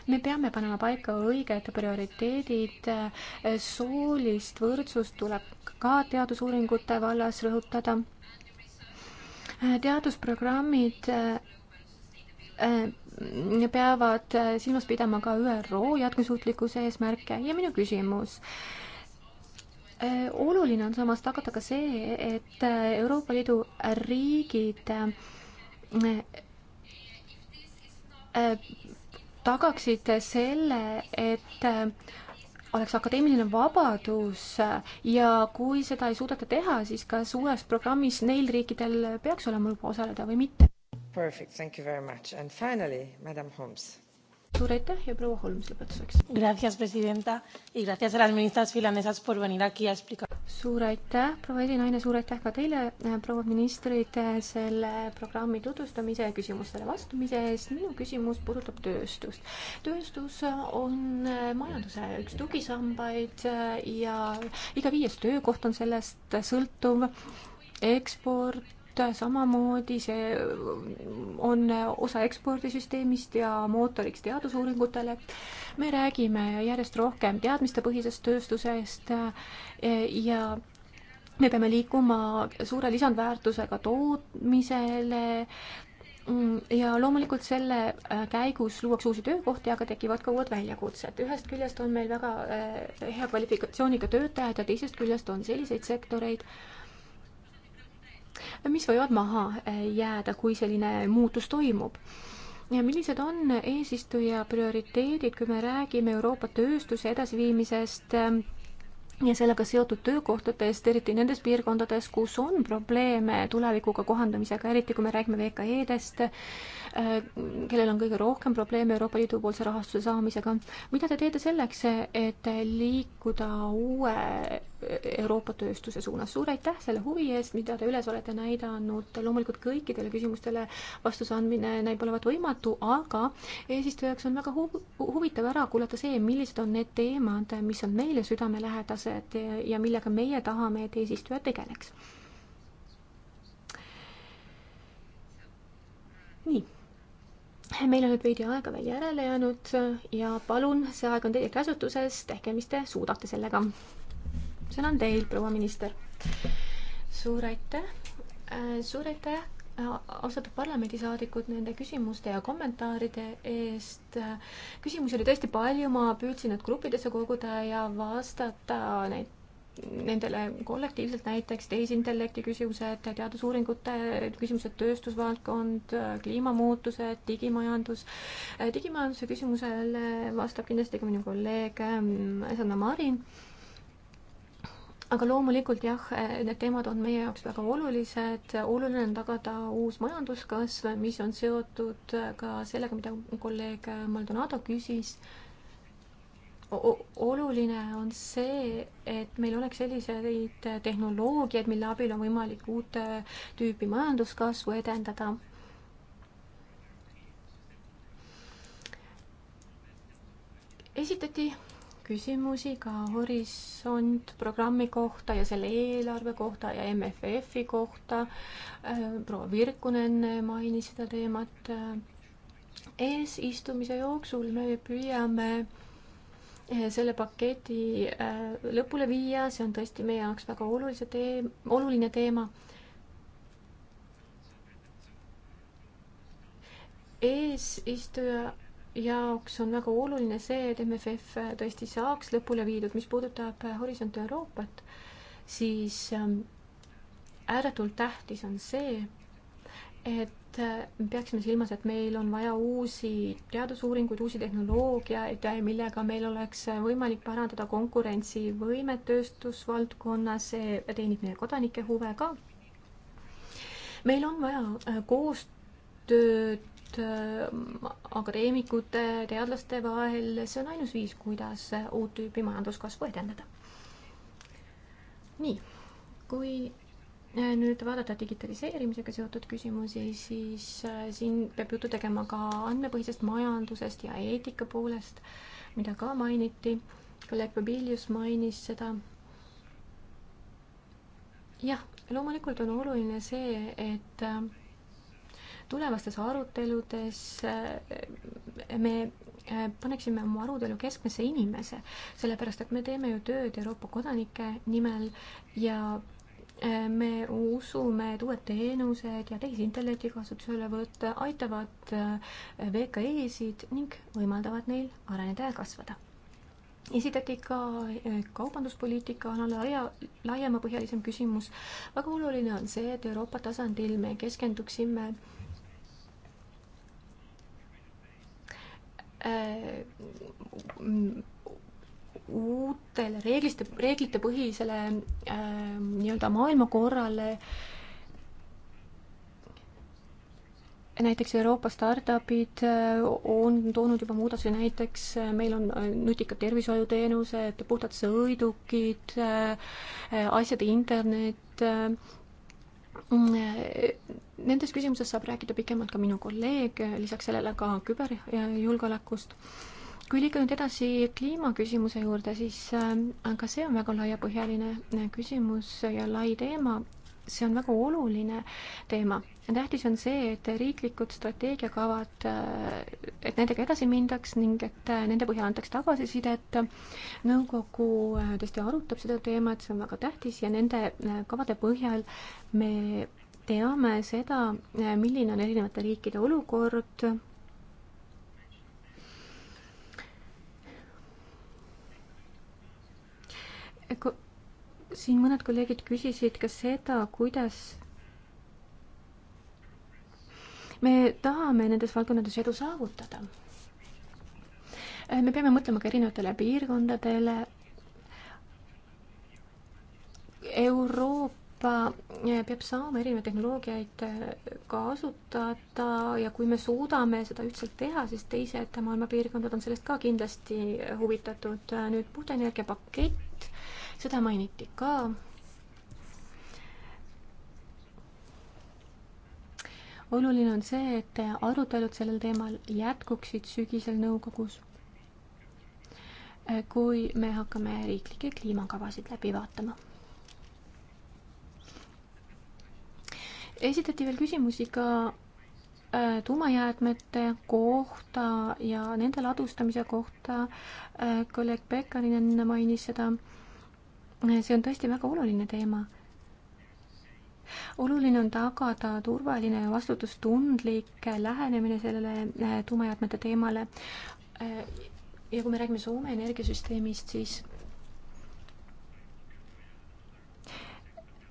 me peame panema paika õiged prioriteedid, soolist võrdsust tuleb ka teadusuuringute vallas rõhutada. teadusprogrammid eh, peavad silmas pidama ka ÜRO jätkusuutlikkuse eesmärke ja minu küsimus eh, oluline on samas tagada ka see, et Euroopa Liidu riigid eh, Äh, tagaksid selle, et äh, oleks akadeemiline vabadus äh, ja kui seda ei suudeta teha, siis kas uues programmis neil riikidel peaks olema luba osaleda või mitte? Perfect, thank you very much and finally, madam Holmes suur aitäh ja proua Holmes lõpetuseks. suur aitäh, proua esinaine, suur aitäh ka teile, eh, proua ministrid, eh, selle programmi tutvustamise ja küsimustele vastamise eest. minu küsimus puudutab tööstust. tööstus on eh, majanduse üks tugisambaid ja iga viies töökoht on sellest sõltuv eksport tööstust, samamoodi see on osa ekspordisüsteemist ja mootoriks teadusuuringutele. me räägime järjest rohkem teadmistepõhisest tööstusest e, ja me peame liikuma suure lisandväärtusega tootmisele, mm, ja loomulikult selle e, käigus luuakse uusi töökohti, aga tekivad ka uued väljakutsed. ühest küljest on meil väga e, hea kvalifikatsiooniga töötajad ja teisest küljest on selliseid sektoreid, mis võivad maha eh, jääda, kui selline muutus toimub. ja millised on eesistuja prioriteedid, kui me räägime Euroopa tööstuse edasiviimisest eh, ja sellega seotud töökohtadest, eriti nendes piirkondades, kus on probleeme tulevikuga kohandamisega, eriti kui me räägime VKE-dest, Äh, kellel on kõige rohkem probleeme Euroopa Liidu poolse rahastuse saamisega. mida te teete selleks, et liikuda uue äh, Euroopa tööstuse suunas? suur aitäh selle huvi eest, mida te üles olete näidanud. loomulikult kõikidele küsimustele vastuse andmine näib olevat võimatu, aga eesistujaks on väga hu huvitav ära kuulata see, millised on need teemad, mis on meile südamelähedased ja millega meie tahame, et eesistuja tegeleks. nii meil on nüüd veidi aega veel järele jäänud ja palun, see aeg on teie käsutuses, tehke, mis te suudate sellega. sõna on teil, proua minister. suur aitäh, äh, suur aitäh, äh, austatud parlamendisaadikud, nende küsimuste ja kommentaaride eest. Äh, küsimusi oli tõesti palju, ma püüdsin need gruppidesse koguda ja vastata neid nendele kollektiivselt, näiteks tehisintellekti küsimused, teadusuuringute küsimused, tööstusvaldkond, kliimamuutused, digimajandus. digimajanduse küsimusele vastab kindlasti ka minu kolleeg ähm, Sanna Marin aga loomulikult jah, need teemad on meie jaoks väga olulised, oluline on tagada uus majanduskasv, mis on seotud ka sellega, mida kolleeg Maldonado küsis oluline on see, et meil oleks selliseid tehnoloogiaid, mille abil on võimalik uute tüüpi majanduskasvu edendada. esitati küsimusi ka Horisont programmi kohta ja selle eelarve kohta ja MFF-i kohta. proua Virkunen mainis seda teemat. eesistumise jooksul me püüame äh, Eh, selle paketi äh, lõpule viia, see on tõesti meie jaoks väga olulise tee, oluline teema. eesistuja jaoks on väga oluline see, et MFF tõesti saaks lõpule viidud, mis puudutab äh, Horisont Euroopat, siis ähm, ääretult tähtis on see, et et me äh, peaksime silmas, et meil on vaja uusi teadusuuringuid, uusi tehnoloogiaid, millega meil oleks võimalik parandada konkurentsivõimet tööstusvaldkonnas, see teenib meie kodanike huve ka. meil on vaja äh, koostööd äh, akadeemikute, teadlaste vahel, see on ainus viis, kuidas uut tüüpi majanduskasvu edendada. nii, kui nüüd vaadata digitaliseerimisega seotud küsimusi, siis äh, siin peab juttu tegema ka andmepõhisest majandusest ja eetika poolest, mida ka mainiti. kolleeg Pobilius mainis seda. jah, loomulikult on oluline see, et äh, tulevastes aruteludes äh, me paneksime oma arutelu keskmesse inimese, sellepärast et me teeme ju tööd Euroopa kodanike nimel ja me usume, et uued teenused ja tehisintellekti kasutuselevõtt aitavad äh, VKE-sid ning võimaldavad neil areneda ja kasvada. esitati ka äh, kaubanduspoliitika laia, laiemapõhjalisem küsimus. väga oluline on see, et Euroopa tasandil me keskenduksime äh, uutele reegliste, reeglitepõhisele äh, nii-öelda maailmakorrale äh, näiteks Euroopa startupid äh, on toonud juba muudatusi, näiteks äh, meil on äh, nutikad tervishoiuteenused, puhtad sõidukid, asjade internet. Nendes küsimuses saab rääkida pikemalt ka minu kolleeg, lisaks sellele ka küberjulgeolekust kui liiga nüüd edasi kliimaküsimuse juurde, siis ka äh, see on väga laiapõhjaline äh, küsimus ja lai teema. see on väga oluline teema. tähtis on see, et riiklikud strateegiakavad, äh, et nendega edasi mindaks ning et nende põhjal antaks tagasisidet. nõukogu tõesti arutab seda teemat, see on väga tähtis ja nende kavade põhjal me teame seda, milline on erinevate riikide olukord siin mõned kolleegid küsisid ka seda, kuidas me tahame nendes valdkondades edu saavutada. me peame mõtlema ka erinevatele piirkondadele. Euroopa Euroopa eh, peab saama erinevaid tehnoloogiaid eh, kasutada ja kui me suudame seda ühtselt teha, siis teised maailma piirkondad on sellest ka kindlasti huvitatud. nüüd puhta energia pakett seda mainiti ka. oluline on see, et arutelud sellel teemal jätkuksid sügisel nõukogus, kui me hakkame riiklikke kliimakavasid läbi vaatama esitati veel küsimusi ka äh, tuumajäätmete kohta ja nende ladustamise kohta äh,. kolleeg Pekkarinen mainis seda see on tõesti väga oluline teema. oluline on tagada turvaline ja vastutustundlik lähenemine sellele eh, tuumajäätmete teemale. Eh, ja kui me räägime Soome energiasüsteemist, siis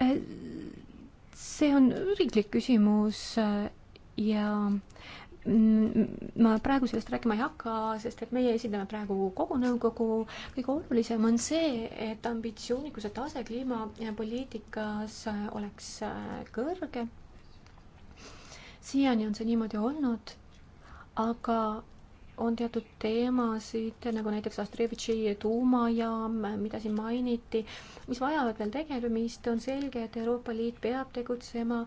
eh, see on riiklik küsimus ja äh, ma praegu sellest rääkima ei hakka, sest et meie esindame praegu kogu nõukogu. kõige olulisem on see, et ambitsioonikuse tase kliimapoliitikas oleks äh, kõrge. siiani on see niimoodi olnud, aga on teatud teemasid, nagu näiteks Astrevitši tuumajaam, mida siin mainiti, mis vajavad veel tegelemist, on selge, et Euroopa Liit peab tegutsema,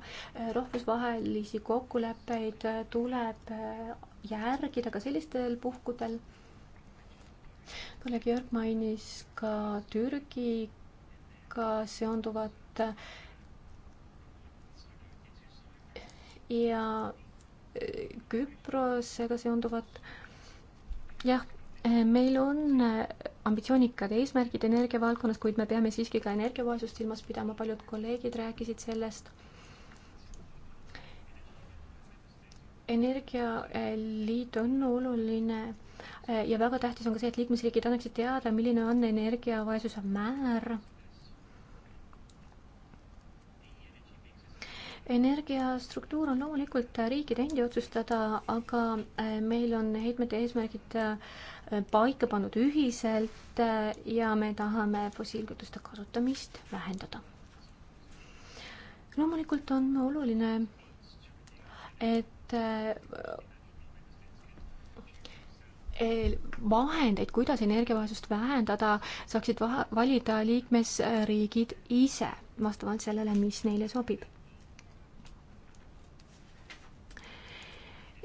rahvusvahelisi kokkuleppeid tuleb järgida ka sellistel puhkudel. kolleeg Jörg mainis ka Türgiga seonduvat ja Küprosega seonduvat jah, eh, meil on eh, ambitsioonikad eesmärgid energiavaldkonnas, kuid me peame siiski ka energiavaesust silmas pidama, paljud kolleegid rääkisid sellest. energialiit on oluline eh, ja väga tähtis on ka see, et liikmesriigid annaksid teada, milline on energiavaesuse määr energiastruktuur on loomulikult riikide endi otsustada, aga äh, meil on heitmete eesmärgid äh, paika pannud ühiselt äh, ja me tahame fossiilkütuste kasutamist vähendada. loomulikult on oluline, et vahendeid, kuidas energiavaesust vähendada, saaksid valida liikmesriigid ise vastavalt sellele, mis neile sobib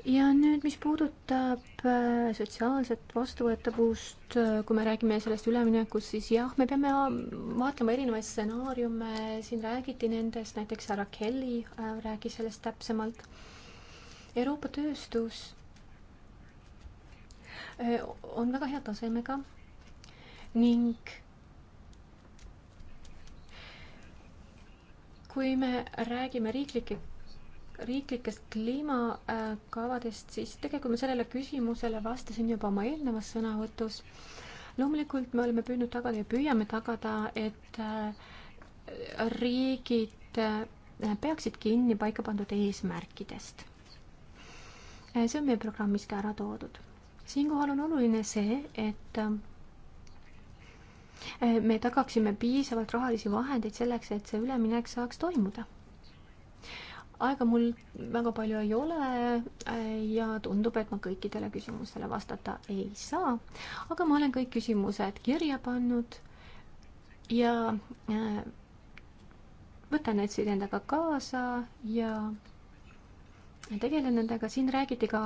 ja nüüd, mis puudutab äh, sotsiaalset vastuvõetavust, äh, kui me räägime sellest üleminekust, siis jah, me peame äh, vaatlema erinevaid stsenaariume, siin räägiti nendest, näiteks härra Kelly rääkis sellest täpsemalt. Euroopa tööstus on väga hea tasemega ning kui me räägime riiklike riiklikest kliimakavadest, siis tegelikult ma sellele küsimusele vastasin juba oma eelnevas sõnavõtus. loomulikult me oleme püüdnud tagada ja püüame tagada, et äh, riigid äh, peaksid kinni paika pandud eesmärkidest. Äh, see on meie programmis ka ära toodud. siinkohal on oluline see, et me tagaksime piisavalt rahalisi vahendeid selleks, et see üleminek saaks toimuda aega mul väga palju ei ole äh, ja tundub, et ma kõikidele küsimustele vastata ei saa, aga ma olen kõik küsimused kirja pannud ja äh, võtan need siis endaga kaasa ja tegelen nendega, siin räägiti ka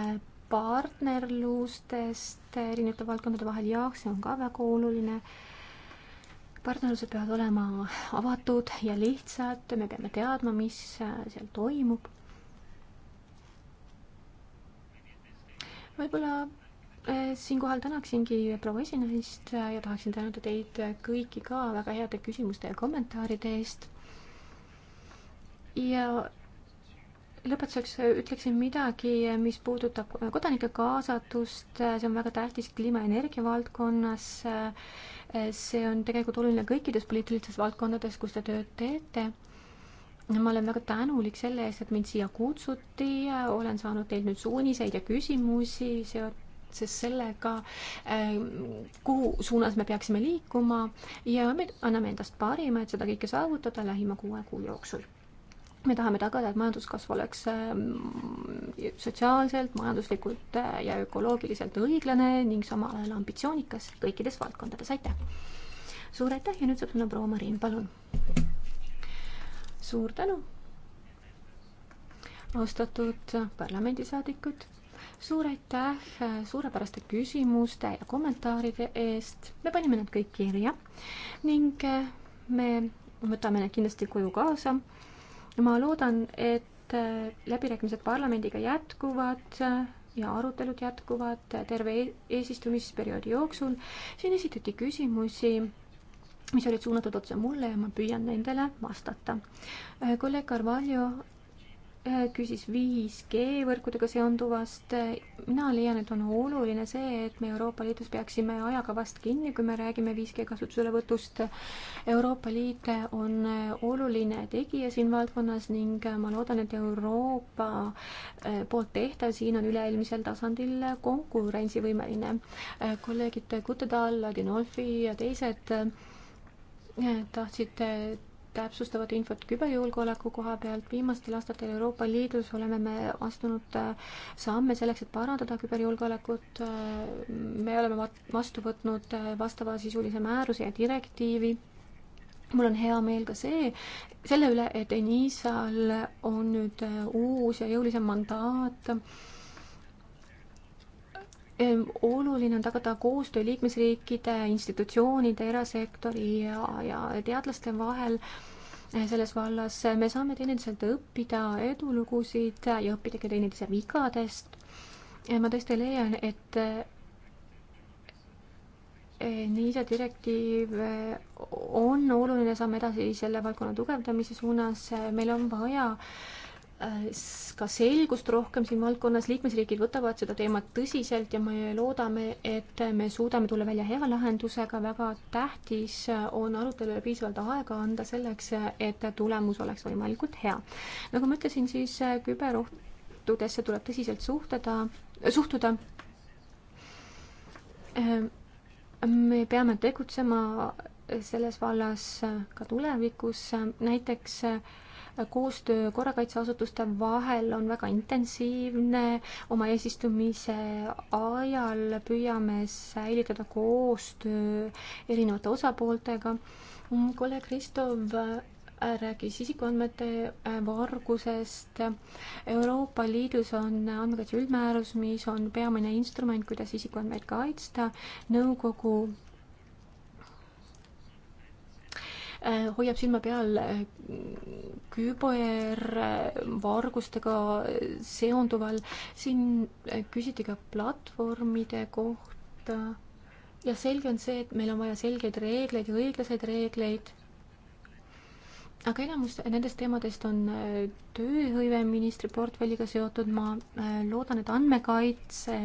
äh, partnerlustest erinevate valdkondade vahel, jah, see on ka väga oluline partnerlused peavad olema avatud ja lihtsad, me peame teadma, mis seal toimub. võib-olla eh, siinkohal tänaksingi proua esinaist ja tahaksin tänada teid kõiki ka väga heade küsimuste ja kommentaaride eest. ja lõpetuseks ütleksin midagi, mis puudutab kodanike kaasatust, see on väga tähtis kliima- ja energiavaldkonnas see on tegelikult oluline kõikides poliitilistes valdkondades, kus te tööd teete. ma olen väga tänulik selle eest, et mind siia kutsuti, olen saanud teilt nüüd suuniseid ja küsimusi seoses sellega, äh, kuhu suunas me peaksime liikuma ja me anname endast parima, et seda kõike saavutada lähima kuue kuu jooksul me tahame tagada, et majanduskasv oleks ähm, sotsiaalselt, majanduslikult äh, ja ökoloogiliselt õiglane ning samal ajal ambitsioonikas kõikides valdkondades, aitäh! suur aitäh ja nüüd saab sõna proua Marin, palun! suur tänu! austatud parlamendisaadikud, suur aitäh suurepäraste küsimuste ja kommentaaride eest, me panime need kõik kirja ning me võtame need kindlasti koju kaasa ma loodan, et äh, läbirääkimised parlamendiga jätkuvad ja arutelud jätkuvad terve e-, eesistumisperioodi jooksul. siin esitati küsimusi, mis olid suunatud otse mulle ja ma püüan nendele vastata. Äh, kolleeg Carvalho Äh, küsis 5G võrkudega seonduvast. mina leian, et on oluline see, et me Euroopa Liidus peaksime ajakavast kinni, kui me räägime 5G kasutuselevõtust. Euroopa Liit on äh, oluline tegija siin valdkonnas ning äh, ma loodan, et Euroopa poolt tehtav siin on üleilmsel tasandil konkurentsivõimeline. kolleegid Kuttedal, Adinolfi ja teised tahtsid täpsustavat infot küberjulgeoleku koha pealt. viimastel aastatel Euroopa Liidus oleme me astunud äh, samme selleks, et parandada küberjulgeolekut. Äh, me oleme vastu võtnud äh, vastavasisulise määruse ja direktiivi mul on hea meel ka see, selle üle, et Enisal on nüüd uus ja jõulisem mandaat äh, oluline on tagada koostöö liikmesriikide, institutsioonide, erasektori ja, ja teadlaste vahel eh, selles vallas. me saame teineteiselt õppida edulugusid ja õppida ka teineteise vigadest. Eh, ma tõesti leian, et eh, NISA direktiiv on oluline samm edasi selle valdkonna tugevdamise suunas, meil on vaja äh, Äh, ka selgust rohkem siin valdkonnas, liikmesriigid võtavad seda teemat tõsiselt ja me loodame, et me suudame tulla välja hea lahendusega, väga tähtis on arutelule piisavalt aega anda selleks, et tulemus oleks võimalikult hea. nagu ma ütlesin, siis äh, küberohtudesse tuleb tõsiselt suhtuda, suhtuda. Äh, me peame tegutsema selles vallas ka tulevikus, näiteks äh, koostöö korrakaitseasutuste vahel on väga intensiivne, oma eesistumise ajal püüame säilitada koostöö erinevate osapooltega. kolleeg Kristov rääkis isikuandmete äh, vargusest. Euroopa Liidus on andmekaitse üldmäärus, mis on peamine instrument, kuidas isikuandmeid kaitsta. nõukogu Äh, hoiab silma peal äh, kübervargustega äh, seonduval. siin küsiti ka platvormide kohta ja selge on see, et meil on vaja selgeid reegleid ja õiglaseid reegleid. aga enamus nendest teemadest on tööhõiveministri portfelliga seotud, ma loodan, et andmekaitse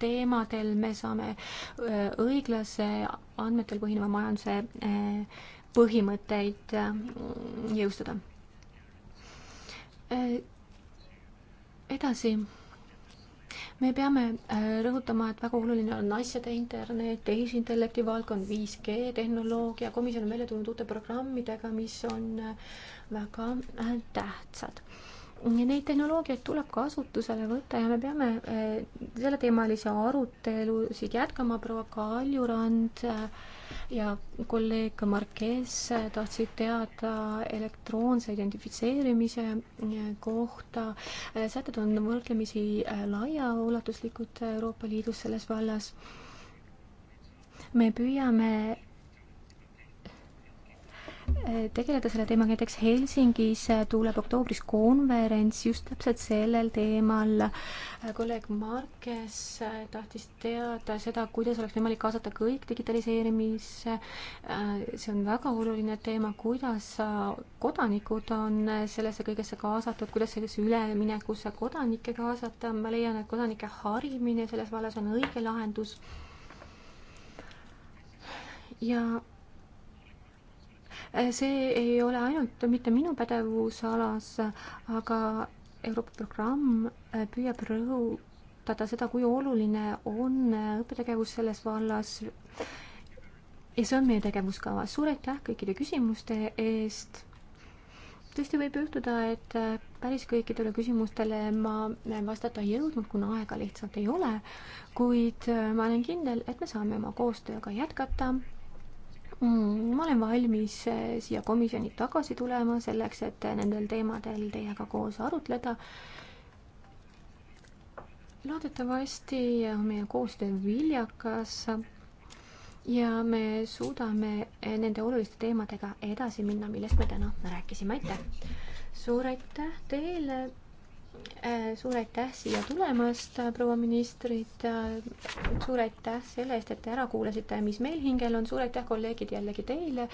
teemadel me saame äh, õiglase andmetel põhineva majanduse äh, põhimõtteid äh, jõustada. edasi, me peame rõhutama, et väga oluline on asjade internet, tehisintellekti valdkond, 5G tehnoloogia, komisjon on välja tulnud uute programmidega, mis on väga tähtsad Neid tehnoloogiaid tuleb kasutusele võtta ja me peame eh, selleteemalisi arutelusid jätkama, proua Kaljurand eh, ja kolleeg Marques eh, tahtsid teada elektroonse identifitseerimise kohta. sätted on võrdlemisi laiaulatuslikud Euroopa Liidus selles vallas. me püüame Eh, tegeleda selle teemaga, näiteks Helsingis eh, tuleb oktoobris konverents just täpselt sellel teemal. Eh, kolleeg Markes tahtis teada seda, kuidas oleks võimalik kaasata kõik digitaliseerimisse. see on väga oluline teema, kuidas kodanikud on sellesse kõigesse kaasatud, kuidas sellesse üleminekusse kodanikke kaasata. ma leian, et kodanike harimine selles vallas on õige lahendus. ja see ei ole ainult mitte minu pädevusalas, aga Euroopa programm äh, püüab rõhutada seda, kui oluline on äh, õppetegevus selles vallas. ja see on meie tegevuskavas. suur aitäh kõikide küsimuste eest tõesti võib juhtuda, et äh, päris kõikidele küsimustele ma vastata ei jõudnud, kuna aega lihtsalt ei ole, kuid ma olen kindel, et me saame oma koostööga jätkata Mm, ma olen valmis eh, siia komisjoni tagasi tulema selleks, et eh, nendel teemadel teiega koos arutleda. loodetavasti on eh, meie koostöö viljakas ja me suudame nende oluliste teemadega edasi minna, millest me täna rääkisime, aitäh! suur aitäh teile Äh, suur aitäh siia tulemast, äh, proua ministrid. Äh, suur aitäh selle eest, et te ära kuulasite, mis meil hingel on. suur aitäh, kolleegid, jällegi teile,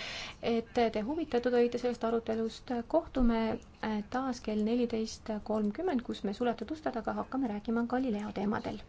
et te huvitatud olite sellest arutelust. kohtume taas kell neliteist kolmkümmend, kus me suletud uste taga hakkame rääkima Galileo teemadel